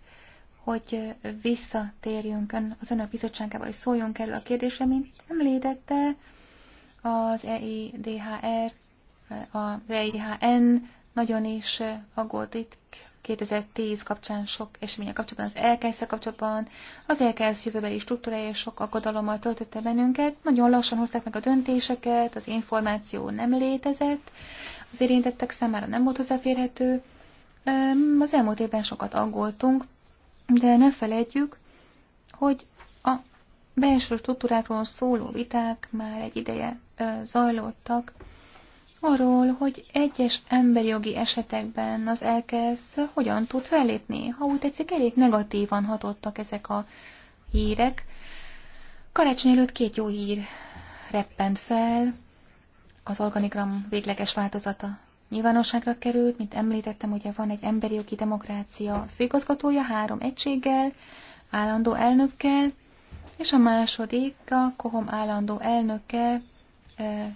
Speaker 2: hogy visszatérjünk az önök bizottságába, hogy szóljunk erről a kérdésre, mint említette az EIDHR, az EIHN nagyon is aggódik 2010 kapcsán sok események kapcsolatban, az elkezdte kapcsolatban, az elkezd jövőbeli struktúrája sok aggodalommal töltötte bennünket. Nagyon lassan hozták meg a döntéseket, az információ nem létezett, az érintettek számára nem volt hozzáférhető. Az elmúlt évben sokat aggoltunk, de ne felejtjük, hogy a belső struktúrákról szóló viták már egy ideje zajlottak, arról, hogy egyes emberi jogi esetekben az elkezd hogyan tud fellépni. Ha úgy tetszik, elég negatívan hatottak ezek a hírek. Karácsony előtt két jó hír reppent fel, az organigram végleges változata nyilvánosságra került, mint említettem, ugye van egy emberi jogi demokrácia főigazgatója három egységgel, állandó elnökkel, és a második a Kohom állandó elnöke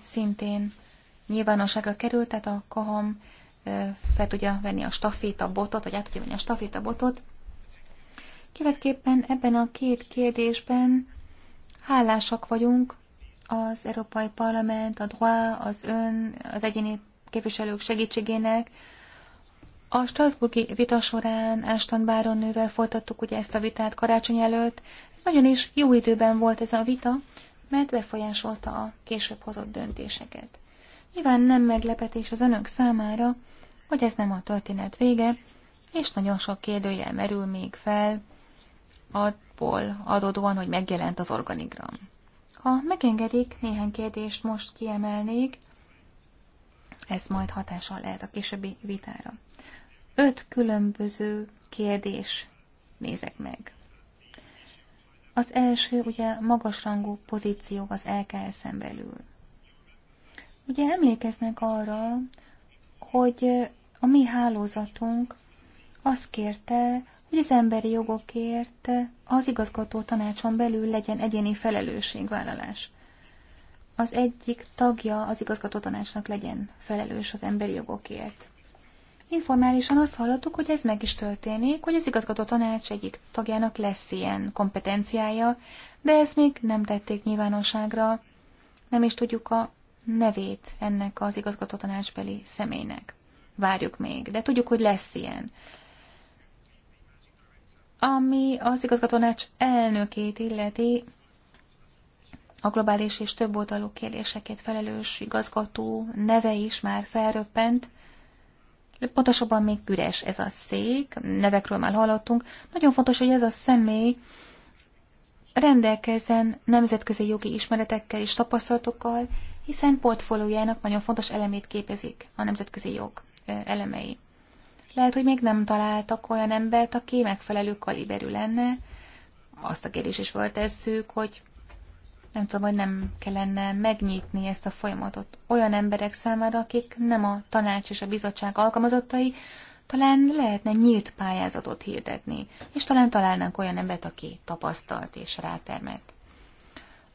Speaker 2: szintén nyilvánosságra került, tehát a kohom fel tudja venni a staféta botot, vagy át tudja venni a staféta botot. Kivetképpen ebben a két kérdésben hálásak vagyunk az Európai Parlament, a DROA, az ön, az egyéni képviselők segítségének. A Strasburgi vita során Ashton nővel folytattuk ugye ezt a vitát karácsony előtt. Ez nagyon is jó időben volt ez a vita, mert befolyásolta a később hozott döntéseket. Nyilván nem meglepetés az önök számára, hogy ez nem a történet vége, és nagyon sok kérdőjel merül még fel, abból adódóan, hogy megjelent az organigram. Ha megengedik, néhány kérdést most kiemelnék, ez majd hatással lehet a későbbi vitára. Öt különböző kérdés nézek meg. Az első ugye magasrangú pozíció az LKS-en belül. Ugye emlékeznek arra, hogy a mi hálózatunk azt kérte, hogy az emberi jogokért az igazgató tanácson belül legyen egyéni felelősségvállalás. Az egyik tagja az igazgató tanácsnak legyen felelős az emberi jogokért. Informálisan azt hallottuk, hogy ez meg is történik, hogy az igazgató tanács egyik tagjának lesz ilyen kompetenciája, de ezt még nem tették nyilvánosságra. Nem is tudjuk a nevét ennek az igazgató tanácsbeli személynek. Várjuk még, de tudjuk, hogy lesz ilyen. Ami az igazgatónács elnökét illeti, a globális és több oldalú kérdésekért felelős igazgató neve is már felröppent. Pontosabban még üres ez a szék, nevekről már hallottunk. Nagyon fontos, hogy ez a személy rendelkezzen nemzetközi jogi ismeretekkel és tapasztalatokkal, hiszen portfóliójának nagyon fontos elemét képezik a nemzetközi jog elemei. Lehet, hogy még nem találtak olyan embert, aki megfelelő kaliberű lenne. Azt a kérdés is föltesszük, hogy nem tudom, hogy nem kellene megnyitni ezt a folyamatot olyan emberek számára, akik nem a tanács és a bizottság alkalmazottai, talán lehetne nyílt pályázatot hirdetni, és talán találnánk olyan embert, aki tapasztalt és rátermet.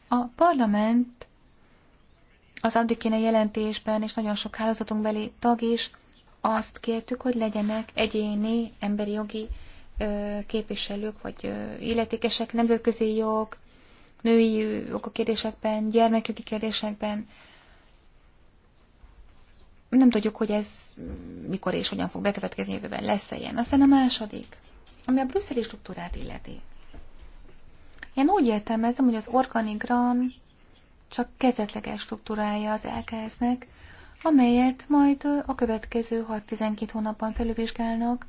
Speaker 2: A parlament az Andrikéne jelentésben és nagyon sok hálózatunk beli tag is azt kértük, hogy legyenek egyéni emberi jogi képviselők vagy illetékesek nemzetközi jog, női jogok kérdésekben, gyermekjogi kérdésekben. Nem tudjuk, hogy ez mikor és hogyan fog bekövetkezni jövőben. Lesz-e ilyen? Aztán a második, ami a brüsszeli struktúrát illeti. Én úgy értelmezem, hogy az organigram csak kezdetleges struktúrája az LKS-nek, amelyet majd a következő 6-12 hónapban felülvizsgálnak,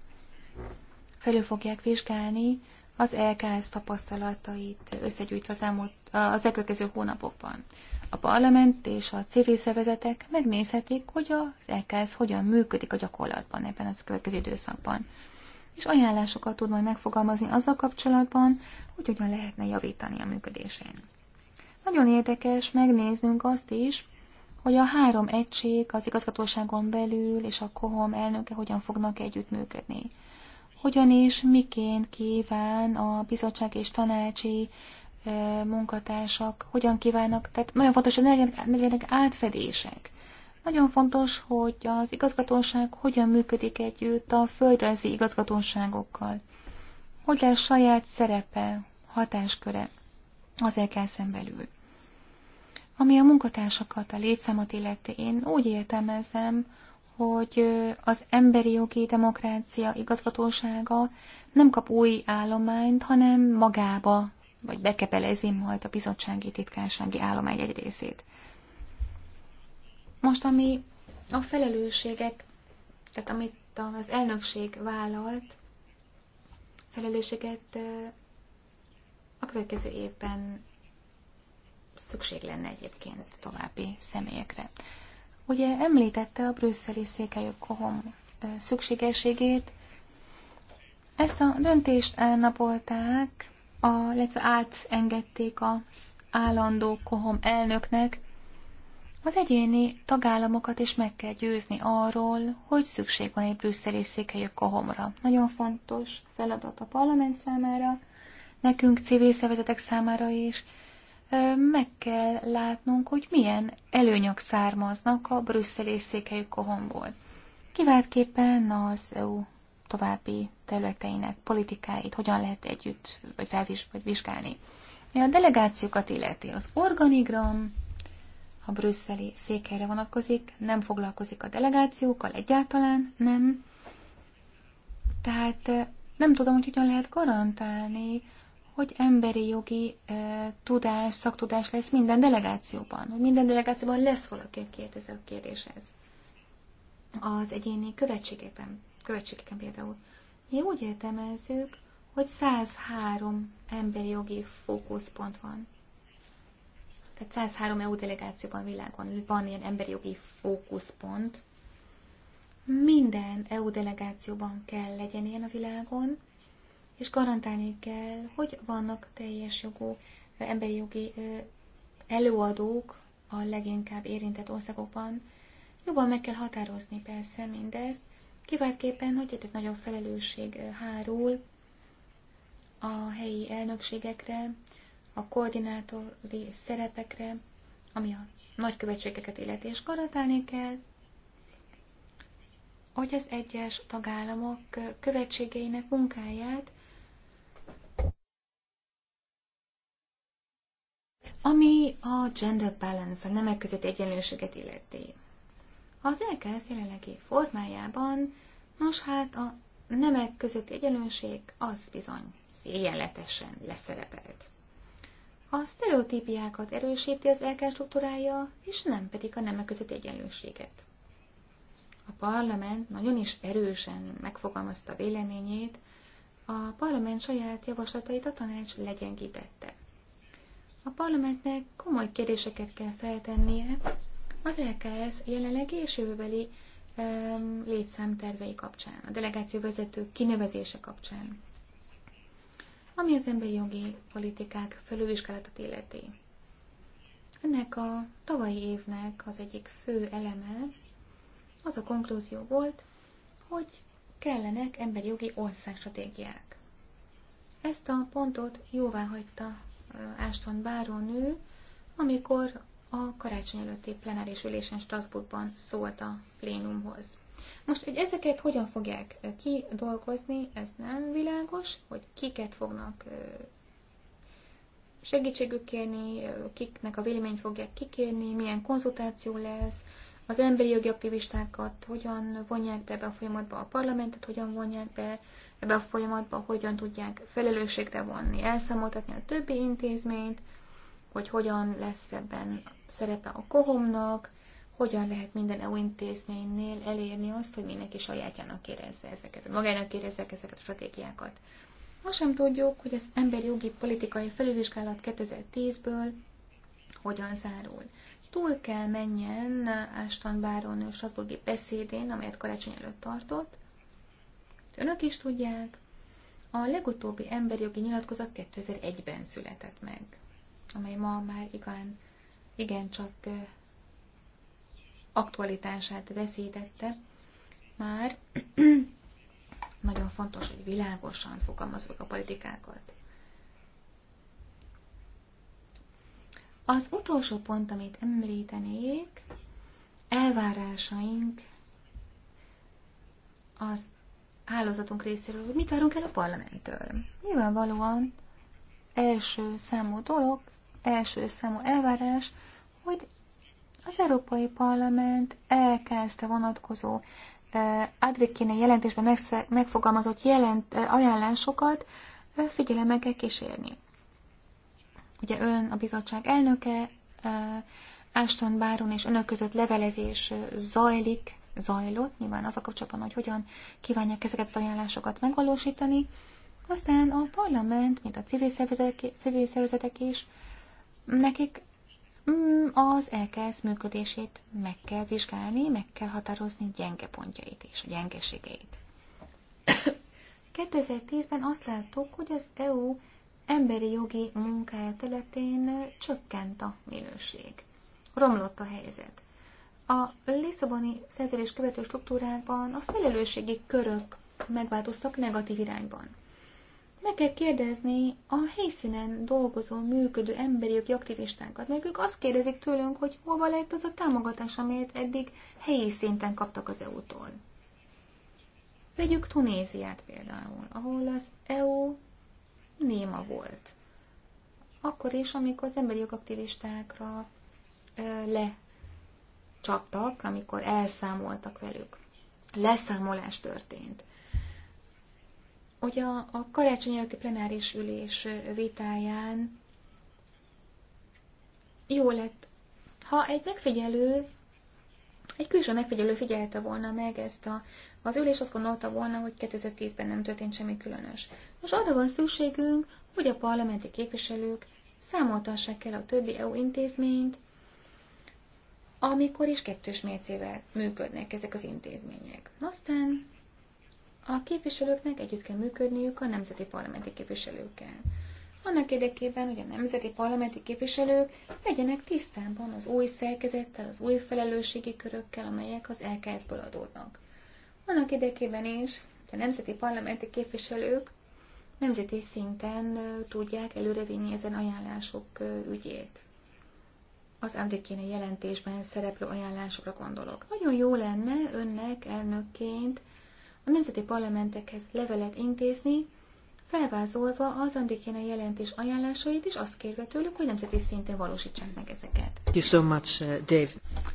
Speaker 2: felül fogják vizsgálni az LKS tapasztalatait összegyűjtve az, elmúlt, az elkövetkező hónapokban. A parlament és a civil szervezetek megnézhetik, hogy az LKS hogyan működik a gyakorlatban ebben az következő időszakban, és ajánlásokat tud majd megfogalmazni azzal kapcsolatban, hogy hogyan lehetne javítani a működésén. Nagyon érdekes megnéznünk azt is, hogy a három egység az igazgatóságon belül és a kohom elnöke hogyan fognak együttműködni. Hogyan és miként kíván a bizottság és tanácsi munkatársak, hogyan kívánnak, tehát nagyon fontos, hogy ne legyenek, ne legyenek átfedések. Nagyon fontos, hogy az igazgatóság hogyan működik együtt a földrajzi igazgatóságokkal. Hogy lesz saját szerepe, hatásköre az EKSZ-en belül. Ami a munkatársakat, a létszámot illeti, én úgy értelmezem, hogy az emberi jogi demokrácia igazgatósága nem kap új állományt, hanem magába, vagy bekepelezi majd a bizottsági titkársági állomány egy részét. Most, ami a felelősségek, tehát amit az elnökség vállalt, felelősséget a következő évben szükség lenne egyébként további személyekre. Ugye említette a brüsszeli székely kohom szükségességét. Ezt a döntést elnapolták, a, illetve átengedték az állandó kohom elnöknek. Az egyéni tagállamokat is meg kell győzni arról, hogy szükség van egy brüsszeli székelyök kohomra. Nagyon fontos feladat a parlament számára, nekünk civil szervezetek számára is, meg kell látnunk, hogy milyen előnyök származnak a brüsszeli székhelyű kohomból. Kiváltképpen az EU további területeinek politikáit hogyan lehet együtt vagy vizsgálni? Ami a delegációkat illeti, az organigram, a brüsszeli székelyre vonatkozik, nem foglalkozik a delegációkkal egyáltalán, nem. Tehát nem tudom, hogy hogyan lehet garantálni, hogy emberi jogi e, tudás, szaktudás lesz minden delegációban, minden delegációban lesz valaki, aki ez. a kérdéshez. Az egyéni követségekben, követségeken például. Mi úgy értelmezzük, hogy 103 emberi jogi fókuszpont van. Tehát 103 EU delegációban világon van ilyen emberi jogi fókuszpont. Minden EU delegációban kell legyen ilyen a világon, és garantálni kell, hogy vannak teljes jogú emberi jogi előadók a leginkább érintett országokban. Jobban meg kell határozni persze mindezt, kiváltképpen, hogy egy nagyobb felelősség hárul a helyi elnökségekre, a koordinátori szerepekre, ami a nagykövetségeket illeti, és garantálni kell, hogy az egyes tagállamok követségeinek munkáját Ami a gender balance, a nemek között egyenlőséget illeti. Az LKS jelenlegi formájában, nos hát a nemek között egyenlőség az bizony szégyenletesen leszerepelt. A sztereotípiákat erősíti az LK struktúrája, és nem pedig a nemek között egyenlőséget. A parlament nagyon is erősen megfogalmazta véleményét, a parlament saját javaslatait a tanács legyengítette. A parlamentnek komoly kérdéseket kell feltennie az LKS jelenlegi és jövőbeli um, létszámtervei kapcsán, a delegáció vezetők kinevezése kapcsán, ami az emberi jogi politikák felülvizsgálatot illeti. Ennek a tavalyi évnek az egyik fő eleme az a konklúzió volt, hogy kellenek emberi jogi országstratégiák. Ezt a pontot jóvá hagyta Ashton Báronő, amikor a karácsony előtti plenáris ülésen Strasbourgban szólt a plénumhoz. Most, hogy ezeket hogyan fogják eh, kidolgozni, ez nem világos, hogy kiket fognak eh, segítségük kérni, eh, kiknek a véleményt fogják kikérni, milyen konzultáció lesz, az emberi jogi aktivistákat hogyan vonják be, be a folyamatba, a parlamentet hogyan vonják be, ebbe a folyamatba, hogyan tudják felelősségre vonni, elszámoltatni a többi intézményt, hogy hogyan lesz ebben szerepe a kohomnak, hogyan lehet minden EU intézménynél elérni azt, hogy mindenki sajátjának érezze ezeket, magának érezze ezeket a stratégiákat. Most sem tudjuk, hogy az emberi jogi politikai felülvizsgálat 2010-ből hogyan zárul. Túl kell menjen Ashton Báron Strasburgi beszédén, amelyet karácsony előtt tartott, Önök is tudják, a legutóbbi emberi jogi nyilatkozat 2001-ben született meg, amely ma már igen, igen csak aktualitását veszítette. Már [CLEARS THROAT] nagyon fontos, hogy világosan fogalmazzuk a politikákat. Az utolsó pont, amit említenék, elvárásaink az hálózatunk részéről, hogy mit várunk el a parlamenttől. Nyilvánvalóan első számú dolog, első számú elvárás, hogy az Európai Parlament elkezdte vonatkozó Adrikéne jelentésben megfogalmazott jelent, ajánlásokat figyelemmel kell kísérni. Ugye ön a bizottság elnöke, Ashton Báron és önök között levelezés zajlik zajlott, nyilván az a kapcsolatban, hogy hogyan kívánják ezeket az ajánlásokat megvalósítani. Aztán a parlament, mint a civil szervezetek, civil szervezetek is, nekik mm, az elkezd működését meg kell vizsgálni, meg kell határozni gyenge pontjait és a gyengeségeit. 2010-ben [COUGHS] azt láttuk, hogy az EU emberi jogi munkája területén csökkent a minőség. Romlott a helyzet. A Lisszaboni szerződés követő struktúrákban a felelősségi körök megváltoztak negatív irányban. Meg kell kérdezni a helyszínen dolgozó, működő emberi jogi aktivistákat, meg ők azt kérdezik tőlünk, hogy hova lett az a támogatás, amelyet eddig helyi szinten kaptak az EU-tól. Vegyük Tunéziát például, ahol az EU néma volt. Akkor is, amikor az emberi jogaktivistákra le csaptak, amikor elszámoltak velük. Leszámolás történt. Ugye a, a karácsony előtti plenáris ülés vitáján jó lett, ha egy megfigyelő, egy külső megfigyelő figyelte volna meg ezt a, az ülés, azt gondolta volna, hogy 2010-ben nem történt semmi különös. Most arra van szükségünk, hogy a parlamenti képviselők számoltassák el a többi EU intézményt, amikor is kettős mércével működnek ezek az intézmények. Aztán a képviselőknek együtt kell működniük a nemzeti parlamenti képviselőkkel. Annak érdekében, hogy a nemzeti parlamenti képviselők legyenek tisztában az új szerkezettel, az új felelősségi körökkel, amelyek az LKS-ből adódnak. Annak érdekében is, hogy a nemzeti parlamenti képviselők nemzeti szinten tudják előrevinni ezen ajánlások ügyét az Andrikéne jelentésben szereplő ajánlásokra gondolok. Nagyon jó lenne önnek elnökként a nemzeti parlamentekhez levelet intézni, felvázolva az Andrikéne jelentés ajánlásait, és azt kérve tőlük, hogy nemzeti szinten valósítsák meg ezeket.
Speaker 1: Thank you so much, uh, Dave.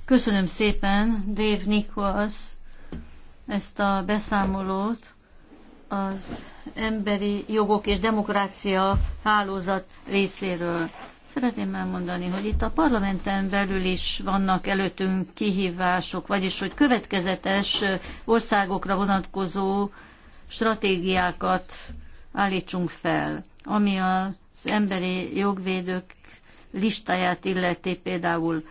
Speaker 3: Köszönöm szépen, Dave Nichols, ezt a beszámolót az Emberi Jogok és Demokrácia Hálózat részéről. Szeretném elmondani, hogy itt a parlamenten belül is vannak előttünk kihívások, vagyis hogy következetes országokra vonatkozó stratégiákat állítsunk fel, ami az emberi jogvédők listáját illeti például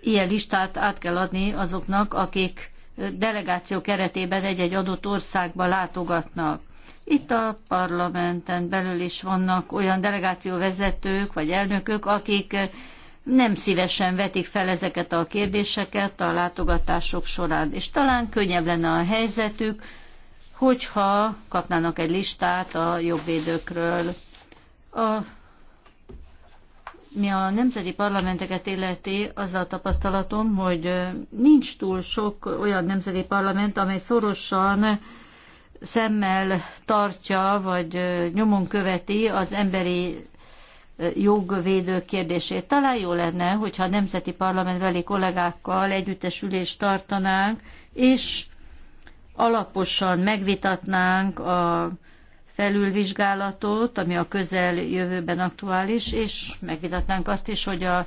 Speaker 3: ilyen listát át kell adni azoknak, akik delegáció keretében egy-egy adott országba látogatnak. Itt a parlamenten belül is vannak olyan delegációvezetők vagy elnökök, akik eh, nem szívesen vetik fel ezeket a kérdéseket a látogatások során, és talán könnyebb lenne a helyzetük, hogyha kapnának egy listát a jobbvédőkről. A, mi a nemzeti parlamenteket illeti, az a tapasztalatom, hogy eh, nincs túl sok olyan nemzeti parlament, amely szorosan szemmel tartja, vagy nyomon követi az emberi jogvédők kérdését. Talán jó lenne, hogyha a nemzeti parlamentbeli kollégákkal együttesülést tartanánk, és alaposan megvitatnánk a felülvizsgálatot, ami a közeljövőben aktuális, és megvitatnánk azt is, hogy a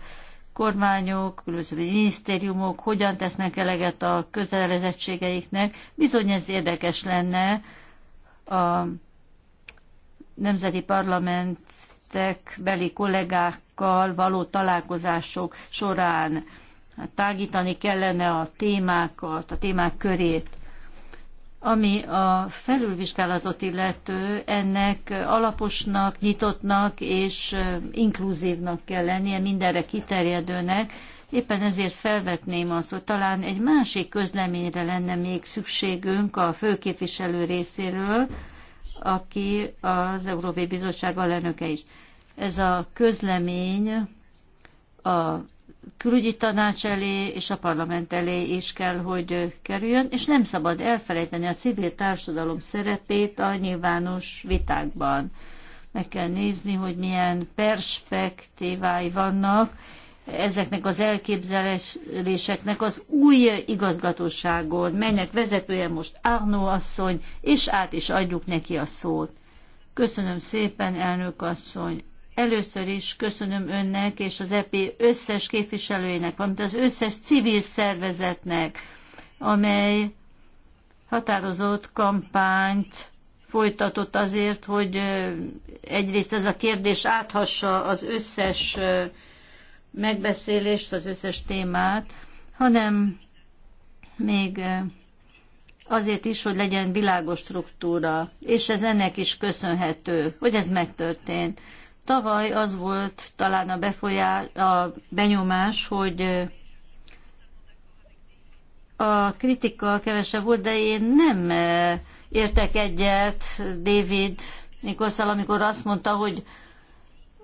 Speaker 3: kormányok, különböző minisztériumok hogyan tesznek eleget a kötelezettségeiknek. Bizony ez érdekes lenne a nemzeti parlamentek beli kollégákkal való találkozások során. Hát tágítani kellene a témákat, a témák körét. Ami a felülvizsgálatot illető, ennek alaposnak, nyitottnak és inkluzívnak kell lennie, mindenre kiterjedőnek. Éppen ezért felvetném azt, hogy talán egy másik közleményre lenne még szükségünk a főképviselő részéről, aki az Európai Bizottság alelnöke is. Ez a közlemény a külügyi tanács elé és a parlament elé is kell, hogy kerüljön, és nem szabad elfelejteni a civil társadalom szerepét a nyilvános vitákban. Meg kell nézni, hogy milyen perspektívái vannak ezeknek az elképzeléseknek az új igazgatóságon, melynek vezetője most Árnó asszony, és át is adjuk neki a szót. Köszönöm szépen, elnök asszony. Először is köszönöm önnek és az EP összes képviselőjének, valamint az összes civil szervezetnek, amely határozott kampányt folytatott azért, hogy egyrészt ez a kérdés áthassa az összes megbeszélést, az összes témát, hanem még azért is, hogy legyen világos struktúra, és ez ennek is köszönhető, hogy ez megtörtént. Tavaly az volt talán a, befolyás, a benyomás, hogy a kritika kevesebb volt, de én nem értek egyet David Nikolszal, amikor azt mondta, hogy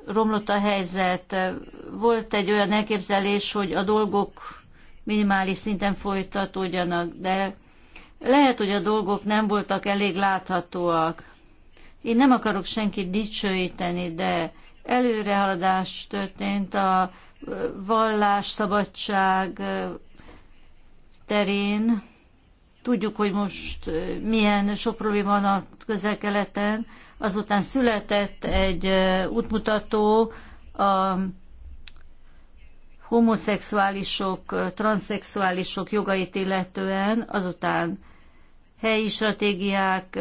Speaker 3: romlott a helyzet. Volt egy olyan elképzelés, hogy a dolgok minimális szinten folytatódjanak, de lehet, hogy a dolgok nem voltak elég láthatóak. Én nem akarok senkit dicsőíteni, de előrehaladás történt a vallás, szabadság terén. Tudjuk, hogy most milyen sok probléma van a közel-keleten. Azután született egy útmutató a homoszexuálisok, transzexuálisok jogait illetően, azután helyi stratégiák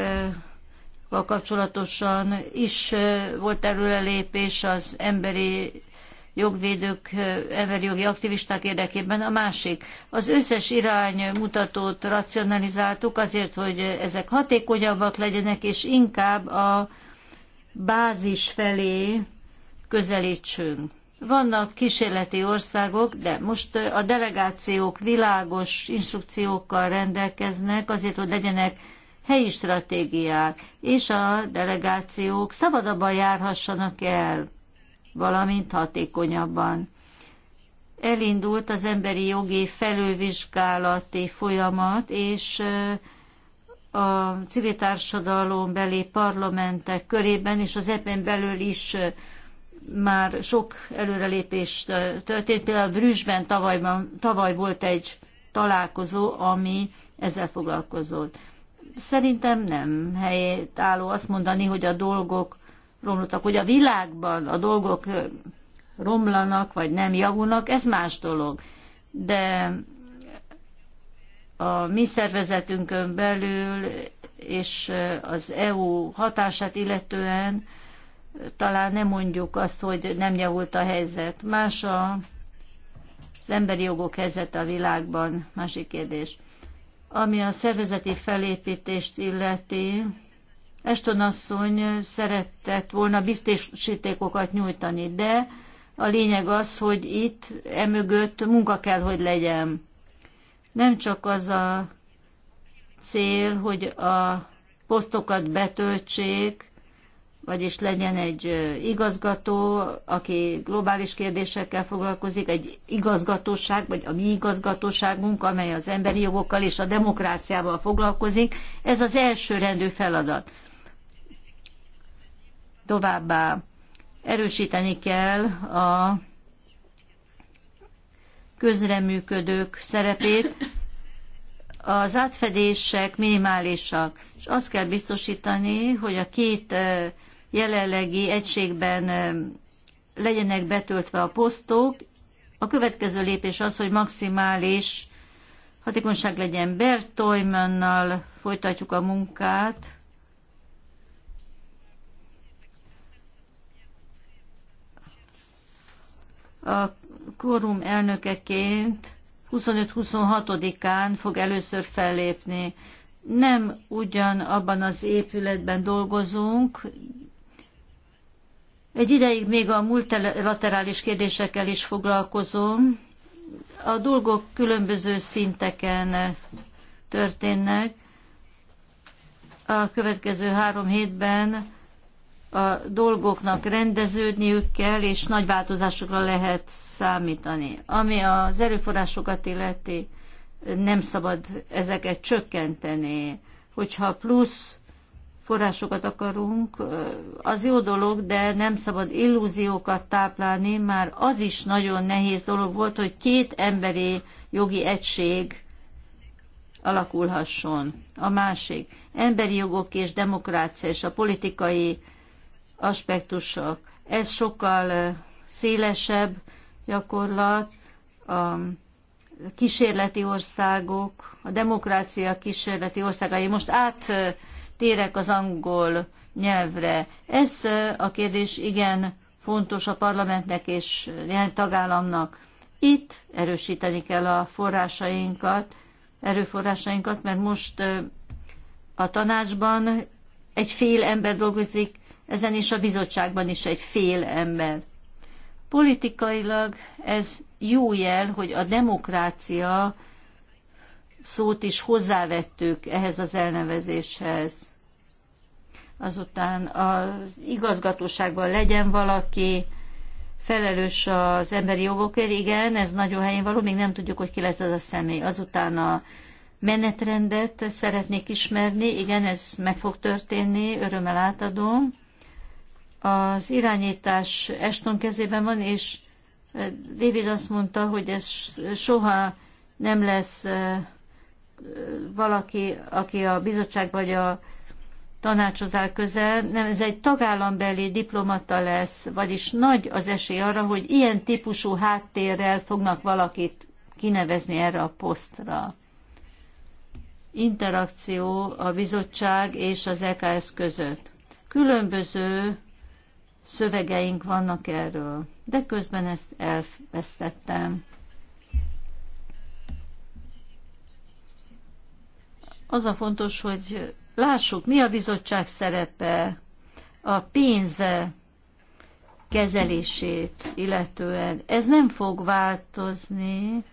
Speaker 3: kapcsolatosan is volt előrelépés az emberi jogvédők, emberi jogi aktivisták érdekében. A másik, az összes iránymutatót racionalizáltuk azért, hogy ezek hatékonyabbak legyenek, és inkább a bázis felé közelítsünk. Vannak kísérleti országok, de most a delegációk világos instrukciókkal rendelkeznek azért, hogy legyenek helyi stratégiák, és a delegációk szabadabban járhassanak el, valamint hatékonyabban. Elindult az emberi jogi felülvizsgálati folyamat, és a civil társadalom belé parlamentek körében és az EP-n belül is már sok előrelépés történt. Például Brüsszben tavaly volt egy találkozó, ami ezzel foglalkozott. Szerintem nem helyét álló azt mondani, hogy a dolgok romlottak, hogy a világban a dolgok romlanak, vagy nem javulnak, ez más dolog. De a mi szervezetünkön belül és az EU hatását illetően talán nem mondjuk azt, hogy nem javult a helyzet. Más a, az emberi jogok helyzete a világban, másik kérdés. Ami a szervezeti felépítést illeti, Eston asszony szeretett volna biztosítékokat nyújtani, de a lényeg az, hogy itt emögött munka kell, hogy legyen. Nem csak az a cél, hogy a posztokat betöltsék, vagyis legyen egy igazgató, aki globális kérdésekkel foglalkozik, egy igazgatóság, vagy a mi igazgatóságunk, amely az emberi jogokkal és a demokráciával foglalkozik. Ez az első rendű feladat. Továbbá erősíteni kell a közreműködők szerepét, az átfedések minimálisak, és azt kell biztosítani, hogy a két jelenlegi egységben legyenek betöltve a posztok. A következő lépés az, hogy maximális hatékonyság legyen Bertoymannal, folytatjuk a munkát. A kórum elnökeként 25-26-án fog először fellépni. Nem ugyan abban az épületben dolgozunk, egy ideig még a multilaterális kérdésekkel is foglalkozom. A dolgok különböző szinteken történnek. A következő három hétben a dolgoknak rendeződniük kell, és nagy változásokra lehet számítani. Ami az erőforrásokat illeti, nem szabad ezeket csökkenteni. Hogyha plusz forrásokat akarunk, az jó dolog, de nem szabad illúziókat táplálni, már az is nagyon nehéz dolog volt, hogy két emberi jogi egység alakulhasson. A másik, emberi jogok és demokrácia és a politikai aspektusok. Ez sokkal szélesebb gyakorlat, a kísérleti országok, a demokrácia kísérleti országai. Most át térek az angol nyelvre. Ez a kérdés igen fontos a parlamentnek és néhány tagállamnak. Itt erősíteni kell a forrásainkat, erőforrásainkat, mert most a tanácsban egy fél ember dolgozik, ezen is a bizottságban is egy fél ember. Politikailag ez jó jel, hogy a demokrácia szót is hozzávettük ehhez az elnevezéshez azután az igazgatóságban legyen valaki, felelős az emberi jogokért, igen, ez nagyon helyén való, még nem tudjuk, hogy ki lesz az a személy. Azután a menetrendet szeretnék ismerni, igen, ez meg fog történni, örömmel átadom. Az irányítás Eston kezében van, és eh, David azt mondta, hogy ez soha nem lesz eh, valaki, aki a bizottság vagy a tanácsozál közel, nem, ez egy tagállambeli diplomata lesz, vagyis nagy az esély arra, hogy ilyen típusú háttérrel fognak valakit kinevezni erre a posztra. Interakció a bizottság és az EKS között. Különböző szövegeink vannak erről, de közben ezt elvesztettem. Az a fontos, hogy Lássuk, mi a bizottság szerepe a pénz kezelését illetően. Ez nem fog változni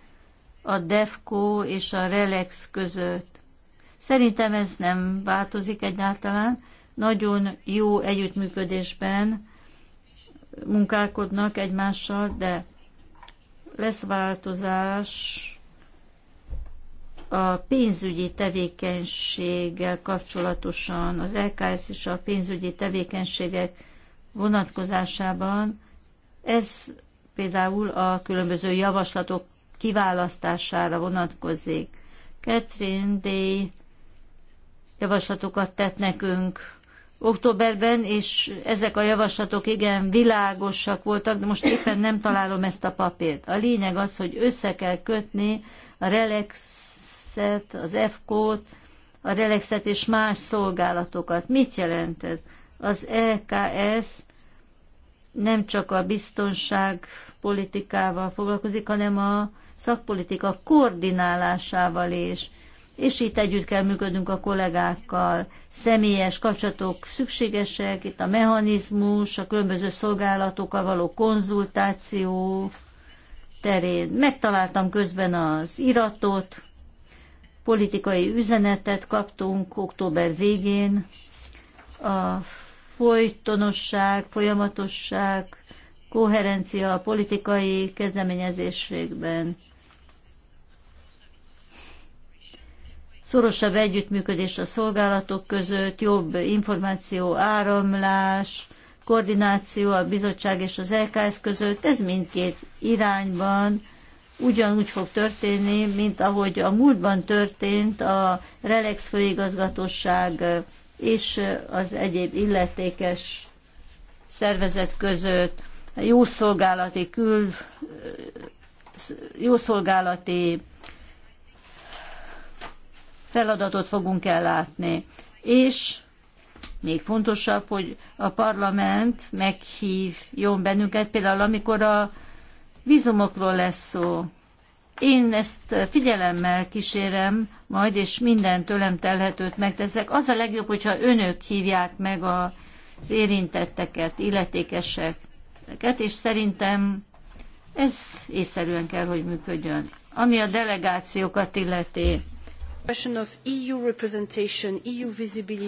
Speaker 3: a DEFCO és a RELEX között. Szerintem ez nem változik egyáltalán. Nagyon jó együttműködésben munkálkodnak egymással, de lesz változás a pénzügyi tevékenységgel kapcsolatosan, az LKS és a pénzügyi tevékenységek vonatkozásában, ez például a különböző javaslatok kiválasztására vonatkozik. Catherine Day javaslatokat tett nekünk októberben, és ezek a javaslatok igen világosak voltak, de most éppen nem találom ezt a papírt. A lényeg az, hogy össze kell kötni a relax Relaxet, az EFKO-t, a Relaxet és más szolgálatokat. Mit jelent ez? Az EKS nem csak a biztonság politikával foglalkozik, hanem a szakpolitika koordinálásával is. És itt együtt kell működnünk a kollégákkal. Személyes kapcsolatok szükségesek, itt a mechanizmus, a különböző szolgálatokkal való konzultáció terén. Megtaláltam közben az iratot, politikai üzenetet kaptunk október végén. A folytonosság, folyamatosság, koherencia a politikai kezdeményezésségben. Szorosabb együttműködés a szolgálatok között, jobb információ áramlás, koordináció a bizottság és az LKS között, ez mindkét irányban ugyanúgy fog történni, mint ahogy a múltban történt a Relex főigazgatóság és az egyéb illetékes szervezet között jó szolgálati kül, jó szolgálati feladatot fogunk ellátni. És még fontosabb, hogy a parlament meghívjon bennünket, például amikor a vízumokról lesz szó. Én ezt figyelemmel kísérem majd, és minden tőlem telhetőt megteszek. Az a legjobb, hogyha önök hívják meg az érintetteket, illetékeseket, és szerintem ez észszerűen kell, hogy működjön. Ami a delegációkat illeti,
Speaker 4: e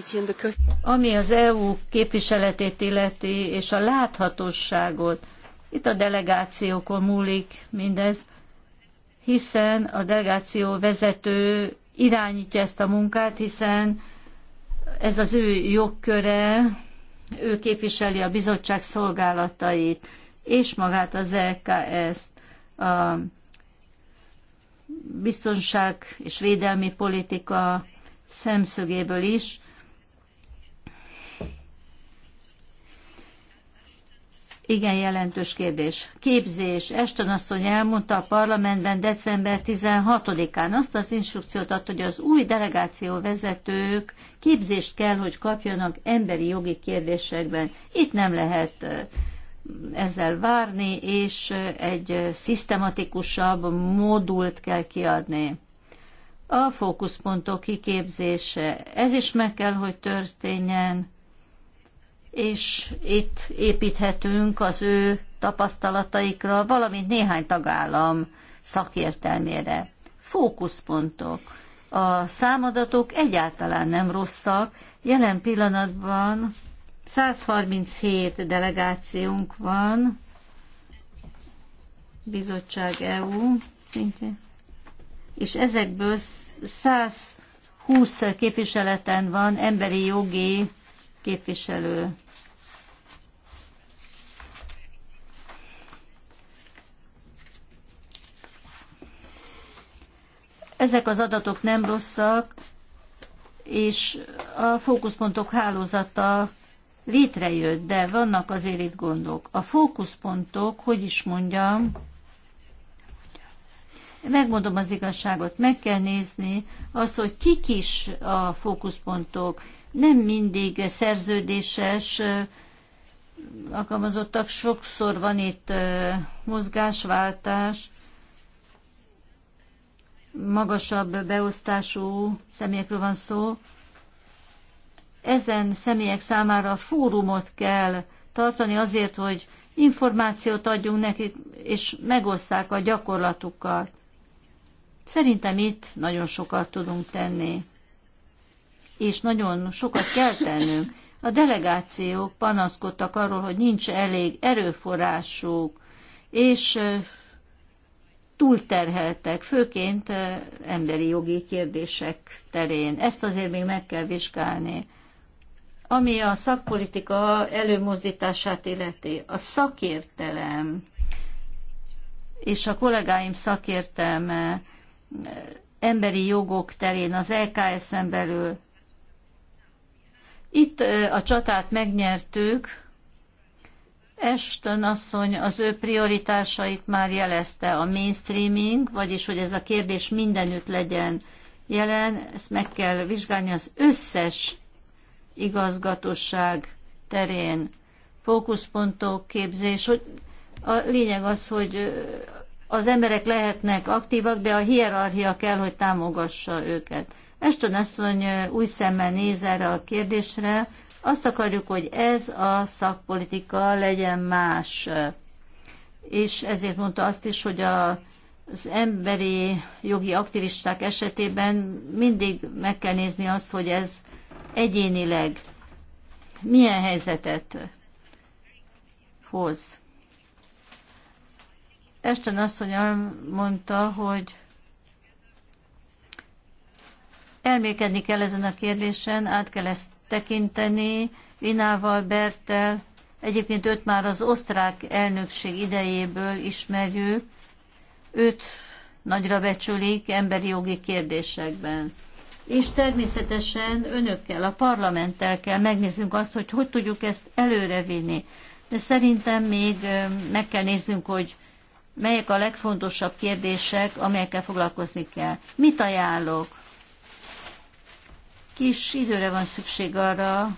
Speaker 4: e
Speaker 3: ami az EU képviseletét illeti, és a láthatóságot, itt a delegációkon múlik mindez, hiszen a delegáció vezető irányítja ezt a munkát, hiszen ez az ő jogköre, ő képviseli a bizottság szolgálatait, és magát az eks a biztonság és védelmi politika szemszögéből is, igen jelentős kérdés. Képzés. Eston asszony elmondta a parlamentben december 16-án azt az instrukciót adta, hogy az új delegáció vezetők képzést kell, hogy kapjanak emberi jogi kérdésekben. Itt nem lehet ezzel várni, és egy szisztematikusabb modult kell kiadni. A fókuszpontok kiképzése. Ez is meg kell, hogy történjen és itt építhetünk az ő tapasztalataikra, valamint néhány tagállam szakértelmére. Fókuszpontok. A számadatok egyáltalán nem rosszak. Jelen pillanatban 137 delegációnk van, bizottság EU szintén, és ezekből 120 képviseleten van emberi jogi képviselő Ezek az adatok nem rosszak, és a fókuszpontok hálózata létrejött, de vannak azért itt gondok. A fókuszpontok, hogy is mondjam, megmondom az igazságot, meg kell nézni azt, hogy kik is a fókuszpontok, nem mindig szerződéses alkalmazottak, sokszor van itt mozgásváltás, magasabb beosztású személyekről van szó. Ezen személyek számára fórumot kell tartani azért, hogy információt adjunk nekik, és megosszák a gyakorlatukkal. Szerintem itt nagyon sokat tudunk tenni és nagyon sokat kell tennünk. A delegációk panaszkodtak arról, hogy nincs elég erőforrásuk, és túlterheltek, főként emberi jogi kérdések terén. Ezt azért még meg kell vizsgálni. Ami a szakpolitika előmozdítását illeti, a szakértelem és a kollégáim szakértelme emberi jogok terén az LKS-en belül itt a csatát megnyertük, Ashton asszony az ő prioritásait már jelezte, a mainstreaming, vagyis hogy ez a kérdés mindenütt legyen jelen, ezt meg kell vizsgálni az összes igazgatóság terén, fókuszpontok, képzés, hogy a lényeg az, hogy az emberek lehetnek aktívak, de a hierarchia kell, hogy támogassa őket. Eston asszony új szemmel néz erre a kérdésre. Azt akarjuk, hogy ez a szakpolitika legyen más. És ezért mondta azt is, hogy a, az emberi jogi aktivisták esetében mindig meg kell nézni azt, hogy ez egyénileg milyen helyzetet hoz. Esten asszony mondta, hogy Elmélkedni kell ezen a kérdésen, át kell ezt tekinteni, Vinával, Bertel, egyébként őt már az osztrák elnökség idejéből ismerjük, őt nagyra becsülik emberi jogi kérdésekben. És természetesen önökkel, a parlamenttel kell megnézzünk azt, hogy hogy tudjuk ezt előrevinni. De szerintem még meg kell néznünk, hogy melyek a legfontosabb kérdések, amelyekkel foglalkozni kell. Mit ajánlok? kis időre van szükség arra,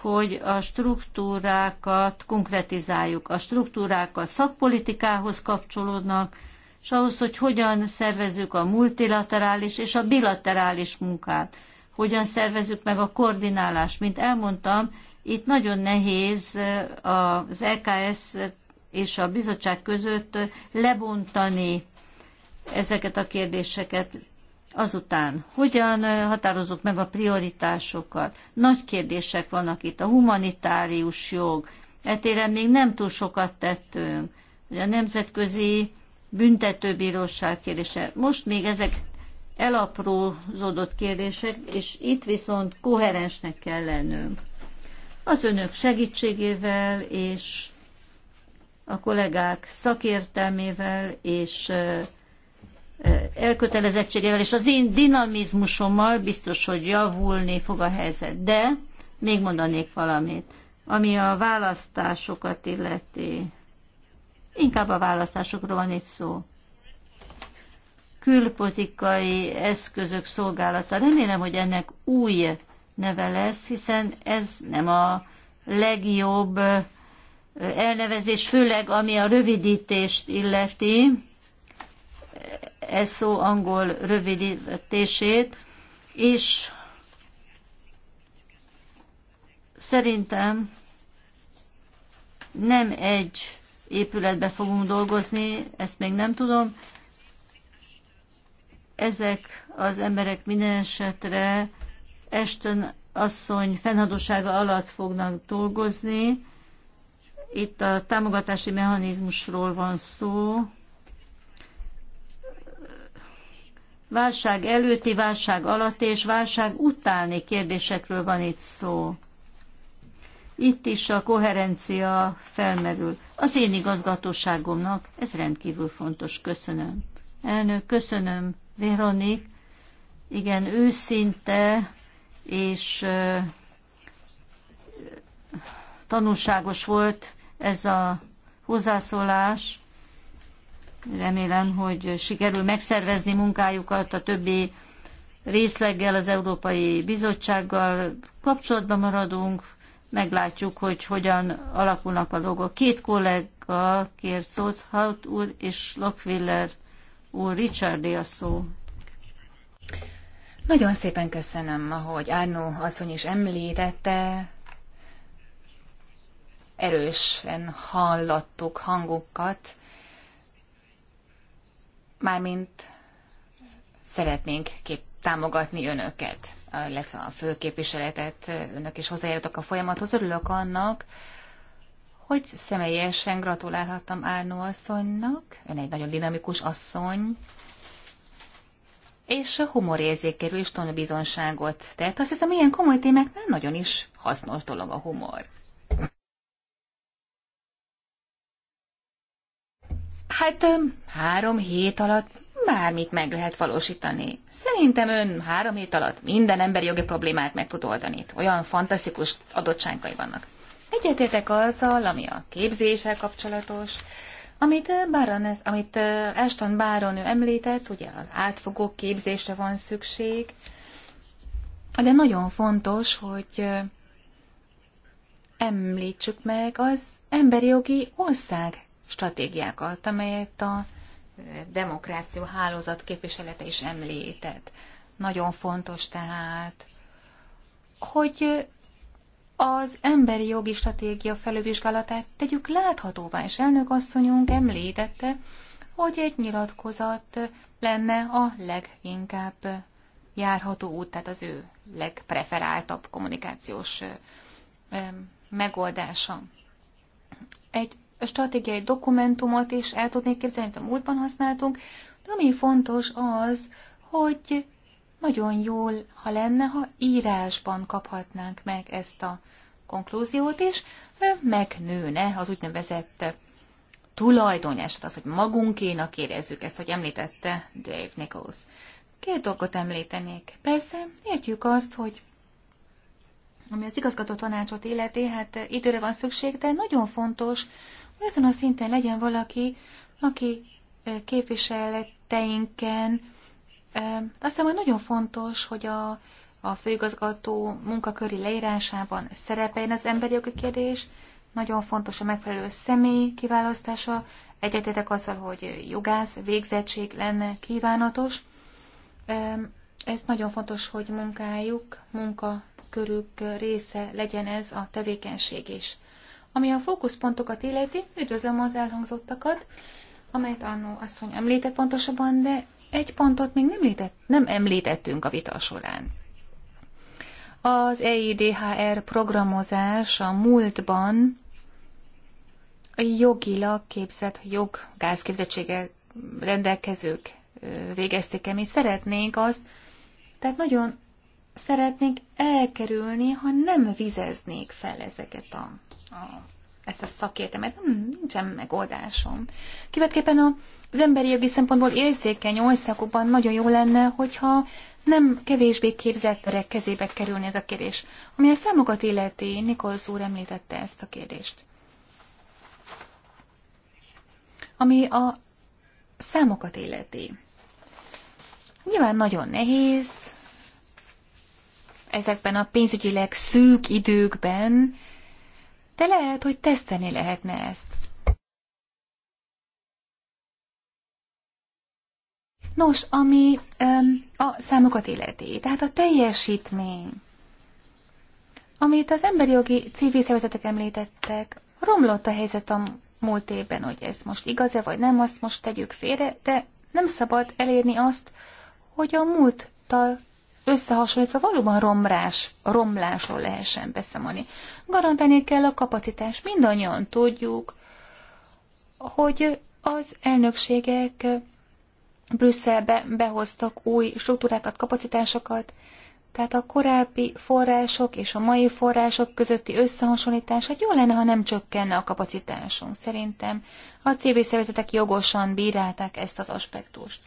Speaker 3: hogy a struktúrákat konkretizáljuk. A struktúrák a szakpolitikához kapcsolódnak, és ahhoz, hogy hogyan szervezzük a multilaterális és a bilaterális munkát, hogyan szervezzük meg a koordinálást. Mint elmondtam, itt nagyon nehéz az LKS és a bizottság között lebontani ezeket a kérdéseket. Azután, hogyan határozott meg a prioritásokat? Nagy kérdések vannak itt. A humanitárius jog. Etéren még nem túl sokat tettünk. a nemzetközi büntetőbíróság kérdése. Most még ezek elaprózódott kérdések, és itt viszont koherensnek kell lennünk. Az önök segítségével és a kollégák szakértelmével és elkötelezettségével és az én dinamizmusommal biztos, hogy javulni fog a helyzet. De még mondanék valamit, ami a választásokat illeti. Inkább a választásokról van itt szó. Külpolitikai eszközök szolgálata. Remélem, hogy ennek új neve lesz, hiszen ez nem a legjobb elnevezés, főleg ami a rövidítést illeti ESO angol rövidítését, és szerintem nem egy épületbe fogunk dolgozni, ezt még nem tudom. Ezek az emberek minden esetre Eston asszony fennhatósága alatt fognak dolgozni. Itt a támogatási mechanizmusról van szó. válság előtti, válság alatti és válság utáni kérdésekről van itt szó. Itt is a koherencia felmerül. Az én igazgatóságomnak ez rendkívül fontos. Köszönöm. Elnök, köszönöm, Veronik. Igen, őszinte és tanulságos volt ez a hozzászólás. Remélem, hogy sikerül megszervezni munkájukat a többi részleggel, az Európai Bizottsággal. Kapcsolatban maradunk, meglátjuk, hogy hogyan alakulnak a dolgok. Két kollega kért szót, Hout úr és Lockwiller úr, Richardi a szó.
Speaker 2: Nagyon szépen köszönöm, ahogy Árnó asszony is említette, erősen hallattuk hangukat, mármint szeretnénk kép támogatni önöket, illetve a főképviseletet, önök is hozzájárultak a folyamathoz. Örülök annak, hogy személyesen gratulálhattam Árnó asszonynak, ön egy nagyon dinamikus asszony, és a humorérzékéről is tanúbizonságot tett. Azt hiszem, ilyen komoly témák nem nagyon is hasznos dolog a humor. Hát három hét alatt bármit meg lehet valósítani. Szerintem ön három hét alatt minden emberi jogi problémát meg tud oldani. Olyan fantasztikus adottságai vannak. Egyetértek azzal, ami a képzéssel kapcsolatos, amit, Baron, amit Ashton Baron ő említett, ugye átfogó képzésre van szükség, de nagyon fontos, hogy említsük meg az emberi jogi ország stratégiákat, amelyet a eh, demokráció hálózat képviselete is említett. Nagyon fontos tehát, hogy az emberi jogi stratégia felülvizsgálatát tegyük láthatóvá, és elnök asszonyunk említette, hogy egy nyilatkozat lenne a leginkább járható út, tehát az ő legpreferáltabb kommunikációs eh, megoldása. Egy stratégiai dokumentumot is el tudnék képzelni, amit a múltban használtunk, de ami fontos az, hogy nagyon jól, ha lenne, ha írásban kaphatnánk meg ezt a konklúziót, és megnőne az úgynevezett tulajdonyás, az, hogy magunkénak érezzük ezt, hogy említette Dave Nichols. Két dolgot említenék. Persze, értjük azt, hogy ami az igazgató tanácsot illeti, hát időre van szükség, de nagyon fontos, ezen a szinten legyen valaki, aki képviseleteinken, azt hiszem, hogy nagyon fontos, hogy a, a főigazgató munkaköri leírásában szerepeljen az emberi jogi kérdés, nagyon fontos a megfelelő személy kiválasztása, egyetetek azzal, hogy jogász, végzettség lenne kívánatos. Ez nagyon fontos, hogy munkájuk, munkakörük része legyen ez a tevékenység is. Ami a fókuszpontokat illeti, üdvözlöm az elhangzottakat, amelyet Annó asszony említett pontosabban, de egy pontot még nem, létett, nem említettünk a vita során. Az EIDHR programozás a múltban jogilag képzett, joggázképzettséggel rendelkezők végezték el. Mi szeretnénk azt, tehát nagyon szeretnénk elkerülni, ha nem vizeznék fel ezeket a a, ezt a szakértelmet, nem, nincsen megoldásom. Kivetképpen a, az emberi jogi szempontból érzékeny országokban nagyon jó lenne, hogyha nem kevésbé képzettek kezébe kerülni ez a kérdés. Ami a számokat illeti, Nikolsz úr említette ezt a kérdést. Ami a számokat illeti. Nyilván nagyon nehéz ezekben a pénzügyileg szűk időkben de lehet, hogy teszteni lehetne ezt. Nos, ami öm, a számokat illeti, tehát a teljesítmény, amit az emberi jogi civil szervezetek említettek, romlott a helyzet a múlt évben, hogy ez most igaz-e vagy nem, azt most tegyük félre, de nem szabad elérni azt, hogy a múlttal összehasonlítva valóban romlás, romlásról lehessen beszámolni. Garantálni kell a kapacitást. Mindannyian tudjuk, hogy az elnökségek Brüsszelbe behoztak új struktúrákat, kapacitásokat, tehát a korábbi források és a mai források közötti összehasonlítás, hát jó lenne, ha nem csökkenne a kapacitásunk. Szerintem a civil szervezetek jogosan bírálták ezt az aspektust.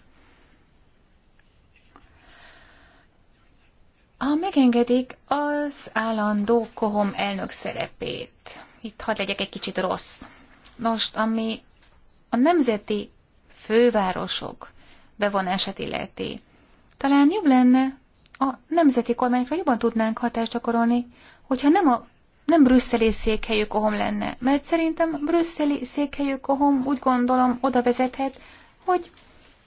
Speaker 2: Ha megengedik az állandó kohom elnök szerepét, itt hadd legyek egy kicsit rossz. Most, ami a nemzeti fővárosok bevonását illeti, talán jobb lenne, a nemzeti kormányokra jobban tudnánk hatást gyakorolni, hogyha nem a nem brüsszeli székhelyű kohom lenne, mert szerintem brüsszeli székhelyű kohom úgy gondolom oda vezethet, hogy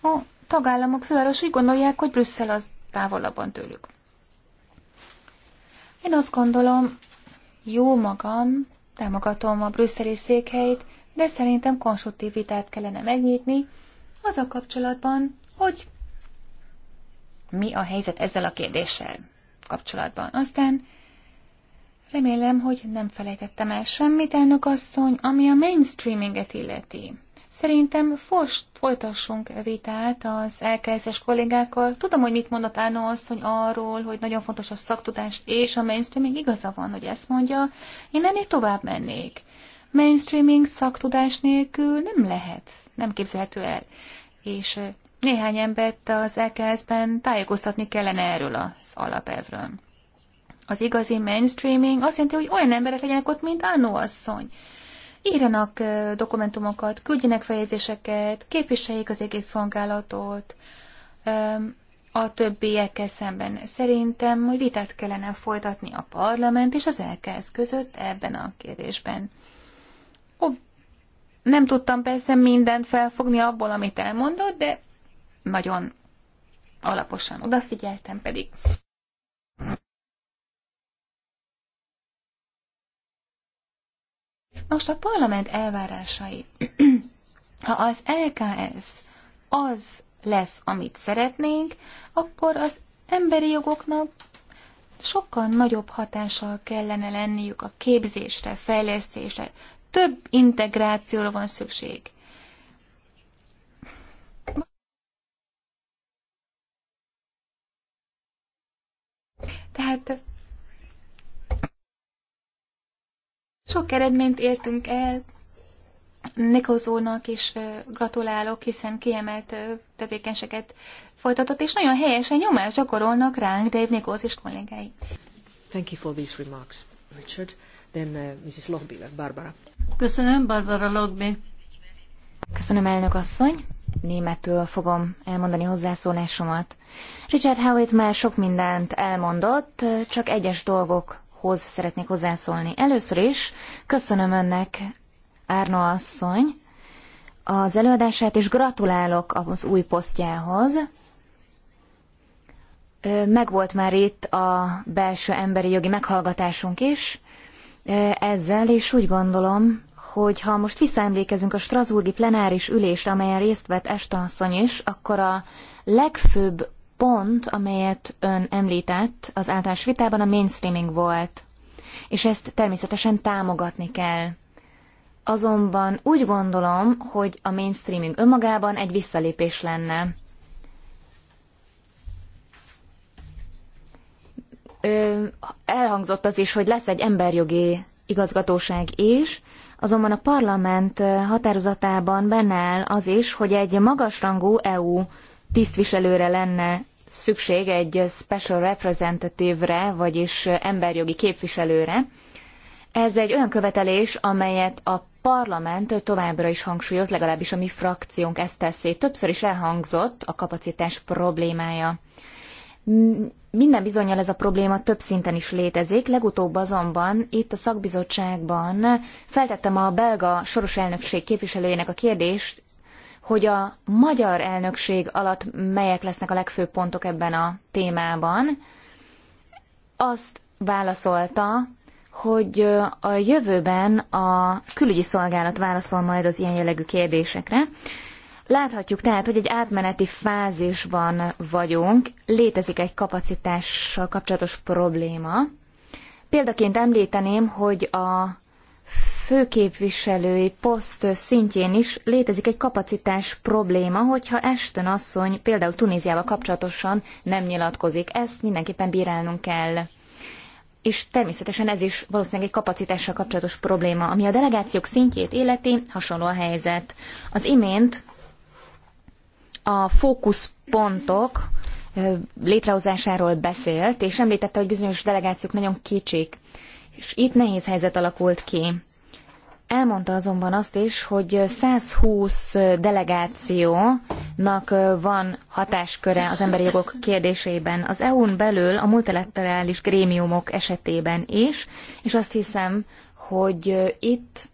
Speaker 2: a tagállamok főváros úgy gondolják, hogy Brüsszel az távolabban tőlük. Én azt gondolom, jó magam, támogatom a brüsszeli székhelyt, de szerintem konstruktív vitát kellene megnyitni az a kapcsolatban, hogy mi a helyzet ezzel a kérdéssel kapcsolatban. Aztán remélem, hogy nem felejtettem el semmit, elnök asszony, ami a mainstreaminget illeti. Szerintem most folytassunk vitát az elkezdés kollégákkal. Tudom, hogy mit mondott Ána asszony arról, hogy nagyon fontos a szaktudás és a mainstreaming. Igaza van, hogy ezt mondja. Én ennél tovább mennék. Mainstreaming szaktudás nélkül nem lehet, nem képzelhető el. És néhány embert az EKS-ben tájékoztatni kellene erről az alapelvről. Az igazi mainstreaming azt jelenti, hogy olyan emberek legyenek ott, mint Annó asszony írjanak dokumentumokat, küldjenek fejezéseket, képviseljék az egész szolgálatot a többiekkel szemben. Szerintem, hogy vitát kellene folytatni a parlament és az LKS között ebben a kérdésben. Ó, nem tudtam persze mindent felfogni abból, amit elmondott, de nagyon alaposan odafigyeltem pedig. Most a parlament elvárásai. [CLEARS THROAT] ha az LKS az lesz, amit szeretnénk, akkor az emberi jogoknak sokkal nagyobb hatással kellene lenniük a képzésre, fejlesztésre. Több integrációra van szükség. Tehát Sok eredményt értünk el, Nikozónak is gratulálok, hiszen kiemelt tevékenységet folytatott, és nagyon helyesen nyomást gyakorolnak ránk Dave Nikoz és kollégái.
Speaker 1: Thank you for these remarks, Richard. Then uh, Mrs. Lochbiller, Barbara. Köszönöm, Barbara
Speaker 5: Logbi. Köszönöm, elnök asszony. Németül fogom elmondani hozzászólásomat. Richard Howitt már sok mindent elmondott, csak egyes dolgok hoz szeretnék hozzászólni. Először is köszönöm önnek, Árna asszony, az előadását, és gratulálok az új posztjához. Megvolt már itt a belső emberi jogi meghallgatásunk is ezzel, és úgy gondolom, hogy ha most visszaemlékezünk a Strasburgi plenáris ülésre, amelyen részt vett Eston asszony is, akkor a legfőbb pont, amelyet ön említett az általános vitában, a mainstreaming volt. És ezt természetesen támogatni kell. Azonban úgy gondolom, hogy a mainstreaming önmagában egy visszalépés lenne. Ö, elhangzott az is, hogy lesz egy emberjogi igazgatóság is, azonban a parlament határozatában benne áll az is, hogy egy magasrangú EU tisztviselőre lenne szükség egy special representative-re, vagyis emberjogi képviselőre. Ez egy olyan követelés, amelyet a parlament továbbra is hangsúlyoz, legalábbis a mi frakciónk ezt teszi. Többször is elhangzott a kapacitás problémája. Minden bizonyal ez a probléma több szinten is létezik, legutóbb azonban itt a szakbizottságban feltettem a belga soros elnökség képviselőjének a kérdést, hogy a magyar elnökség alatt melyek lesznek a legfőbb pontok ebben a témában, azt válaszolta, hogy a jövőben a külügyi szolgálat válaszol majd az ilyen jellegű kérdésekre. Láthatjuk tehát, hogy egy átmeneti fázisban vagyunk, létezik egy kapacitással kapcsolatos probléma. Példaként említeném, hogy a főképviselői poszt szintjén is létezik egy kapacitás probléma, hogyha Ashton asszony például Tunéziával kapcsolatosan nem nyilatkozik. Ezt mindenképpen bírálnunk kell. És természetesen ez is valószínűleg egy kapacitással kapcsolatos probléma, ami a delegációk szintjét életi hasonló a helyzet. Az imént a fókuszpontok létrehozásáról beszélt, és említette, hogy bizonyos delegációk nagyon kicsik, és itt nehéz helyzet alakult ki. Elmondta azonban azt is, hogy 120 delegációnak van hatásköre az emberi jogok kérdésében. Az EU-n belül a multilaterális grémiumok esetében is, és azt hiszem, hogy itt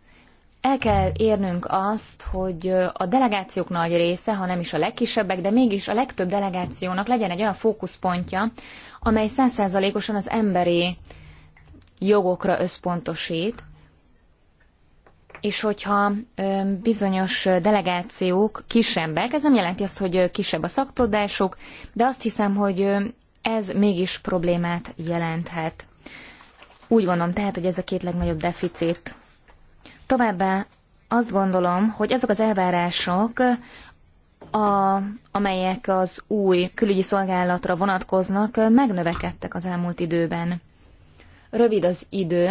Speaker 5: el kell érnünk azt, hogy a delegációk nagy része, ha nem is a legkisebbek, de mégis a legtöbb delegációnak legyen egy olyan fókuszpontja, amely százszázalékosan az emberi jogokra összpontosít, és hogyha bizonyos delegációk kisebbek, ez nem jelenti azt, hogy kisebb a szaktudásuk, de azt hiszem, hogy ez mégis problémát jelenthet. Úgy gondolom tehát, hogy ez a két legnagyobb deficit. Továbbá azt gondolom, hogy azok az elvárások, a, amelyek az új külügyi szolgálatra vonatkoznak, megnövekedtek az elmúlt időben. Rövid az idő,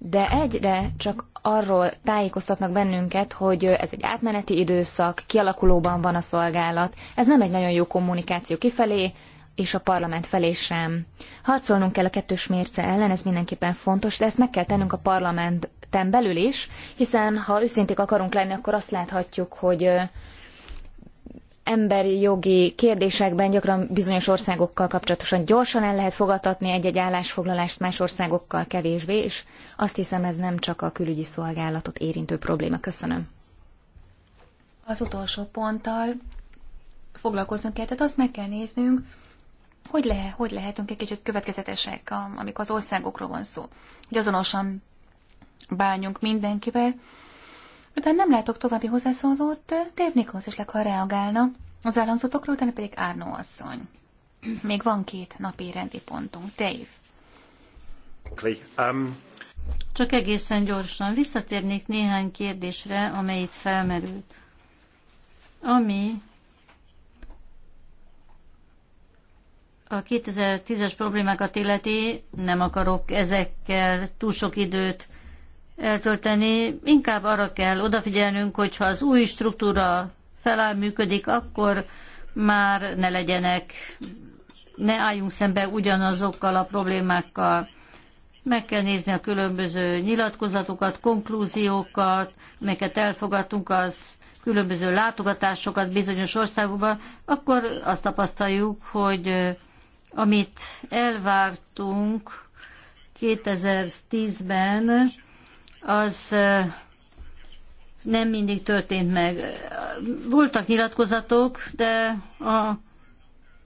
Speaker 5: de egyre csak arról tájékoztatnak bennünket, hogy ez egy átmeneti időszak, kialakulóban van a szolgálat. Ez nem egy nagyon jó kommunikáció kifelé, és a parlament felé sem. Harcolnunk kell a kettős mérce ellen, ez mindenképpen fontos, de ezt meg kell tennünk a parlamenten belül is, hiszen ha őszinték akarunk lenni, akkor azt láthatjuk, hogy emberi jogi kérdésekben gyakran bizonyos országokkal kapcsolatosan gyorsan el lehet fogadtatni egy-egy állásfoglalást, más országokkal kevésbé, és azt hiszem ez nem csak a külügyi szolgálatot érintő probléma. Köszönöm.
Speaker 2: Az utolsó ponttal foglalkoznunk kell, tehát azt meg kell néznünk, hogy, lehet, hogy lehetünk egy kicsit következetesek, amikor az országokról van szó, hogy azonosan bánjunk mindenkivel, Utána nem látok további hozzászólót, Dave Nichols is le, reagálna. Az elhangzatokról, utána pedig Árnó
Speaker 3: asszony. Még van két napi rendi pontunk. Dave. Um... Csak egészen gyorsan visszatérnék néhány kérdésre, amely itt felmerült. Ami a 2010-es problémákat illeti, nem akarok ezekkel túl sok időt eltölteni. Inkább arra kell odafigyelnünk, hogyha az új struktúra feláll, működik, akkor már ne legyenek, ne álljunk szembe ugyanazokkal a problémákkal. Meg kell nézni a különböző nyilatkozatokat, konklúziókat, melyeket elfogadtunk az különböző látogatásokat bizonyos országokban, akkor azt tapasztaljuk, hogy amit elvártunk 2010-ben, az nem mindig történt meg. Voltak nyilatkozatok, de a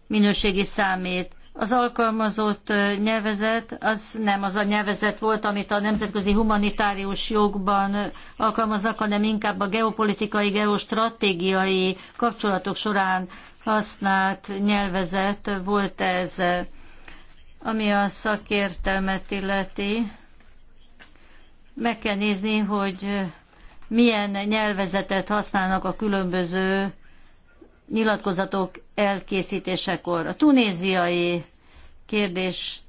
Speaker 3: minőségi számét az alkalmazott nyelvezet az nem az a nyelvezet volt, amit a nemzetközi humanitárius jogban alkalmaznak, hanem inkább a geopolitikai, geostratégiai kapcsolatok során használt nyelvezet volt ez, ami a szakértelmet illeti. Meg kell nézni, hogy milyen nyelvezetet használnak a különböző nyilatkozatok elkészítésekor. A tunéziai kérdés,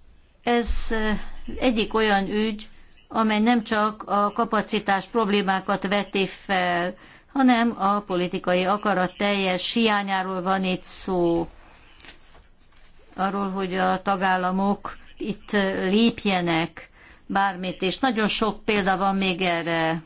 Speaker 3: ez egyik olyan ügy, amely nem csak a kapacitás problémákat veti fel, hanem a politikai akarat teljes hiányáról van itt szó. Arról, hogy a tagállamok itt lépjenek bármit és Nagyon sok példa van még erre.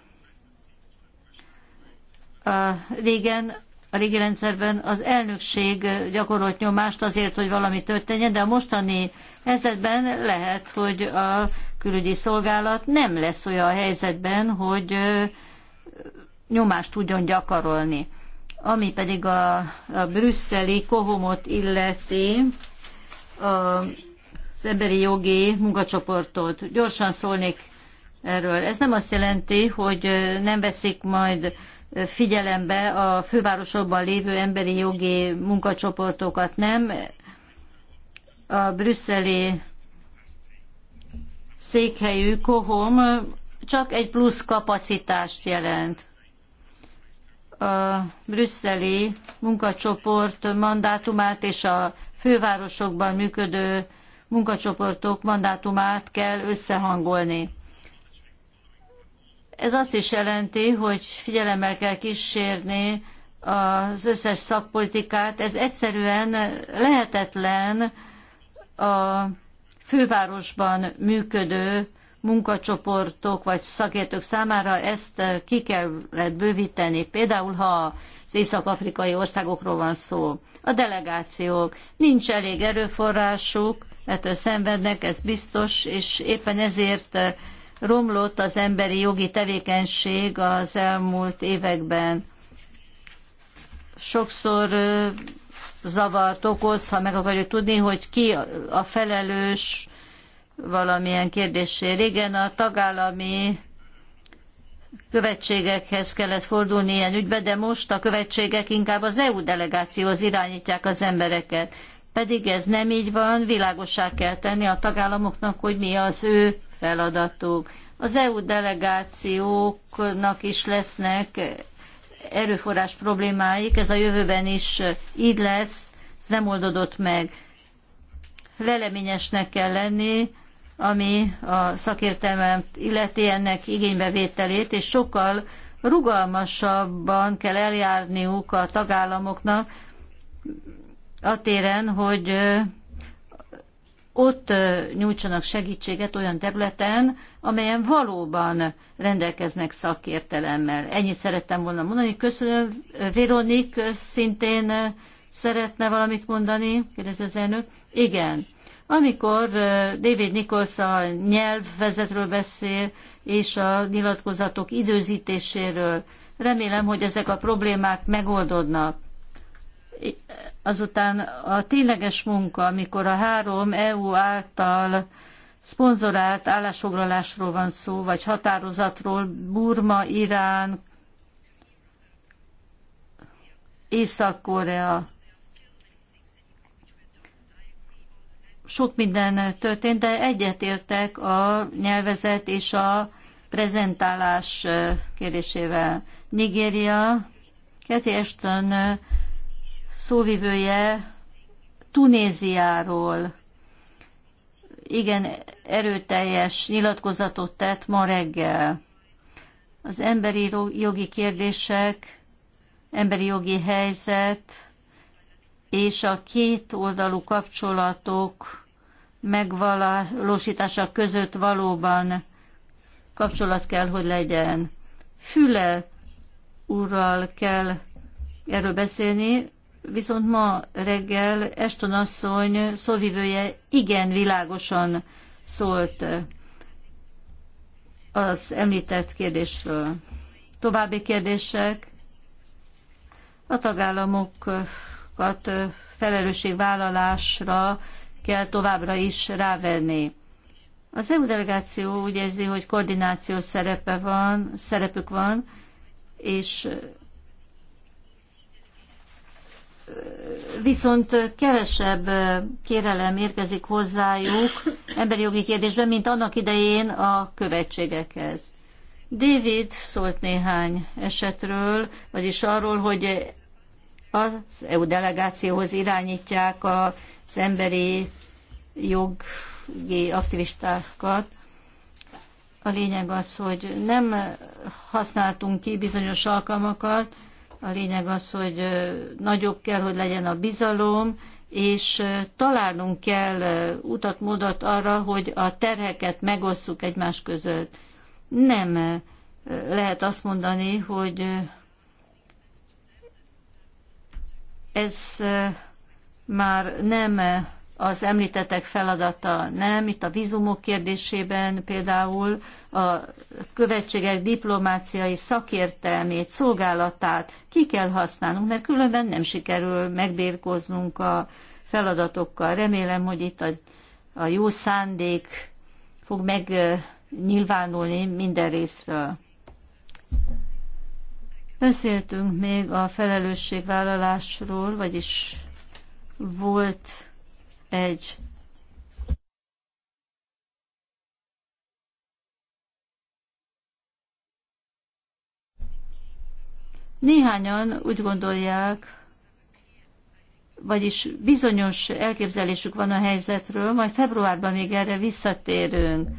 Speaker 3: A régen a régi rendszerben az elnökség gyakorolt nyomást azért, hogy valami történjen, de a mostani helyzetben lehet, hogy a külügyi szolgálat nem lesz olyan helyzetben, hogy nyomást tudjon gyakorolni. Ami pedig a, a brüsszeli kohomot illeti, a az emberi jogi munkacsoportot. Gyorsan szólnék erről. Ez nem azt jelenti, hogy nem veszik majd figyelembe a fővárosokban lévő emberi jogi munkacsoportokat, nem. A brüsszeli székhelyű Kohom csak egy plusz kapacitást jelent. A brüsszeli munkacsoport mandátumát és a fővárosokban működő munkacsoportok mandátumát kell összehangolni. Ez azt is jelenti, hogy figyelemmel kell kísérni az összes szakpolitikát. Ez egyszerűen lehetetlen a fővárosban működő munkacsoportok vagy szakértők számára ezt ki kellett bővíteni. Például, ha az észak-afrikai országokról van szó a delegációk. Nincs elég erőforrásuk, ettől szenvednek, ez biztos, és éppen ezért eh, romlott az emberi jogi tevékenység az elmúlt években. Sokszor eh, zavart okoz, ha meg akarjuk tudni, hogy ki a felelős valamilyen kérdésé. Régen a tagállami követségekhez kellett fordulni ilyen ügybe, de most a követségek inkább az EU delegációhoz irányítják az embereket. Pedig ez nem így van, világosá kell tenni a tagállamoknak, hogy mi az ő feladatuk. Az EU delegációknak is lesznek erőforrás problémáik, ez a jövőben is így lesz, ez nem oldódott meg. Leleményesnek kell lenni, ami a szakértelmet illeti ennek igénybevételét, és sokkal rugalmasabban kell eljárniuk a tagállamoknak a téren, hogy ott nyújtsanak segítséget olyan területen, amelyen valóban rendelkeznek szakértelemmel. Ennyit szerettem volna mondani. Köszönöm. Veronik szintén szeretne valamit mondani, kérdezi az elnök. Igen amikor David Nichols a nyelvvezetről beszél, és a nyilatkozatok időzítéséről, remélem, hogy ezek a problémák megoldódnak. Azután a tényleges munka, amikor a három EU által szponzorált állásfoglalásról van szó, vagy határozatról, Burma, Irán, Észak-Korea, sok minden történt, de egyetértek a nyelvezet és a prezentálás kérdésével. Nigéria, Kathy Ashton szóvivője Tunéziáról igen erőteljes nyilatkozatot tett ma reggel. Az emberi jogi kérdések, emberi jogi helyzet, és a két oldalú kapcsolatok megvalósítása között valóban kapcsolat kell, hogy legyen. Füle úrral kell erről beszélni, viszont ma reggel Eston asszony szóvivője igen világosan szólt az említett kérdésről. További kérdések? A tagállamok tagállamokat felelősségvállalásra kell továbbra is rávenni. Az EU delegáció úgy érzi, hogy koordinációs szerepe van, szerepük van, és viszont kevesebb kérelem érkezik hozzájuk emberi jogi kérdésben, mint annak idején a követségekhez. David szólt néhány esetről, vagyis arról, hogy az EU delegációhoz irányítják az emberi jogi aktivistákat. A lényeg az, hogy nem használtunk ki bizonyos alkalmakat, a lényeg az, hogy nagyobb kell, hogy legyen a bizalom, és találnunk kell utat, módot arra, hogy a terheket megosszuk egymás között. Nem lehet azt mondani, hogy Ez már nem az említettek feladata nem, itt a vízumok kérdésében például a követségek diplomáciai szakértelmét, szolgálatát ki kell használnunk, mert különben nem sikerül megbírkoznunk a feladatokkal. Remélem, hogy itt a, a jó szándék fog megnyilvánulni minden részről. Beszéltünk még a felelősségvállalásról, vagyis volt egy Néhányan úgy gondolják, vagyis bizonyos elképzelésük van a helyzetről, majd februárban még erre visszatérünk.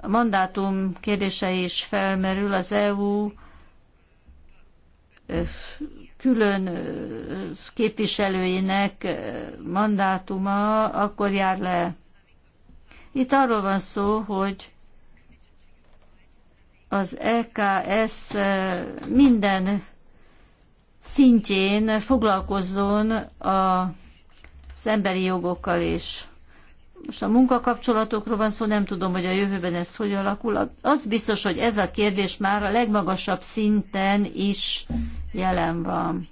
Speaker 3: A mandátum kérdése is felmerül az EU külön képviselőinek mandátuma akkor jár le. Itt arról van szó, hogy az EKS minden szintjén foglalkozzon a emberi jogokkal is most a munkakapcsolatokról van szó, nem tudom, hogy a jövőben ez hogy alakul. Az biztos, hogy ez a kérdés már a legmagasabb szinten is jelen van.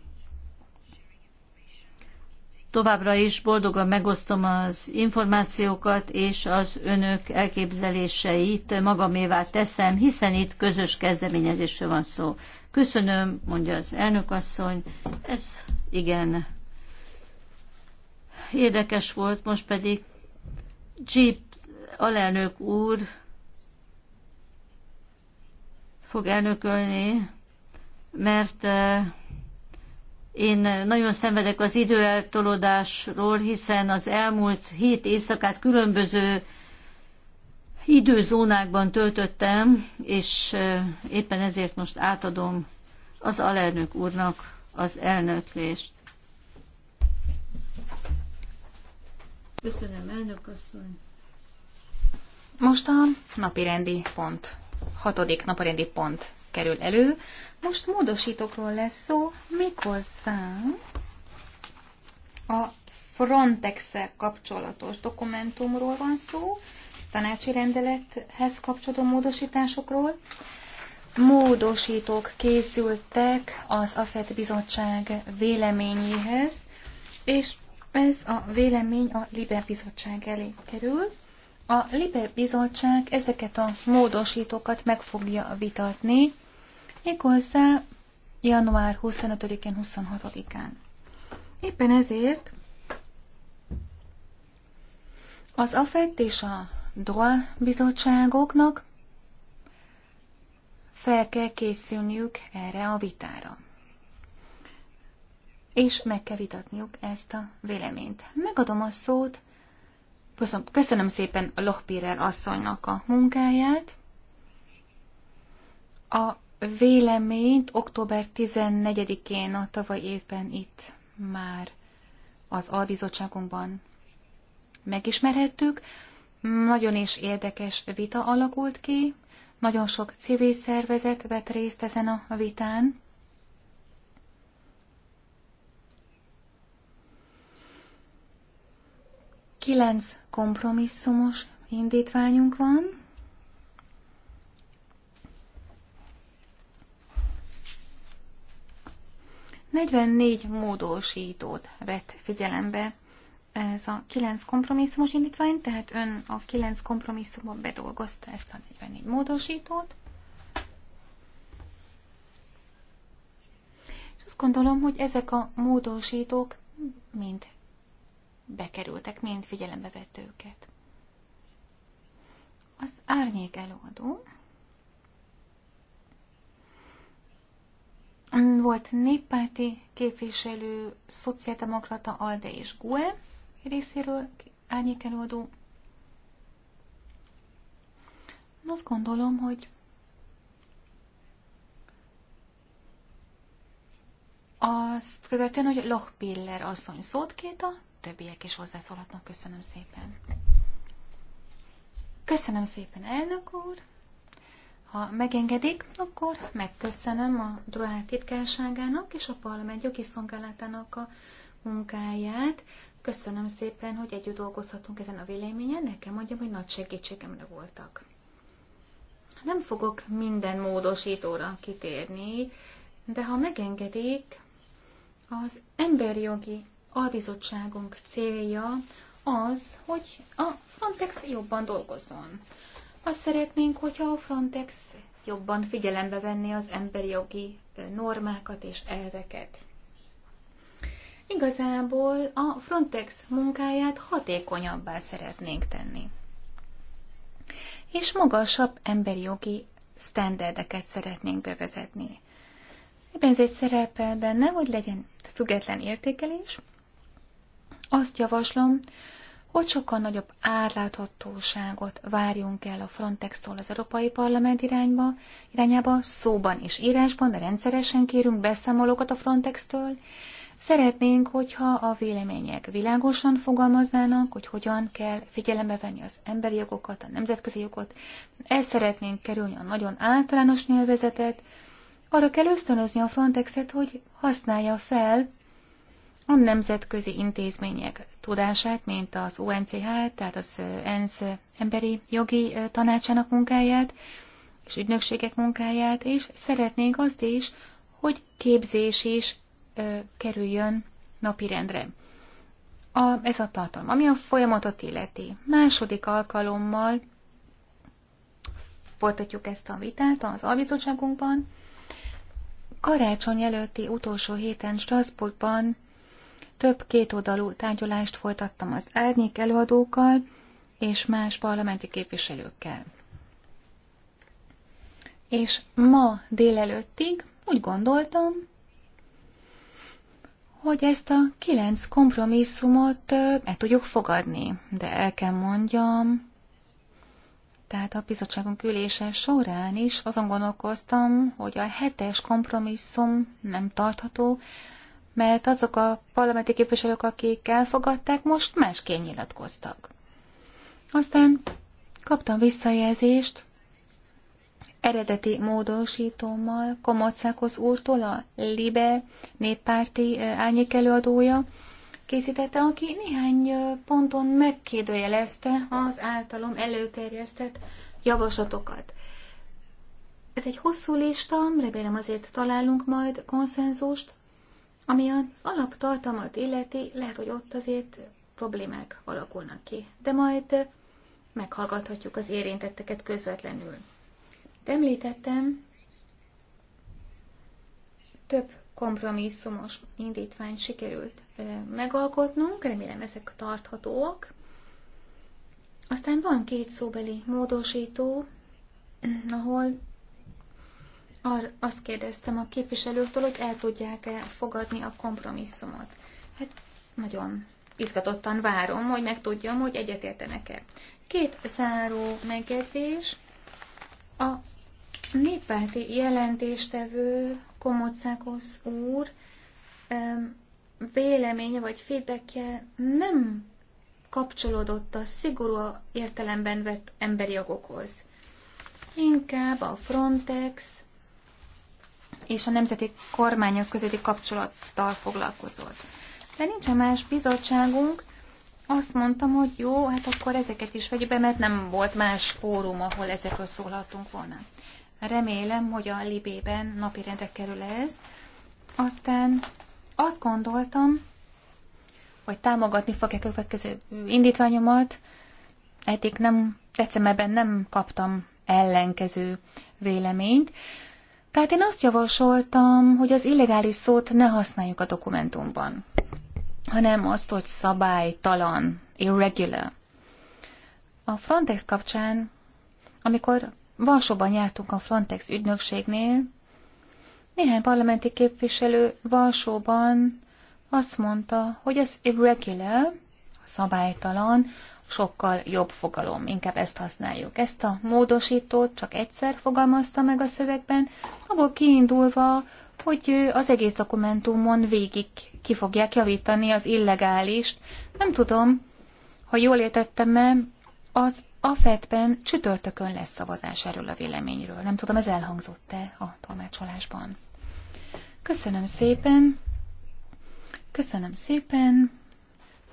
Speaker 3: Továbbra is boldogan megosztom az információkat és az önök elképzeléseit magamévá teszem, hiszen itt közös kezdeményezésről van szó. Köszönöm, mondja az elnökasszony. Ez igen érdekes volt, most pedig Jeep alelnök úr fog elnökölni, mert én nagyon szenvedek az időeltolódásról, hiszen az elmúlt hét éjszakát különböző időzónákban töltöttem, és éppen ezért most átadom az alelnök úrnak az elnöklést. Köszönöm, elnök asszony. Most a
Speaker 2: napirendi pont, hatodik napirendi pont kerül elő. Most módosítókról lesz szó, méghozzá a frontex kapcsolatos dokumentumról van szó, tanácsi rendelethez kapcsolódó módosításokról. Módosítók készültek az AFET bizottság véleményéhez, és ez a vélemény a Libe Bizottság elé kerül. A Libe Bizottság ezeket a módosítókat meg fogja vitatni, méghozzá január 25-én, 26-án. Éppen ezért az AFET és a DOA bizottságoknak fel kell készülniük erre a vitára és meg kell vitatniuk ezt a véleményt. Megadom a szót, köszönöm szépen a Lochpirer asszonynak a munkáját. A véleményt október 14-én a tavaly évben itt már az albizottságunkban megismerhettük. Nagyon is érdekes vita alakult ki, nagyon sok civil szervezet vett részt ezen a vitán. Kilenc kompromisszumos indítványunk van. Negyvennégy módosítót vett figyelembe ez a kilenc kompromisszumos indítvány, tehát ön a kilenc kompromisszumban bedolgozta ezt a 44 módosítót. És azt gondolom, hogy ezek a módosítók mind bekerültek, mind figyelembe vett őket. Az árnyék előadó volt néppárti képviselő, szociáldemokrata Alde és GUE részéről árnyék előadó. Azt gondolom, hogy azt követően, hogy Lochpiller asszony szót két a többiek is hozzászólhatnak. Köszönöm szépen. Köszönöm szépen, elnök úr. Ha megengedik, akkor megköszönöm a Drohát titkárságának és a parlament jogi szolgálatának a munkáját. Köszönöm szépen, hogy együtt dolgozhatunk ezen a véleményen. Nekem mondjam, hogy nagy segítségemre voltak. Nem fogok minden módosítóra kitérni, de ha megengedik, az emberjogi Albizottságunk célja az, hogy a Frontex jobban dolgozzon. Azt szeretnénk, hogyha a Frontex jobban figyelembe venné az emberi jogi normákat és elveket. Igazából a Frontex munkáját hatékonyabbá szeretnénk tenni. És magasabb emberi jogi sztenderdeket szeretnénk bevezetni. Ebben ez egy szerepel benne, hogy legyen független értékelés, azt javaslom, hogy sokkal nagyobb átláthatóságot várjunk el a Frontex-tól az Európai Parlament irányba, irányába, szóban és írásban, de rendszeresen kérünk beszámolókat a Frontex-től. Szeretnénk, hogyha a vélemények világosan fogalmaznának, hogy hogyan kell figyelembe venni az emberi jogokat, a nemzetközi jogot. ezt szeretnénk kerülni a nagyon általános nyelvezetet. Arra kell ösztönözni a Frontexet, hogy használja fel a nemzetközi intézmények tudását, mint az UNCH, tehát az ENSZ emberi jogi tanácsának munkáját, és ügynökségek munkáját, és szeretnénk azt is, hogy képzés is ö, kerüljön napirendre. A, ez a tartalom, ami a folyamatot illeti. Második alkalommal folytatjuk ezt a vitát az albizottságunkban. Karácsony előtti utolsó héten Strasbourgban több kétoldalú tárgyalást folytattam az árnyék előadókkal és más parlamenti képviselőkkel. És ma délelőttig úgy gondoltam, hogy ezt a kilenc kompromisszumot el tudjuk fogadni, de el kell mondjam, tehát a bizottságunk ülése során is azon gondolkoztam, hogy a hetes kompromisszum nem tartható, mert azok a parlamenti képviselők, akik elfogadták, most másként nyilatkoztak. Aztán kaptam visszajelzést eredeti módosítómmal Komocákos úrtól, a Libe néppárti árnyék előadója készítette, aki néhány ponton megkérdőjelezte az általom előterjesztett javaslatokat. Ez egy hosszú lista, remélem azért találunk majd konszenzust, ami az alaptartalmat illeti, lehet, hogy ott azért problémák alakulnak ki, de majd meghallgathatjuk az érintetteket közvetlenül. De említettem, több kompromisszumos indítványt sikerült megalkotnunk, remélem ezek tarthatóak. Aztán van két szóbeli módosító, ahol Ar, azt kérdeztem a képviselőktől, hogy el tudják-e fogadni a kompromisszumot. Hát nagyon izgatottan várom, hogy megtudjam, hogy egyetértenek-e. Két záró megjegyzés. A néppárti jelentéstevő Komocákos úr véleménye vagy feedbackje nem kapcsolódott a szigorú értelemben vett emberi jogokhoz. Inkább a Frontex, és a nemzeti kormányok közötti kapcsolattal foglalkozott. De nincsen más bizottságunk, azt mondtam, hogy jó, hát akkor ezeket is vegyük be, mert nem volt más fórum, ahol ezekről szólhatunk volna. Remélem, hogy a Libében napirendre kerül ez. Aztán azt gondoltam, hogy támogatni a következő indítványomat. Eddig nem, decemberben nem kaptam ellenkező véleményt. Tehát én azt javasoltam, hogy az illegális szót ne használjuk a dokumentumban, hanem azt, hogy szabálytalan, irregular. A Frontex kapcsán, amikor Varsóban jártunk a Frontex ügynökségnél, néhány parlamenti képviselő Varsóban azt mondta, hogy az irregular, szabálytalan, sokkal jobb fogalom, inkább ezt használjuk. Ezt a módosítót csak egyszer fogalmazta meg a szövegben, abból kiindulva, hogy az egész dokumentumon végig ki fogják javítani az illegálist. Nem tudom, ha jól értettem-e, az AFET-ben csütörtökön lesz szavazás erről a véleményről. Nem tudom, ez elhangzott-e a tolmácsolásban. Köszönöm szépen. Köszönöm szépen.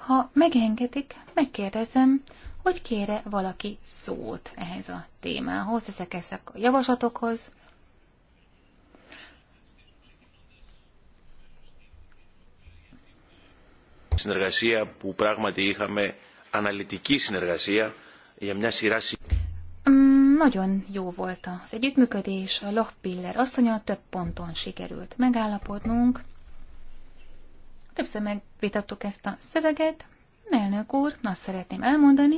Speaker 2: Ha megengedik, megkérdezem, hogy kére valaki szót ehhez a témához, ezek, ezek a javaslatokhoz.
Speaker 1: Συνεργασία που πράγματι είχαμε, αναλυτική συνεργασία για μια σειρά
Speaker 2: nagyon jó volt az együttműködés, a Lochpiller asszonya több ponton sikerült megállapodnunk. Többször megvitattuk ezt a szöveget. Elnök úr, azt szeretném elmondani,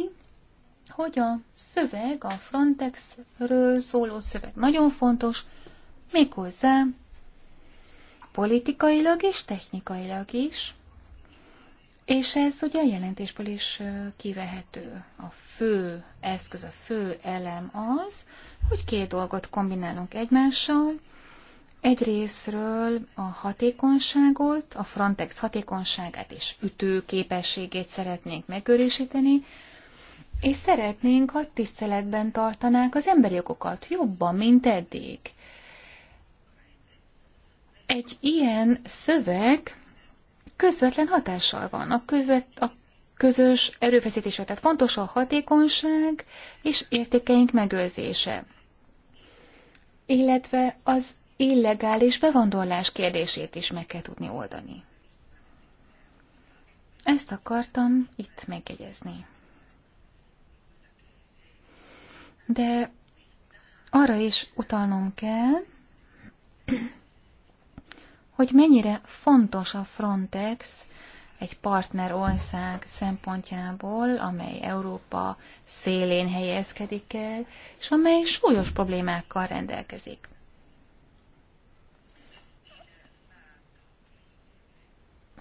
Speaker 2: hogy a szöveg, a Frontexről szóló szöveg nagyon fontos, méghozzá politikailag és technikailag is, és ez ugye a jelentésből is kivehető. A fő eszköz, a fő elem az, hogy két dolgot kombinálunk egymással, Egyrésztről a hatékonyságot, a Frontex hatékonyságát és ütőképességét szeretnénk megőrisíteni, és szeretnénk, ha tiszteletben tartanák az emberi jogokat jobban, mint eddig. Egy ilyen szöveg közvetlen hatással van a, közvet, a közös erőfeszítésre, tehát fontos a hatékonyság és értékeink megőrzése, illetve az illegális bevandorlás kérdését is meg kell tudni oldani. Ezt akartam itt megjegyezni. De arra is utalnom kell, hogy mennyire fontos a Frontex egy partner ország szempontjából, amely Európa szélén helyezkedik el, és amely súlyos problémákkal rendelkezik.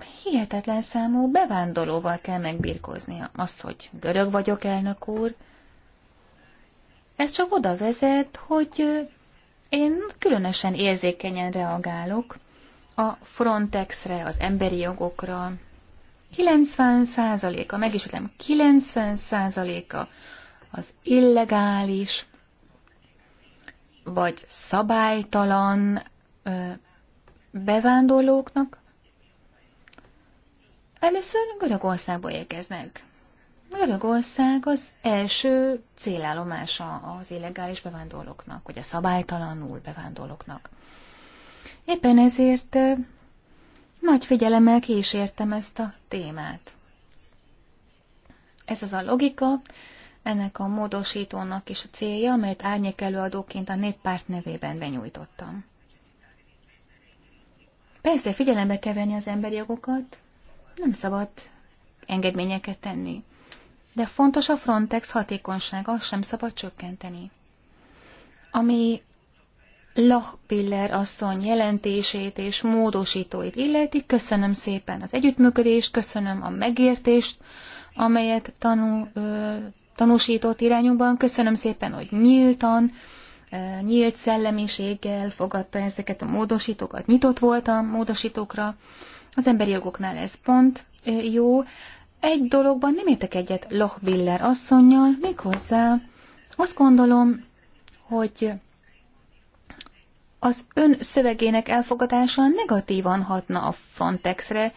Speaker 2: hihetetlen számú bevándorlóval kell megbirkóznia. Azt, hogy görög vagyok, elnök úr, ez csak oda vezet, hogy én különösen érzékenyen reagálok a Frontexre, az emberi jogokra. 90%-a, megismétlem, 90%-a az illegális vagy szabálytalan bevándorlóknak Először Görögországból érkeznek. Görögország az első célállomása az illegális bevándorlóknak, vagy a szabálytalanul bevándorlóknak. Éppen ezért nagy figyelemmel kísértem ezt a témát. Ez az a logika, ennek a módosítónak is a célja, amelyet árnyék előadóként a néppárt nevében benyújtottam. Persze figyelembe kell venni az emberi jogokat, nem szabad engedményeket tenni. De fontos a Frontex hatékonysága, sem szabad csökkenteni. Ami Lachpiller asszony jelentését és módosítóit illeti, köszönöm szépen az együttműködést, köszönöm a megértést, amelyet tanú, ö, tanúsított irányúban, köszönöm szépen, hogy nyíltan, ö, nyílt szellemiséggel fogadta ezeket a módosítókat, nyitott voltam módosítókra, az emberi jogoknál ez pont jó. Egy dologban nem értek egyet Lochbiller asszonynal, méghozzá azt gondolom, hogy az ön szövegének elfogadása negatívan hatna a Frontexre.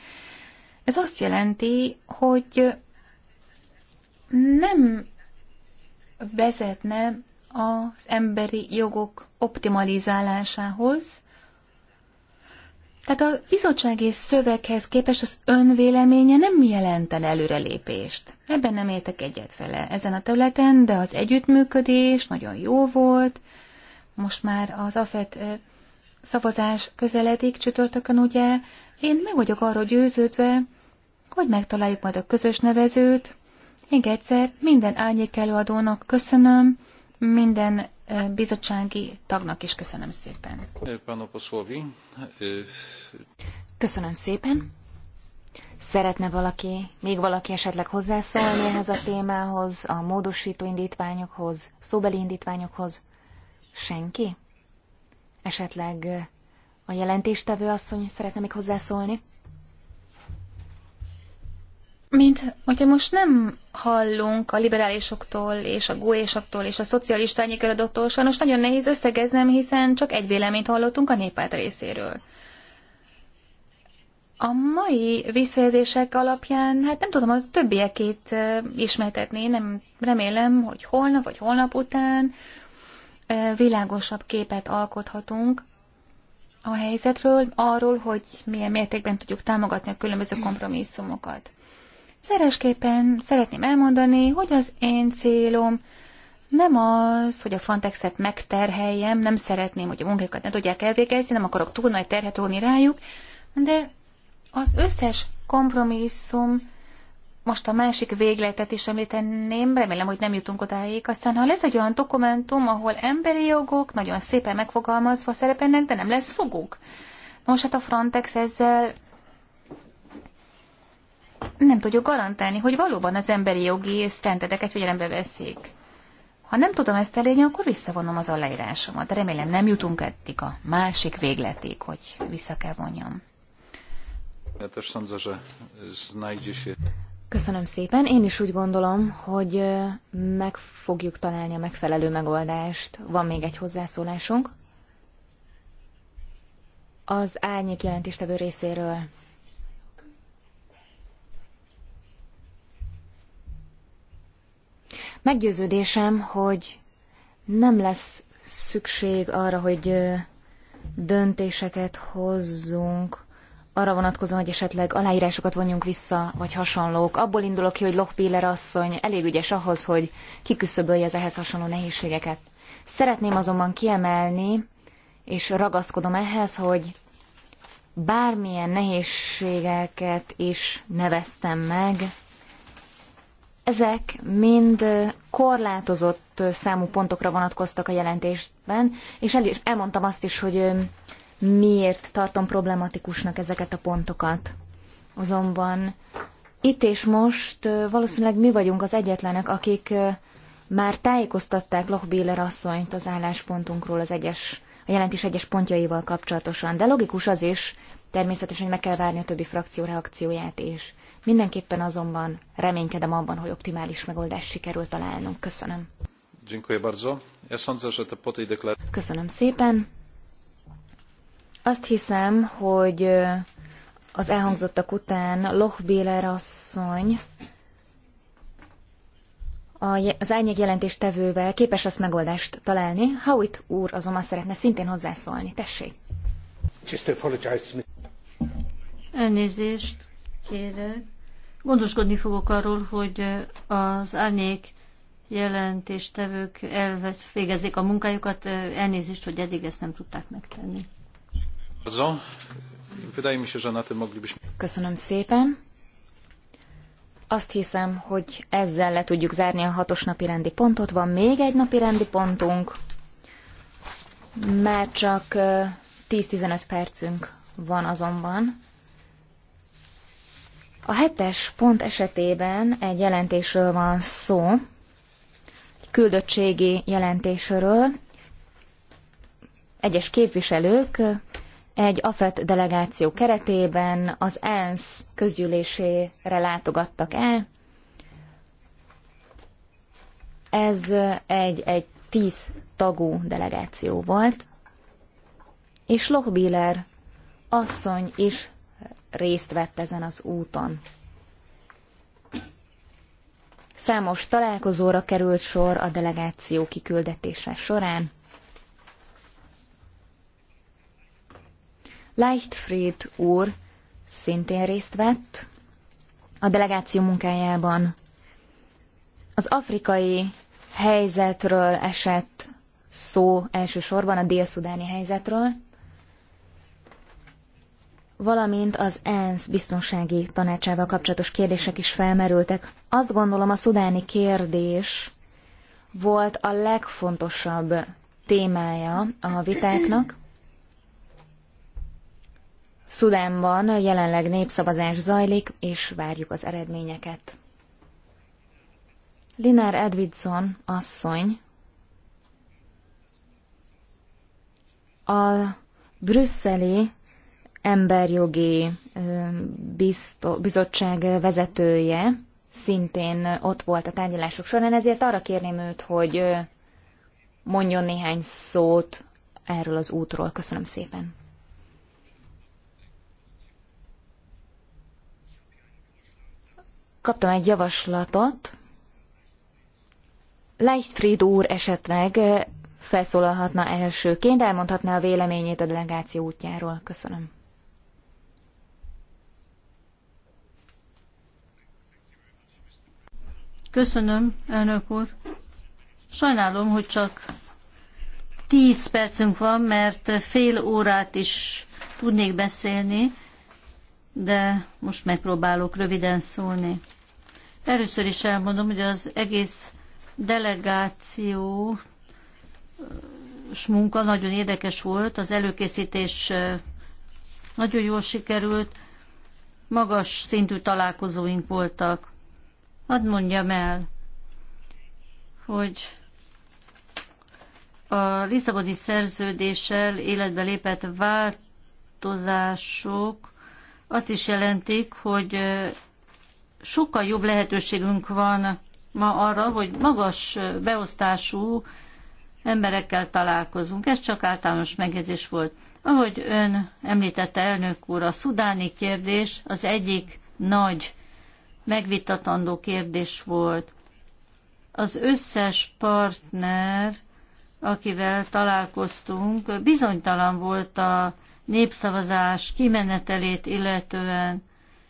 Speaker 2: Ez azt jelenti, hogy nem vezetne az emberi jogok optimalizálásához, tehát a bizottsági szöveghez képest az önvéleménye nem jelenten előrelépést. Ebben nem értek egyet vele ezen a területen, de az együttműködés nagyon jó volt. Most már az AFET szavazás közeledik csütörtökön, ugye? Én meg vagyok arra győződve, hogy megtaláljuk majd a közös nevezőt. Még egyszer minden árnyék előadónak köszönöm, minden
Speaker 5: bizottsági tagnak is köszönöm szépen. Köszönöm szépen. Szeretne valaki, még valaki esetleg hozzászólni ehhez a témához, a módosító indítványokhoz, szóbeli indítványokhoz? Senki? Esetleg a jelentéstevő asszony szeretne még hozzászólni? Mint hogyha
Speaker 2: most nem hallunk a liberálisoktól és a góésoktól és a szocialista előadóktól, sajnos nagyon nehéz összegeznem, hiszen csak egy véleményt hallottunk a néppárt részéről. A mai visszajelzések alapján, hát nem tudom, a többiekét ismertetni, nem remélem, hogy holnap vagy holnap után világosabb képet alkothatunk a helyzetről, arról, hogy milyen mértékben tudjuk támogatni a különböző kompromisszumokat. Szeresképpen szeretném elmondani, hogy az én célom nem az, hogy a Frontexet megterheljem, nem szeretném, hogy a munkákat ne tudják elvégezni, nem akarok túl nagy terhet róni rájuk, de az összes kompromisszum, most a másik végletet is említeném, remélem, hogy nem jutunk odáig. Aztán, ha lesz egy olyan dokumentum, ahol emberi jogok nagyon szépen megfogalmazva szerepelnek, de nem lesz foguk. Nos, hát a Frontex ezzel nem tudjuk garantálni, hogy valóban az emberi jogi sztentedeket figyelembe veszik. Ha nem tudom ezt elérni, akkor visszavonom az aláírásomat. Remélem nem jutunk eddig a másik végletig, hogy vissza kell
Speaker 5: vonjam. Köszönöm szépen. Én is úgy gondolom, hogy meg fogjuk találni a megfelelő megoldást. Van még egy hozzászólásunk. Az árnyék jelentéstevő részéről Meggyőződésem, hogy nem lesz szükség arra, hogy döntéseket hozzunk arra vonatkozóan, hogy esetleg aláírásokat vonjunk vissza, vagy hasonlók. Abból indulok ki, hogy Lochbiller asszony elég ügyes ahhoz, hogy kiküszöbölje az ehhez hasonló nehézségeket. Szeretném azonban kiemelni, és ragaszkodom ehhez, hogy bármilyen nehézségeket is neveztem meg, ezek mind korlátozott számú pontokra vonatkoztak a jelentésben, és el is, elmondtam azt is, hogy miért tartom problematikusnak ezeket a pontokat. Azonban itt és most valószínűleg mi vagyunk az egyetlenek, akik már tájékoztatták Lochbiller asszonyt az álláspontunkról az egyes, a jelentés egyes pontjaival kapcsolatosan, de logikus az is, természetesen, hogy meg kell várni a többi frakció reakcióját is. Mindenképpen azonban reménykedem abban, hogy optimális megoldást sikerült találnunk. Köszönöm. Köszönöm szépen. Azt hiszem, hogy az elhangzottak után Loch Béler asszony az árnyék jelentéstevővel képes lesz megoldást találni. Howitt úr azonban szeretne szintén hozzászólni. Tessék! Elnézést kérek. Gondoskodni fogok arról,
Speaker 3: hogy eh, az árnyék jelentéstevők elvet végezik a munkájukat. Eh, elnézést, hogy eddig ezt nem tudták megtenni.
Speaker 5: Köszönöm szépen. Azt hiszem, hogy ezzel le tudjuk zárni a hatos napi rendi pontot. Van még egy napi rendi pontunk. Már csak 10-15 eh, percünk van azonban. A hetes pont esetében egy jelentésről van szó, egy küldöttségi jelentésről. Egyes képviselők egy AFET delegáció keretében az ENSZ közgyűlésére látogattak el. Ez egy, egy tíz tagú delegáció volt, és Lochbiller asszony is részt vett ezen az úton. Számos találkozóra került sor a delegáció kiküldetése során. Leichtfried úr szintén részt vett a delegáció munkájában. Az afrikai helyzetről esett szó elsősorban a dél-szudáni helyzetről, valamint az ENSZ biztonsági tanácsával kapcsolatos kérdések is felmerültek. Azt gondolom a szudáni kérdés volt a legfontosabb témája a vitáknak. Szudánban jelenleg népszavazás zajlik, és várjuk az eredményeket. Linár Edvidson asszony a brüsszeli emberjogi bizto, bizottság vezetője szintén ott volt a tárgyalások során, ezért arra kérném őt, hogy mondjon néhány szót erről az útról. Köszönöm szépen. Kaptam egy javaslatot. Leichtfried úr esetleg felszólalhatna elsőként, elmondhatná a véleményét a delegáció útjáról. Köszönöm.
Speaker 3: Köszönöm, elnök úr. Sajnálom, hogy csak tíz percünk van, mert fél órát is tudnék beszélni, de most megpróbálok röviden szólni. Először is elmondom, hogy az egész delegáció munka nagyon érdekes volt, az előkészítés nagyon jól sikerült, magas szintű találkozóink voltak. Hadd mondjam el, hogy a Lisszaboni szerződéssel életbe lépett változások azt is jelentik, hogy sokkal jobb lehetőségünk van ma arra, hogy magas beosztású emberekkel találkozunk. Ez csak általános megjegyzés volt. Ahogy ön említette, elnök úr, a szudáni kérdés az egyik nagy megvitatandó kérdés volt. Az összes partner, akivel találkoztunk, bizonytalan volt a népszavazás kimenetelét illetően.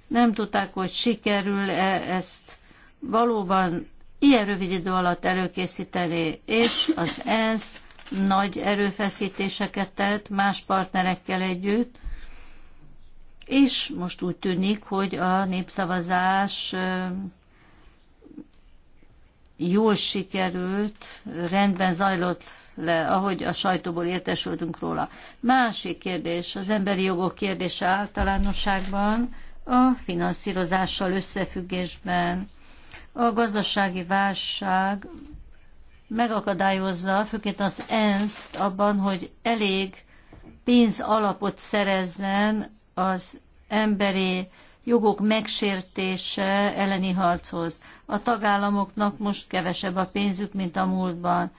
Speaker 3: Nem tudták, hogy sikerül-e ezt valóban ilyen rövid idő alatt előkészíteni, és az ENSZ nagy erőfeszítéseket tett más partnerekkel együtt, és most úgy tűnik, hogy a népszavazás jól sikerült, rendben zajlott le, ahogy a sajtóból értesültünk róla. Másik kérdés, az emberi jogok kérdése általánosságban, a finanszírozással összefüggésben. A gazdasági válság megakadályozza, főként az ENSZ-t abban, hogy elég pénz alapot szerezzen az emberi jogok megsértése elleni harchoz. A tagállamoknak most kevesebb a pénzük, mint a múltban.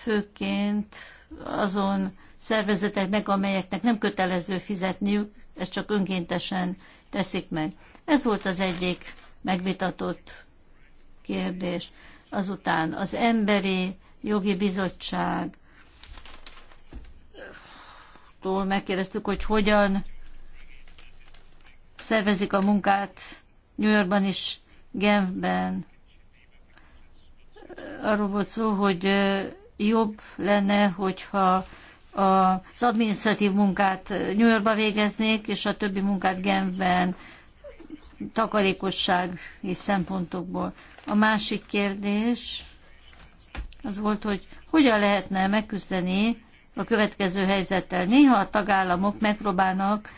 Speaker 3: Főként azon szervezeteknek, amelyeknek nem kötelező fizetniük, ezt csak önkéntesen teszik meg. Ez volt az egyik megvitatott kérdés. Azután az Emberi Jogi Bizottság Tól megkérdeztük, hogy hogyan szervezik a munkát New Yorkban és Genfben. Arról volt szó, hogy jobb lenne, hogyha az administratív munkát New Yorkba végeznék, és a többi munkát Genfben takarékosság és szempontokból. A másik kérdés az volt, hogy hogyan lehetne megküzdeni a következő helyzettel. Néha a tagállamok megpróbálnak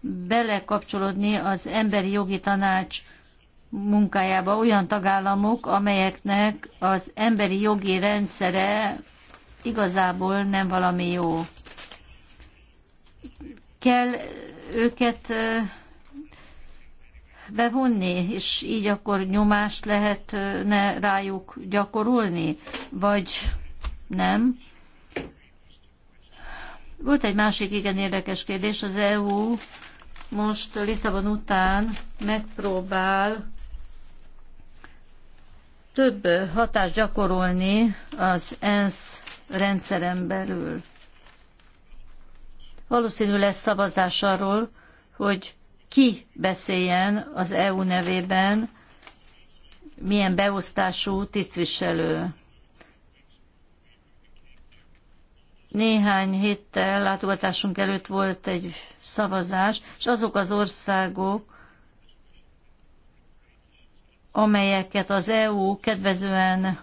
Speaker 3: belekapcsolódni az emberi jogi tanács munkájába olyan tagállamok, amelyeknek az emberi jogi rendszere igazából nem valami jó. Kell őket bevonni, és így akkor nyomást lehetne rájuk gyakorolni, vagy nem. Volt egy másik igen érdekes kérdés, az EU most Lisszabon után megpróbál több hatást gyakorolni az ENSZ rendszeren belül. Valószínű lesz szavazás arról, hogy ki beszéljen az EU nevében, milyen beosztású tisztviselő. Néhány héttel látogatásunk előtt volt egy szavazás, és azok az országok, amelyeket az EU kedvezően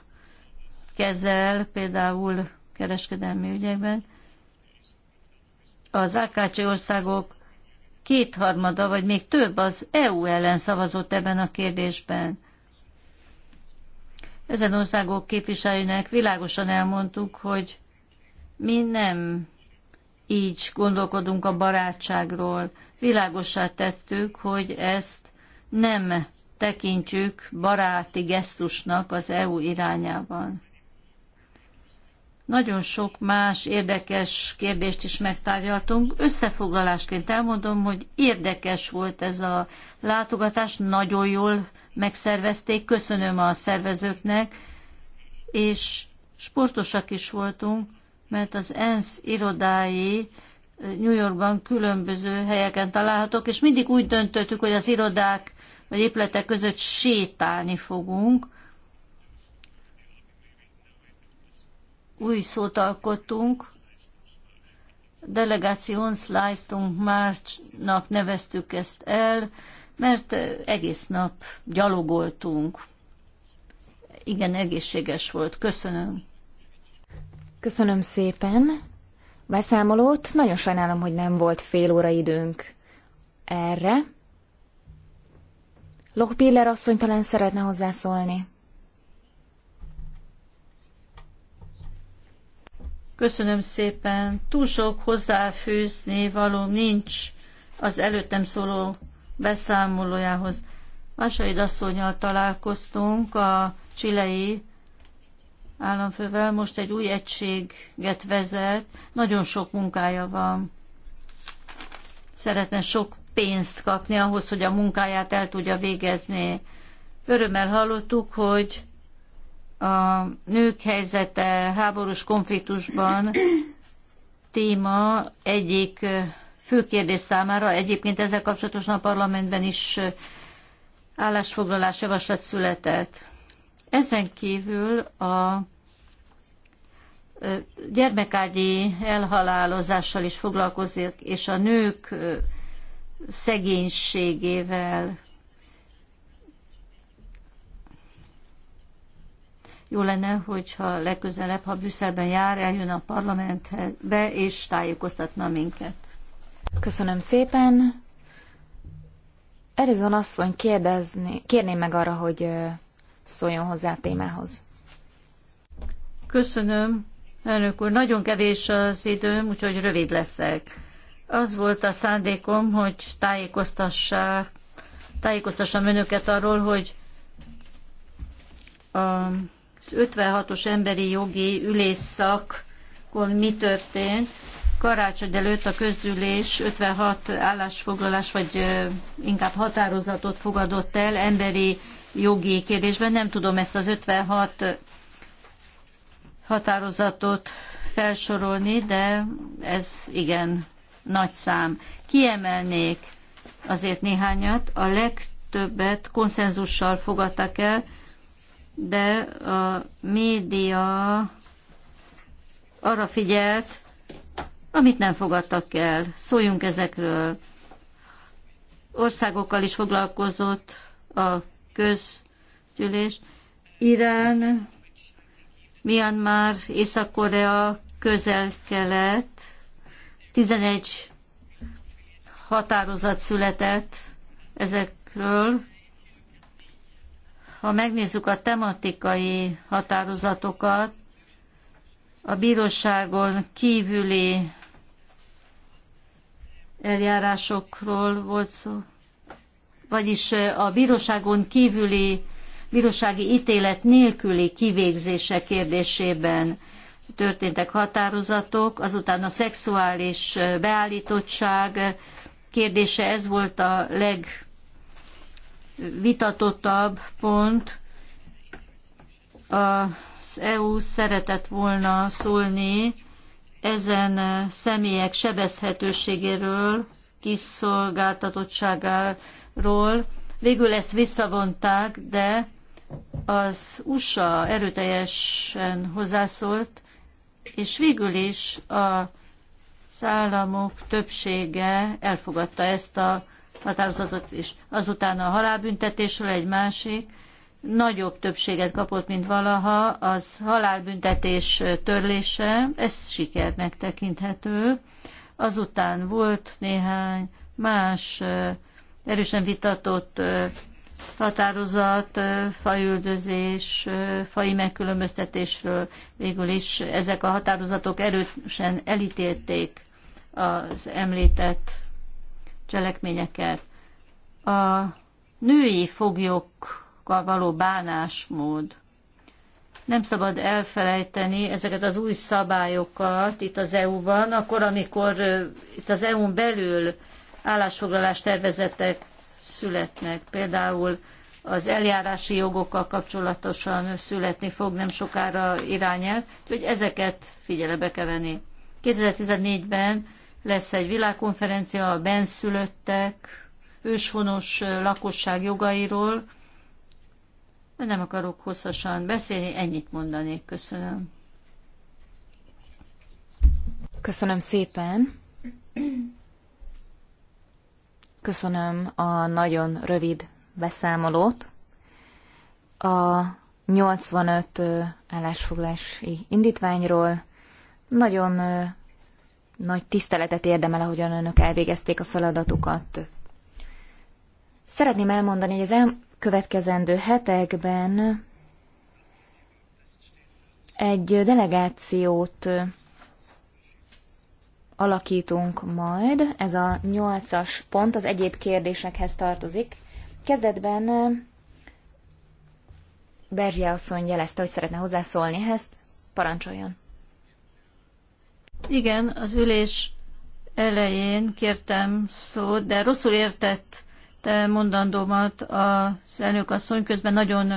Speaker 3: kezel, például kereskedelmi ügyekben, az AKC országok kétharmada, vagy még több az EU ellen szavazott ebben a kérdésben. Ezen országok képviselőinek világosan elmondtuk, hogy mi nem így gondolkodunk a barátságról. Világosá tettük, hogy ezt nem tekintjük baráti gesztusnak az EU irányában. Nagyon sok más érdekes kérdést is megtárgyaltunk. Összefoglalásként elmondom, hogy érdekes volt ez a látogatás, nagyon jól megszervezték, köszönöm a szervezőknek, és sportosak is voltunk mert az ENSZ irodái eh, New Yorkban különböző helyeken találhatók, és mindig úgy döntöttük, hogy az irodák vagy épületek között sétálni fogunk. Új szót alkottunk, szlájztunk, Márcsnak neveztük ezt el, mert eh, egész nap gyalogoltunk.
Speaker 5: Igen, egészséges volt. Köszönöm. Köszönöm szépen. Beszámolót. Nagyon sajnálom, hogy nem volt fél óra időnk erre. Lochbiller asszony talán szeretne hozzászólni.
Speaker 3: Köszönöm szépen. Túl sok hozzáfűzni való nincs az előttem szóló beszámolójához. Vasaid asszonyal találkoztunk a csilei államfővel, most egy új egységet vezet, nagyon sok munkája van. Szeretne sok pénzt kapni ahhoz, hogy a munkáját el tudja végezni. Örömmel hallottuk, hogy a nők helyzete háborús konfliktusban téma egyik fő kérdés számára. Egyébként ezzel kapcsolatosan a parlamentben is állásfoglalás javaslat született. Ezen kívül a gyermekágyi elhalálozással is foglalkozik, és a nők szegénységével. Jó lenne, hogyha legközelebb, ha Brüsszelben
Speaker 5: jár, eljön a parlamentbe, és tájékoztatna minket. Köszönöm szépen. Erizon asszony kérdezni, kérném meg arra, hogy szóljon hozzá a témához. Köszönöm,
Speaker 3: elnök úr. Nagyon kevés az időm, úgyhogy rövid leszek. Az volt a szándékom, hogy tájékoztassák, tájékoztassam önöket arról, hogy az 56-os emberi jogi ülésszakon mi történt. Karácsony előtt a közülés 56 állásfoglalás, vagy inkább határozatot fogadott el emberi jogi kérdésben. Nem tudom ezt az 56 határozatot felsorolni, de ez igen nagy szám. Kiemelnék azért néhányat. A legtöbbet konszenzussal fogadtak el, de a média arra figyelt, amit nem fogadtak el. Szóljunk ezekről. Országokkal is foglalkozott a közgyűlés. Irán, Myanmar, Észak-Korea, közel-kelet, 11 határozat született ezekről. Ha megnézzük a tematikai határozatokat, a bíróságon kívüli eljárásokról volt szó vagyis a bíróságon kívüli, bírósági ítélet nélküli kivégzése kérdésében történtek határozatok, azután a szexuális beállítottság kérdése, ez volt a legvitatottabb pont. Az EU szeretett volna szólni ezen személyek sebezhetőségéről, kiszolgáltatottságáról, ról. Végül ezt visszavonták, de az USA erőteljesen hozzászólt, és végül is a államok többsége elfogadta ezt a határozatot is. Azután a halálbüntetésről egy másik nagyobb többséget kapott, mint valaha, az halálbüntetés törlése, ez sikernek tekinthető. Azután volt néhány más erősen vitatott határozat, fajüldözés, fai megkülönböztetésről végül is ezek a határozatok erősen elítélték az említett cselekményeket. A női foglyokkal való bánásmód. Nem szabad elfelejteni ezeket az új szabályokat itt az EU-ban, akkor, amikor itt az EU-n belül állásfoglalás tervezetek születnek. Például az eljárási jogokkal kapcsolatosan születni fog nem sokára irányelv, hogy ezeket figyelembe kell venni. 2014-ben lesz egy világkonferencia a benszülöttek, őshonos lakosság jogairól. Nem akarok hosszasan beszélni, ennyit mondanék. Köszönöm.
Speaker 5: Köszönöm szépen. Köszönöm a nagyon rövid beszámolót. A 85 állásfoglási indítványról nagyon nagy tiszteletet érdemel, ahogyan önök elvégezték a feladatukat. Szeretném elmondani, hogy az elkövetkezendő hetekben egy delegációt alakítunk majd. Ez a nyolcas pont az egyéb kérdésekhez tartozik. Kezdetben Berzsia asszony jelezte, hogy szeretne hozzászólni ehhez. Parancsoljon!
Speaker 3: Igen, az ülés elején kértem szót, de rosszul értett mondandómat az elnök asszony, közben nagyon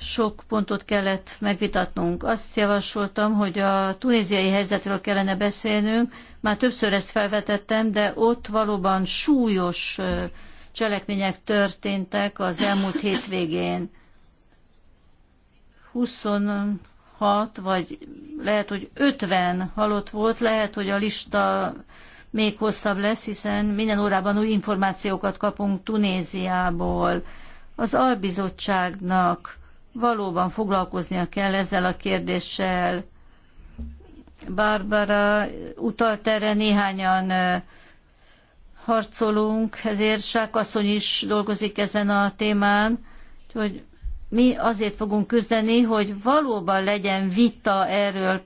Speaker 3: sok pontot kellett megvitatnunk. Azt javasoltam, hogy a tunéziai helyzetről kellene beszélnünk. Már többször ezt felvetettem, de ott valóban súlyos cselekmények történtek az elmúlt hétvégén. 26 vagy lehet, hogy 50 halott volt, lehet, hogy a lista még hosszabb lesz, hiszen minden órában új információkat kapunk Tunéziából. Az albizottságnak valóban foglalkoznia kell ezzel a kérdéssel. Barbara utalt erre néhányan harcolunk, ezért Sákasszony is dolgozik ezen a témán, hogy mi azért fogunk küzdeni, hogy valóban legyen vita erről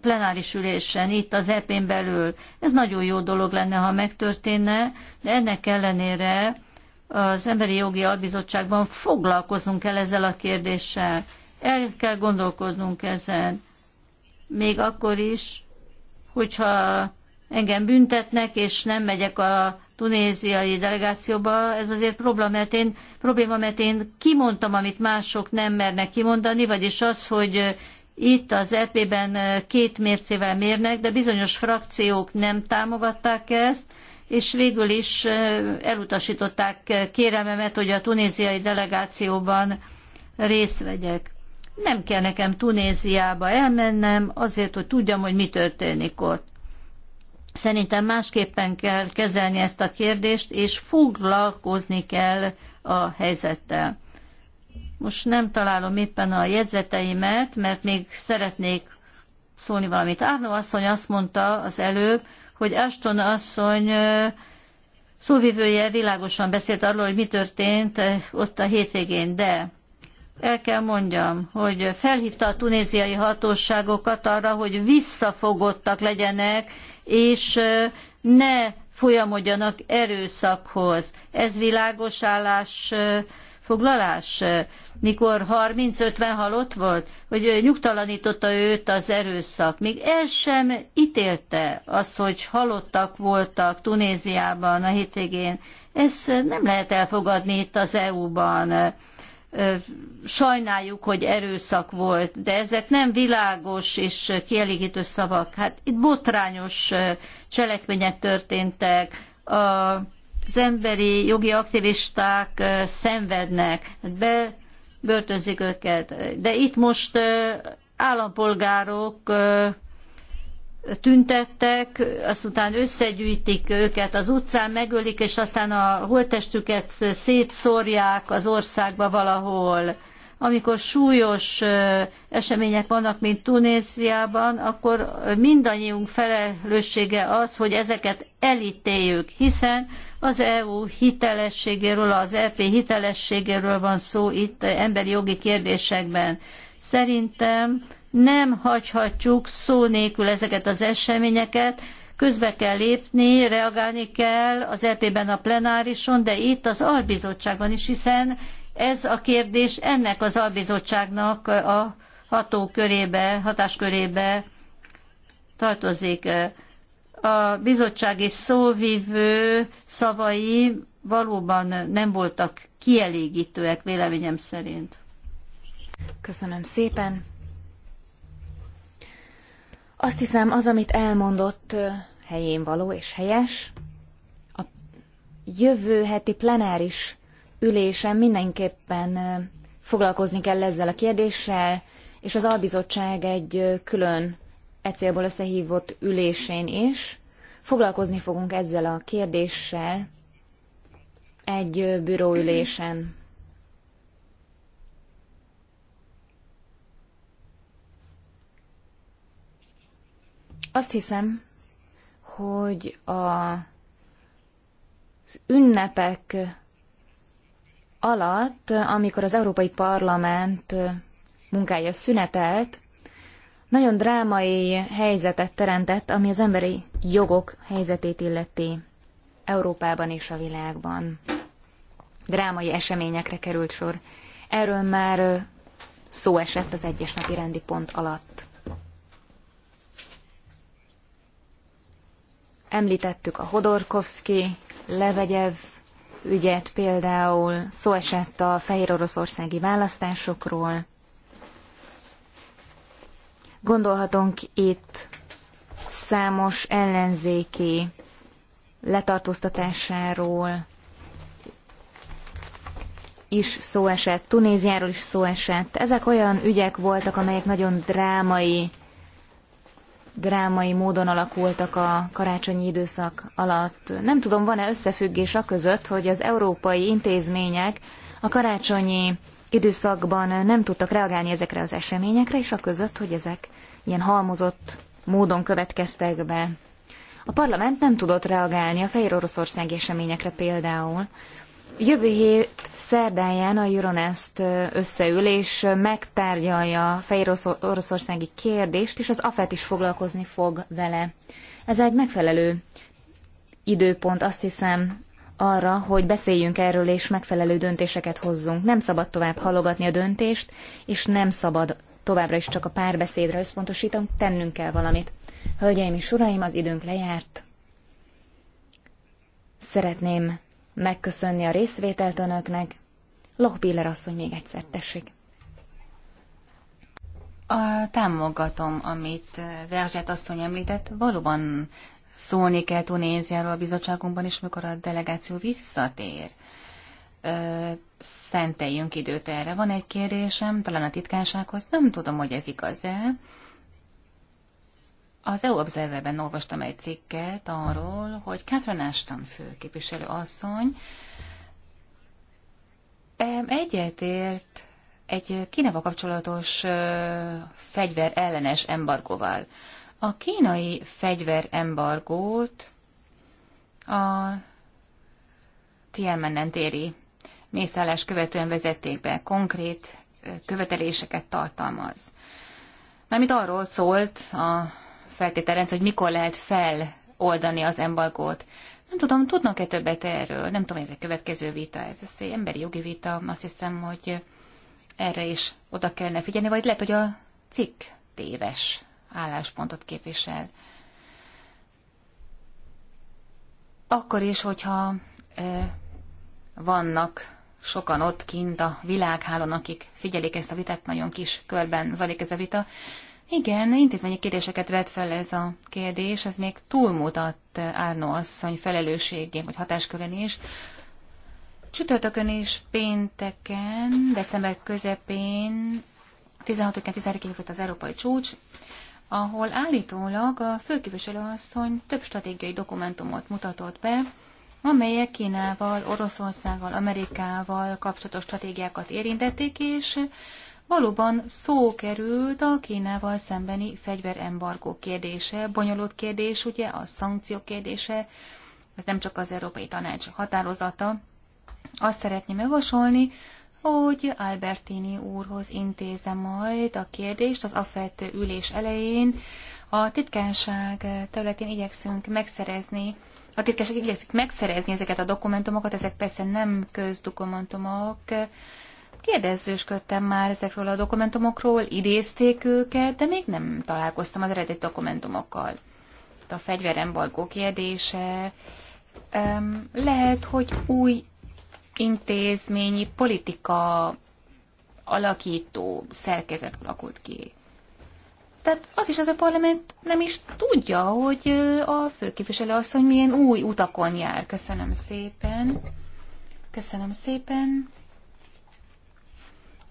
Speaker 3: plenáris ülésen, itt az EP-n belül. Ez nagyon jó dolog lenne, ha megtörténne, de ennek ellenére az Emberi Jogi Albizottságban foglalkoznunk kell ezzel a kérdéssel. El kell gondolkodnunk ezen. Még akkor is, hogyha engem büntetnek, és nem megyek a tunéziai delegációba, ez azért probléma, mert én, probléma, mert én kimondtam, amit mások nem mernek kimondani, vagyis az, hogy itt az EP-ben két mércével mérnek, de bizonyos frakciók nem támogatták ezt, és végül is elutasították kérememet, hogy a tunéziai delegációban részt vegyek. Nem kell nekem Tunéziába elmennem, azért, hogy tudjam, hogy mi történik ott. Szerintem másképpen kell kezelni ezt a kérdést, és foglalkozni kell a helyzettel. Most nem találom éppen a jegyzeteimet, mert még szeretnék szólni valamit. Árnó asszony azt mondta az előbb, hogy Aston asszony szóvivője világosan beszélt arról, hogy mi történt ott a hétvégén, de el kell mondjam, hogy felhívta a tunéziai hatóságokat arra, hogy visszafogottak legyenek, és ne folyamodjanak erőszakhoz. Ez világos állás foglalás, eh, mikor 30-50 halott volt, hogy nyugtalanította őt az erőszak. Még el sem ítélte azt, hogy halottak voltak Tunéziában a hétvégén. Ez nem lehet elfogadni itt az EU-ban. Eh, sajnáljuk, hogy erőszak volt, de ezek nem világos és kielégítő szavak. Hát itt botrányos eh, cselekmények történtek. A az emberi jogi aktivisták szenvednek, bebörtözik őket. De itt most állampolgárok tüntettek, aztután összegyűjtik őket az utcán, megölik, és aztán a holttestüket szétszórják az országba valahol amikor súlyos események vannak, mint Tunéziában, akkor mindannyiunk felelőssége az, hogy ezeket elítéljük, hiszen az EU hitelességéről, az EP hitelességéről van szó itt emberi jogi kérdésekben. Szerintem nem hagyhatjuk szó nélkül ezeket az eseményeket, közbe kell lépni, reagálni kell az EP-ben a plenárison, de itt az albizottságban is, hiszen ez a kérdés ennek az albizottságnak a hatókörébe, hatáskörébe tartozik. A bizottsági szóvivő szavai valóban nem voltak kielégítőek véleményem
Speaker 5: szerint. Köszönöm szépen. Azt hiszem, az, amit elmondott, helyén való és helyes. A jövő heti plenáris ülésen mindenképpen foglalkozni kell ezzel a kérdéssel, és az albizottság egy külön e célból összehívott ülésén is foglalkozni fogunk ezzel a kérdéssel egy bűróülésen. Azt hiszem, hogy a az ünnepek alatt, amikor az Európai Parlament munkája szünetelt, nagyon drámai helyzetet teremtett, ami az emberi jogok helyzetét illeti Európában és a világban. Drámai eseményekre került sor. Erről már szó esett az egyes napi rendi pont alatt. Említettük a Hodorkovszki, Levegyev ügyet, például szó esett a fehér oroszországi választásokról. Gondolhatunk itt számos ellenzéki letartóztatásáról is szó esett, Tunéziáról is szó esett. Ezek olyan ügyek voltak, amelyek nagyon drámai drámai módon alakultak a karácsonyi időszak alatt. Nem tudom, van-e összefüggés a között, hogy az európai intézmények a karácsonyi időszakban nem tudtak reagálni ezekre az eseményekre, és a között, hogy ezek ilyen halmozott módon következtek be. A parlament nem tudott reagálni a fehér oroszországi eseményekre például. Jövő hét szerdáján a Euronest összeül, és megtárgyalja a fehér oroszországi kérdést, és az AFET is foglalkozni fog vele. Ez egy megfelelő időpont, azt hiszem, arra, hogy beszéljünk erről, és megfelelő döntéseket hozzunk. Nem szabad tovább halogatni a döntést, és nem szabad továbbra is csak a párbeszédre összpontosítunk, tennünk kell valamit. Hölgyeim és uraim, az időnk lejárt. Szeretném megköszönni a részvételt önöknek. Biller asszony még egyszer, tessék.
Speaker 2: A, támogatom, amit eh, Verzsát asszony említett. Valóban szólni kell Tunéziáról a bizottságunkban is, mikor a delegáció visszatér. Ö, szenteljünk időt erre. Van egy kérdésem, talán a titkársághoz, nem tudom, hogy ez igaz-e. Az EU Observerben olvastam egy cikket arról, hogy Catherine Ashton főképviselő asszony egyetért egy Kínával kapcsolatos fegyver ellenes embargóval. A kínai fegyver embargót a Tiananmen téri mészállás követően vezették be, konkrét követeléseket tartalmaz. Mert arról szólt a feltételrendszer, hogy mikor lehet feloldani az embargót. Nem tudom, tudnak-e többet erről? Nem tudom, ez egy következő vita, ez, ez egy emberi jogi vita. Azt hiszem, hogy erre is oda kellene figyelni, vagy lehet, hogy a cikk téves álláspontot képvisel. Akkor is, hogyha e, vannak sokan ott kint a világhálón, akik figyelik ezt a vitát, nagyon kis körben zajlik ez a vita, igen, intézményi kérdéseket vet fel ez a kérdés, ez még túlmutat Árnó asszony felelősségén, vagy hatáskörön is. Csütörtökön és pénteken, december közepén, 16-án 13 volt az Európai Csúcs, ahol állítólag a asszony több stratégiai dokumentumot mutatott be, amelyek Kínával, Oroszországgal, Amerikával kapcsolatos stratégiákat érintették, és valóban szó került a Kínával szembeni fegyverembargó kérdése, bonyolult kérdés, ugye a szankciók kérdése, ez nem csak az Európai Tanács határozata. Azt szeretném javasolni, hogy Albertini úrhoz intézem majd a kérdést az AFET ülés elején. A titkánság területén igyekszünk megszerezni, a titkánság igyekszik megszerezni ezeket a dokumentumokat, ezek persze nem közdokumentumok, Kérdezősködtem már ezekről a dokumentumokról, idézték őket, de még nem találkoztam az eredeti dokumentumokkal. A fegyverembargó kérdése. Lehet, hogy új intézményi politika alakító szerkezet alakult ki. Tehát az is, hogy a parlament nem is tudja, hogy a főképviselő asszony milyen új utakon jár. Köszönöm szépen. Köszönöm szépen.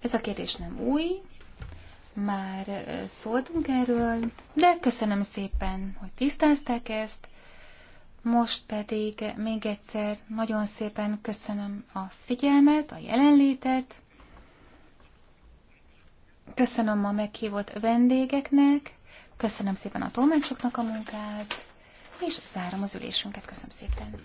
Speaker 2: Ez a kérdés nem új, már szóltunk erről, de köszönöm szépen, hogy tisztázták ezt. Most pedig még egyszer nagyon szépen köszönöm a figyelmet, a jelenlétet. Köszönöm a meghívott vendégeknek, köszönöm szépen a tolmácsoknak a munkát, és zárom az ülésünket. Köszönöm szépen.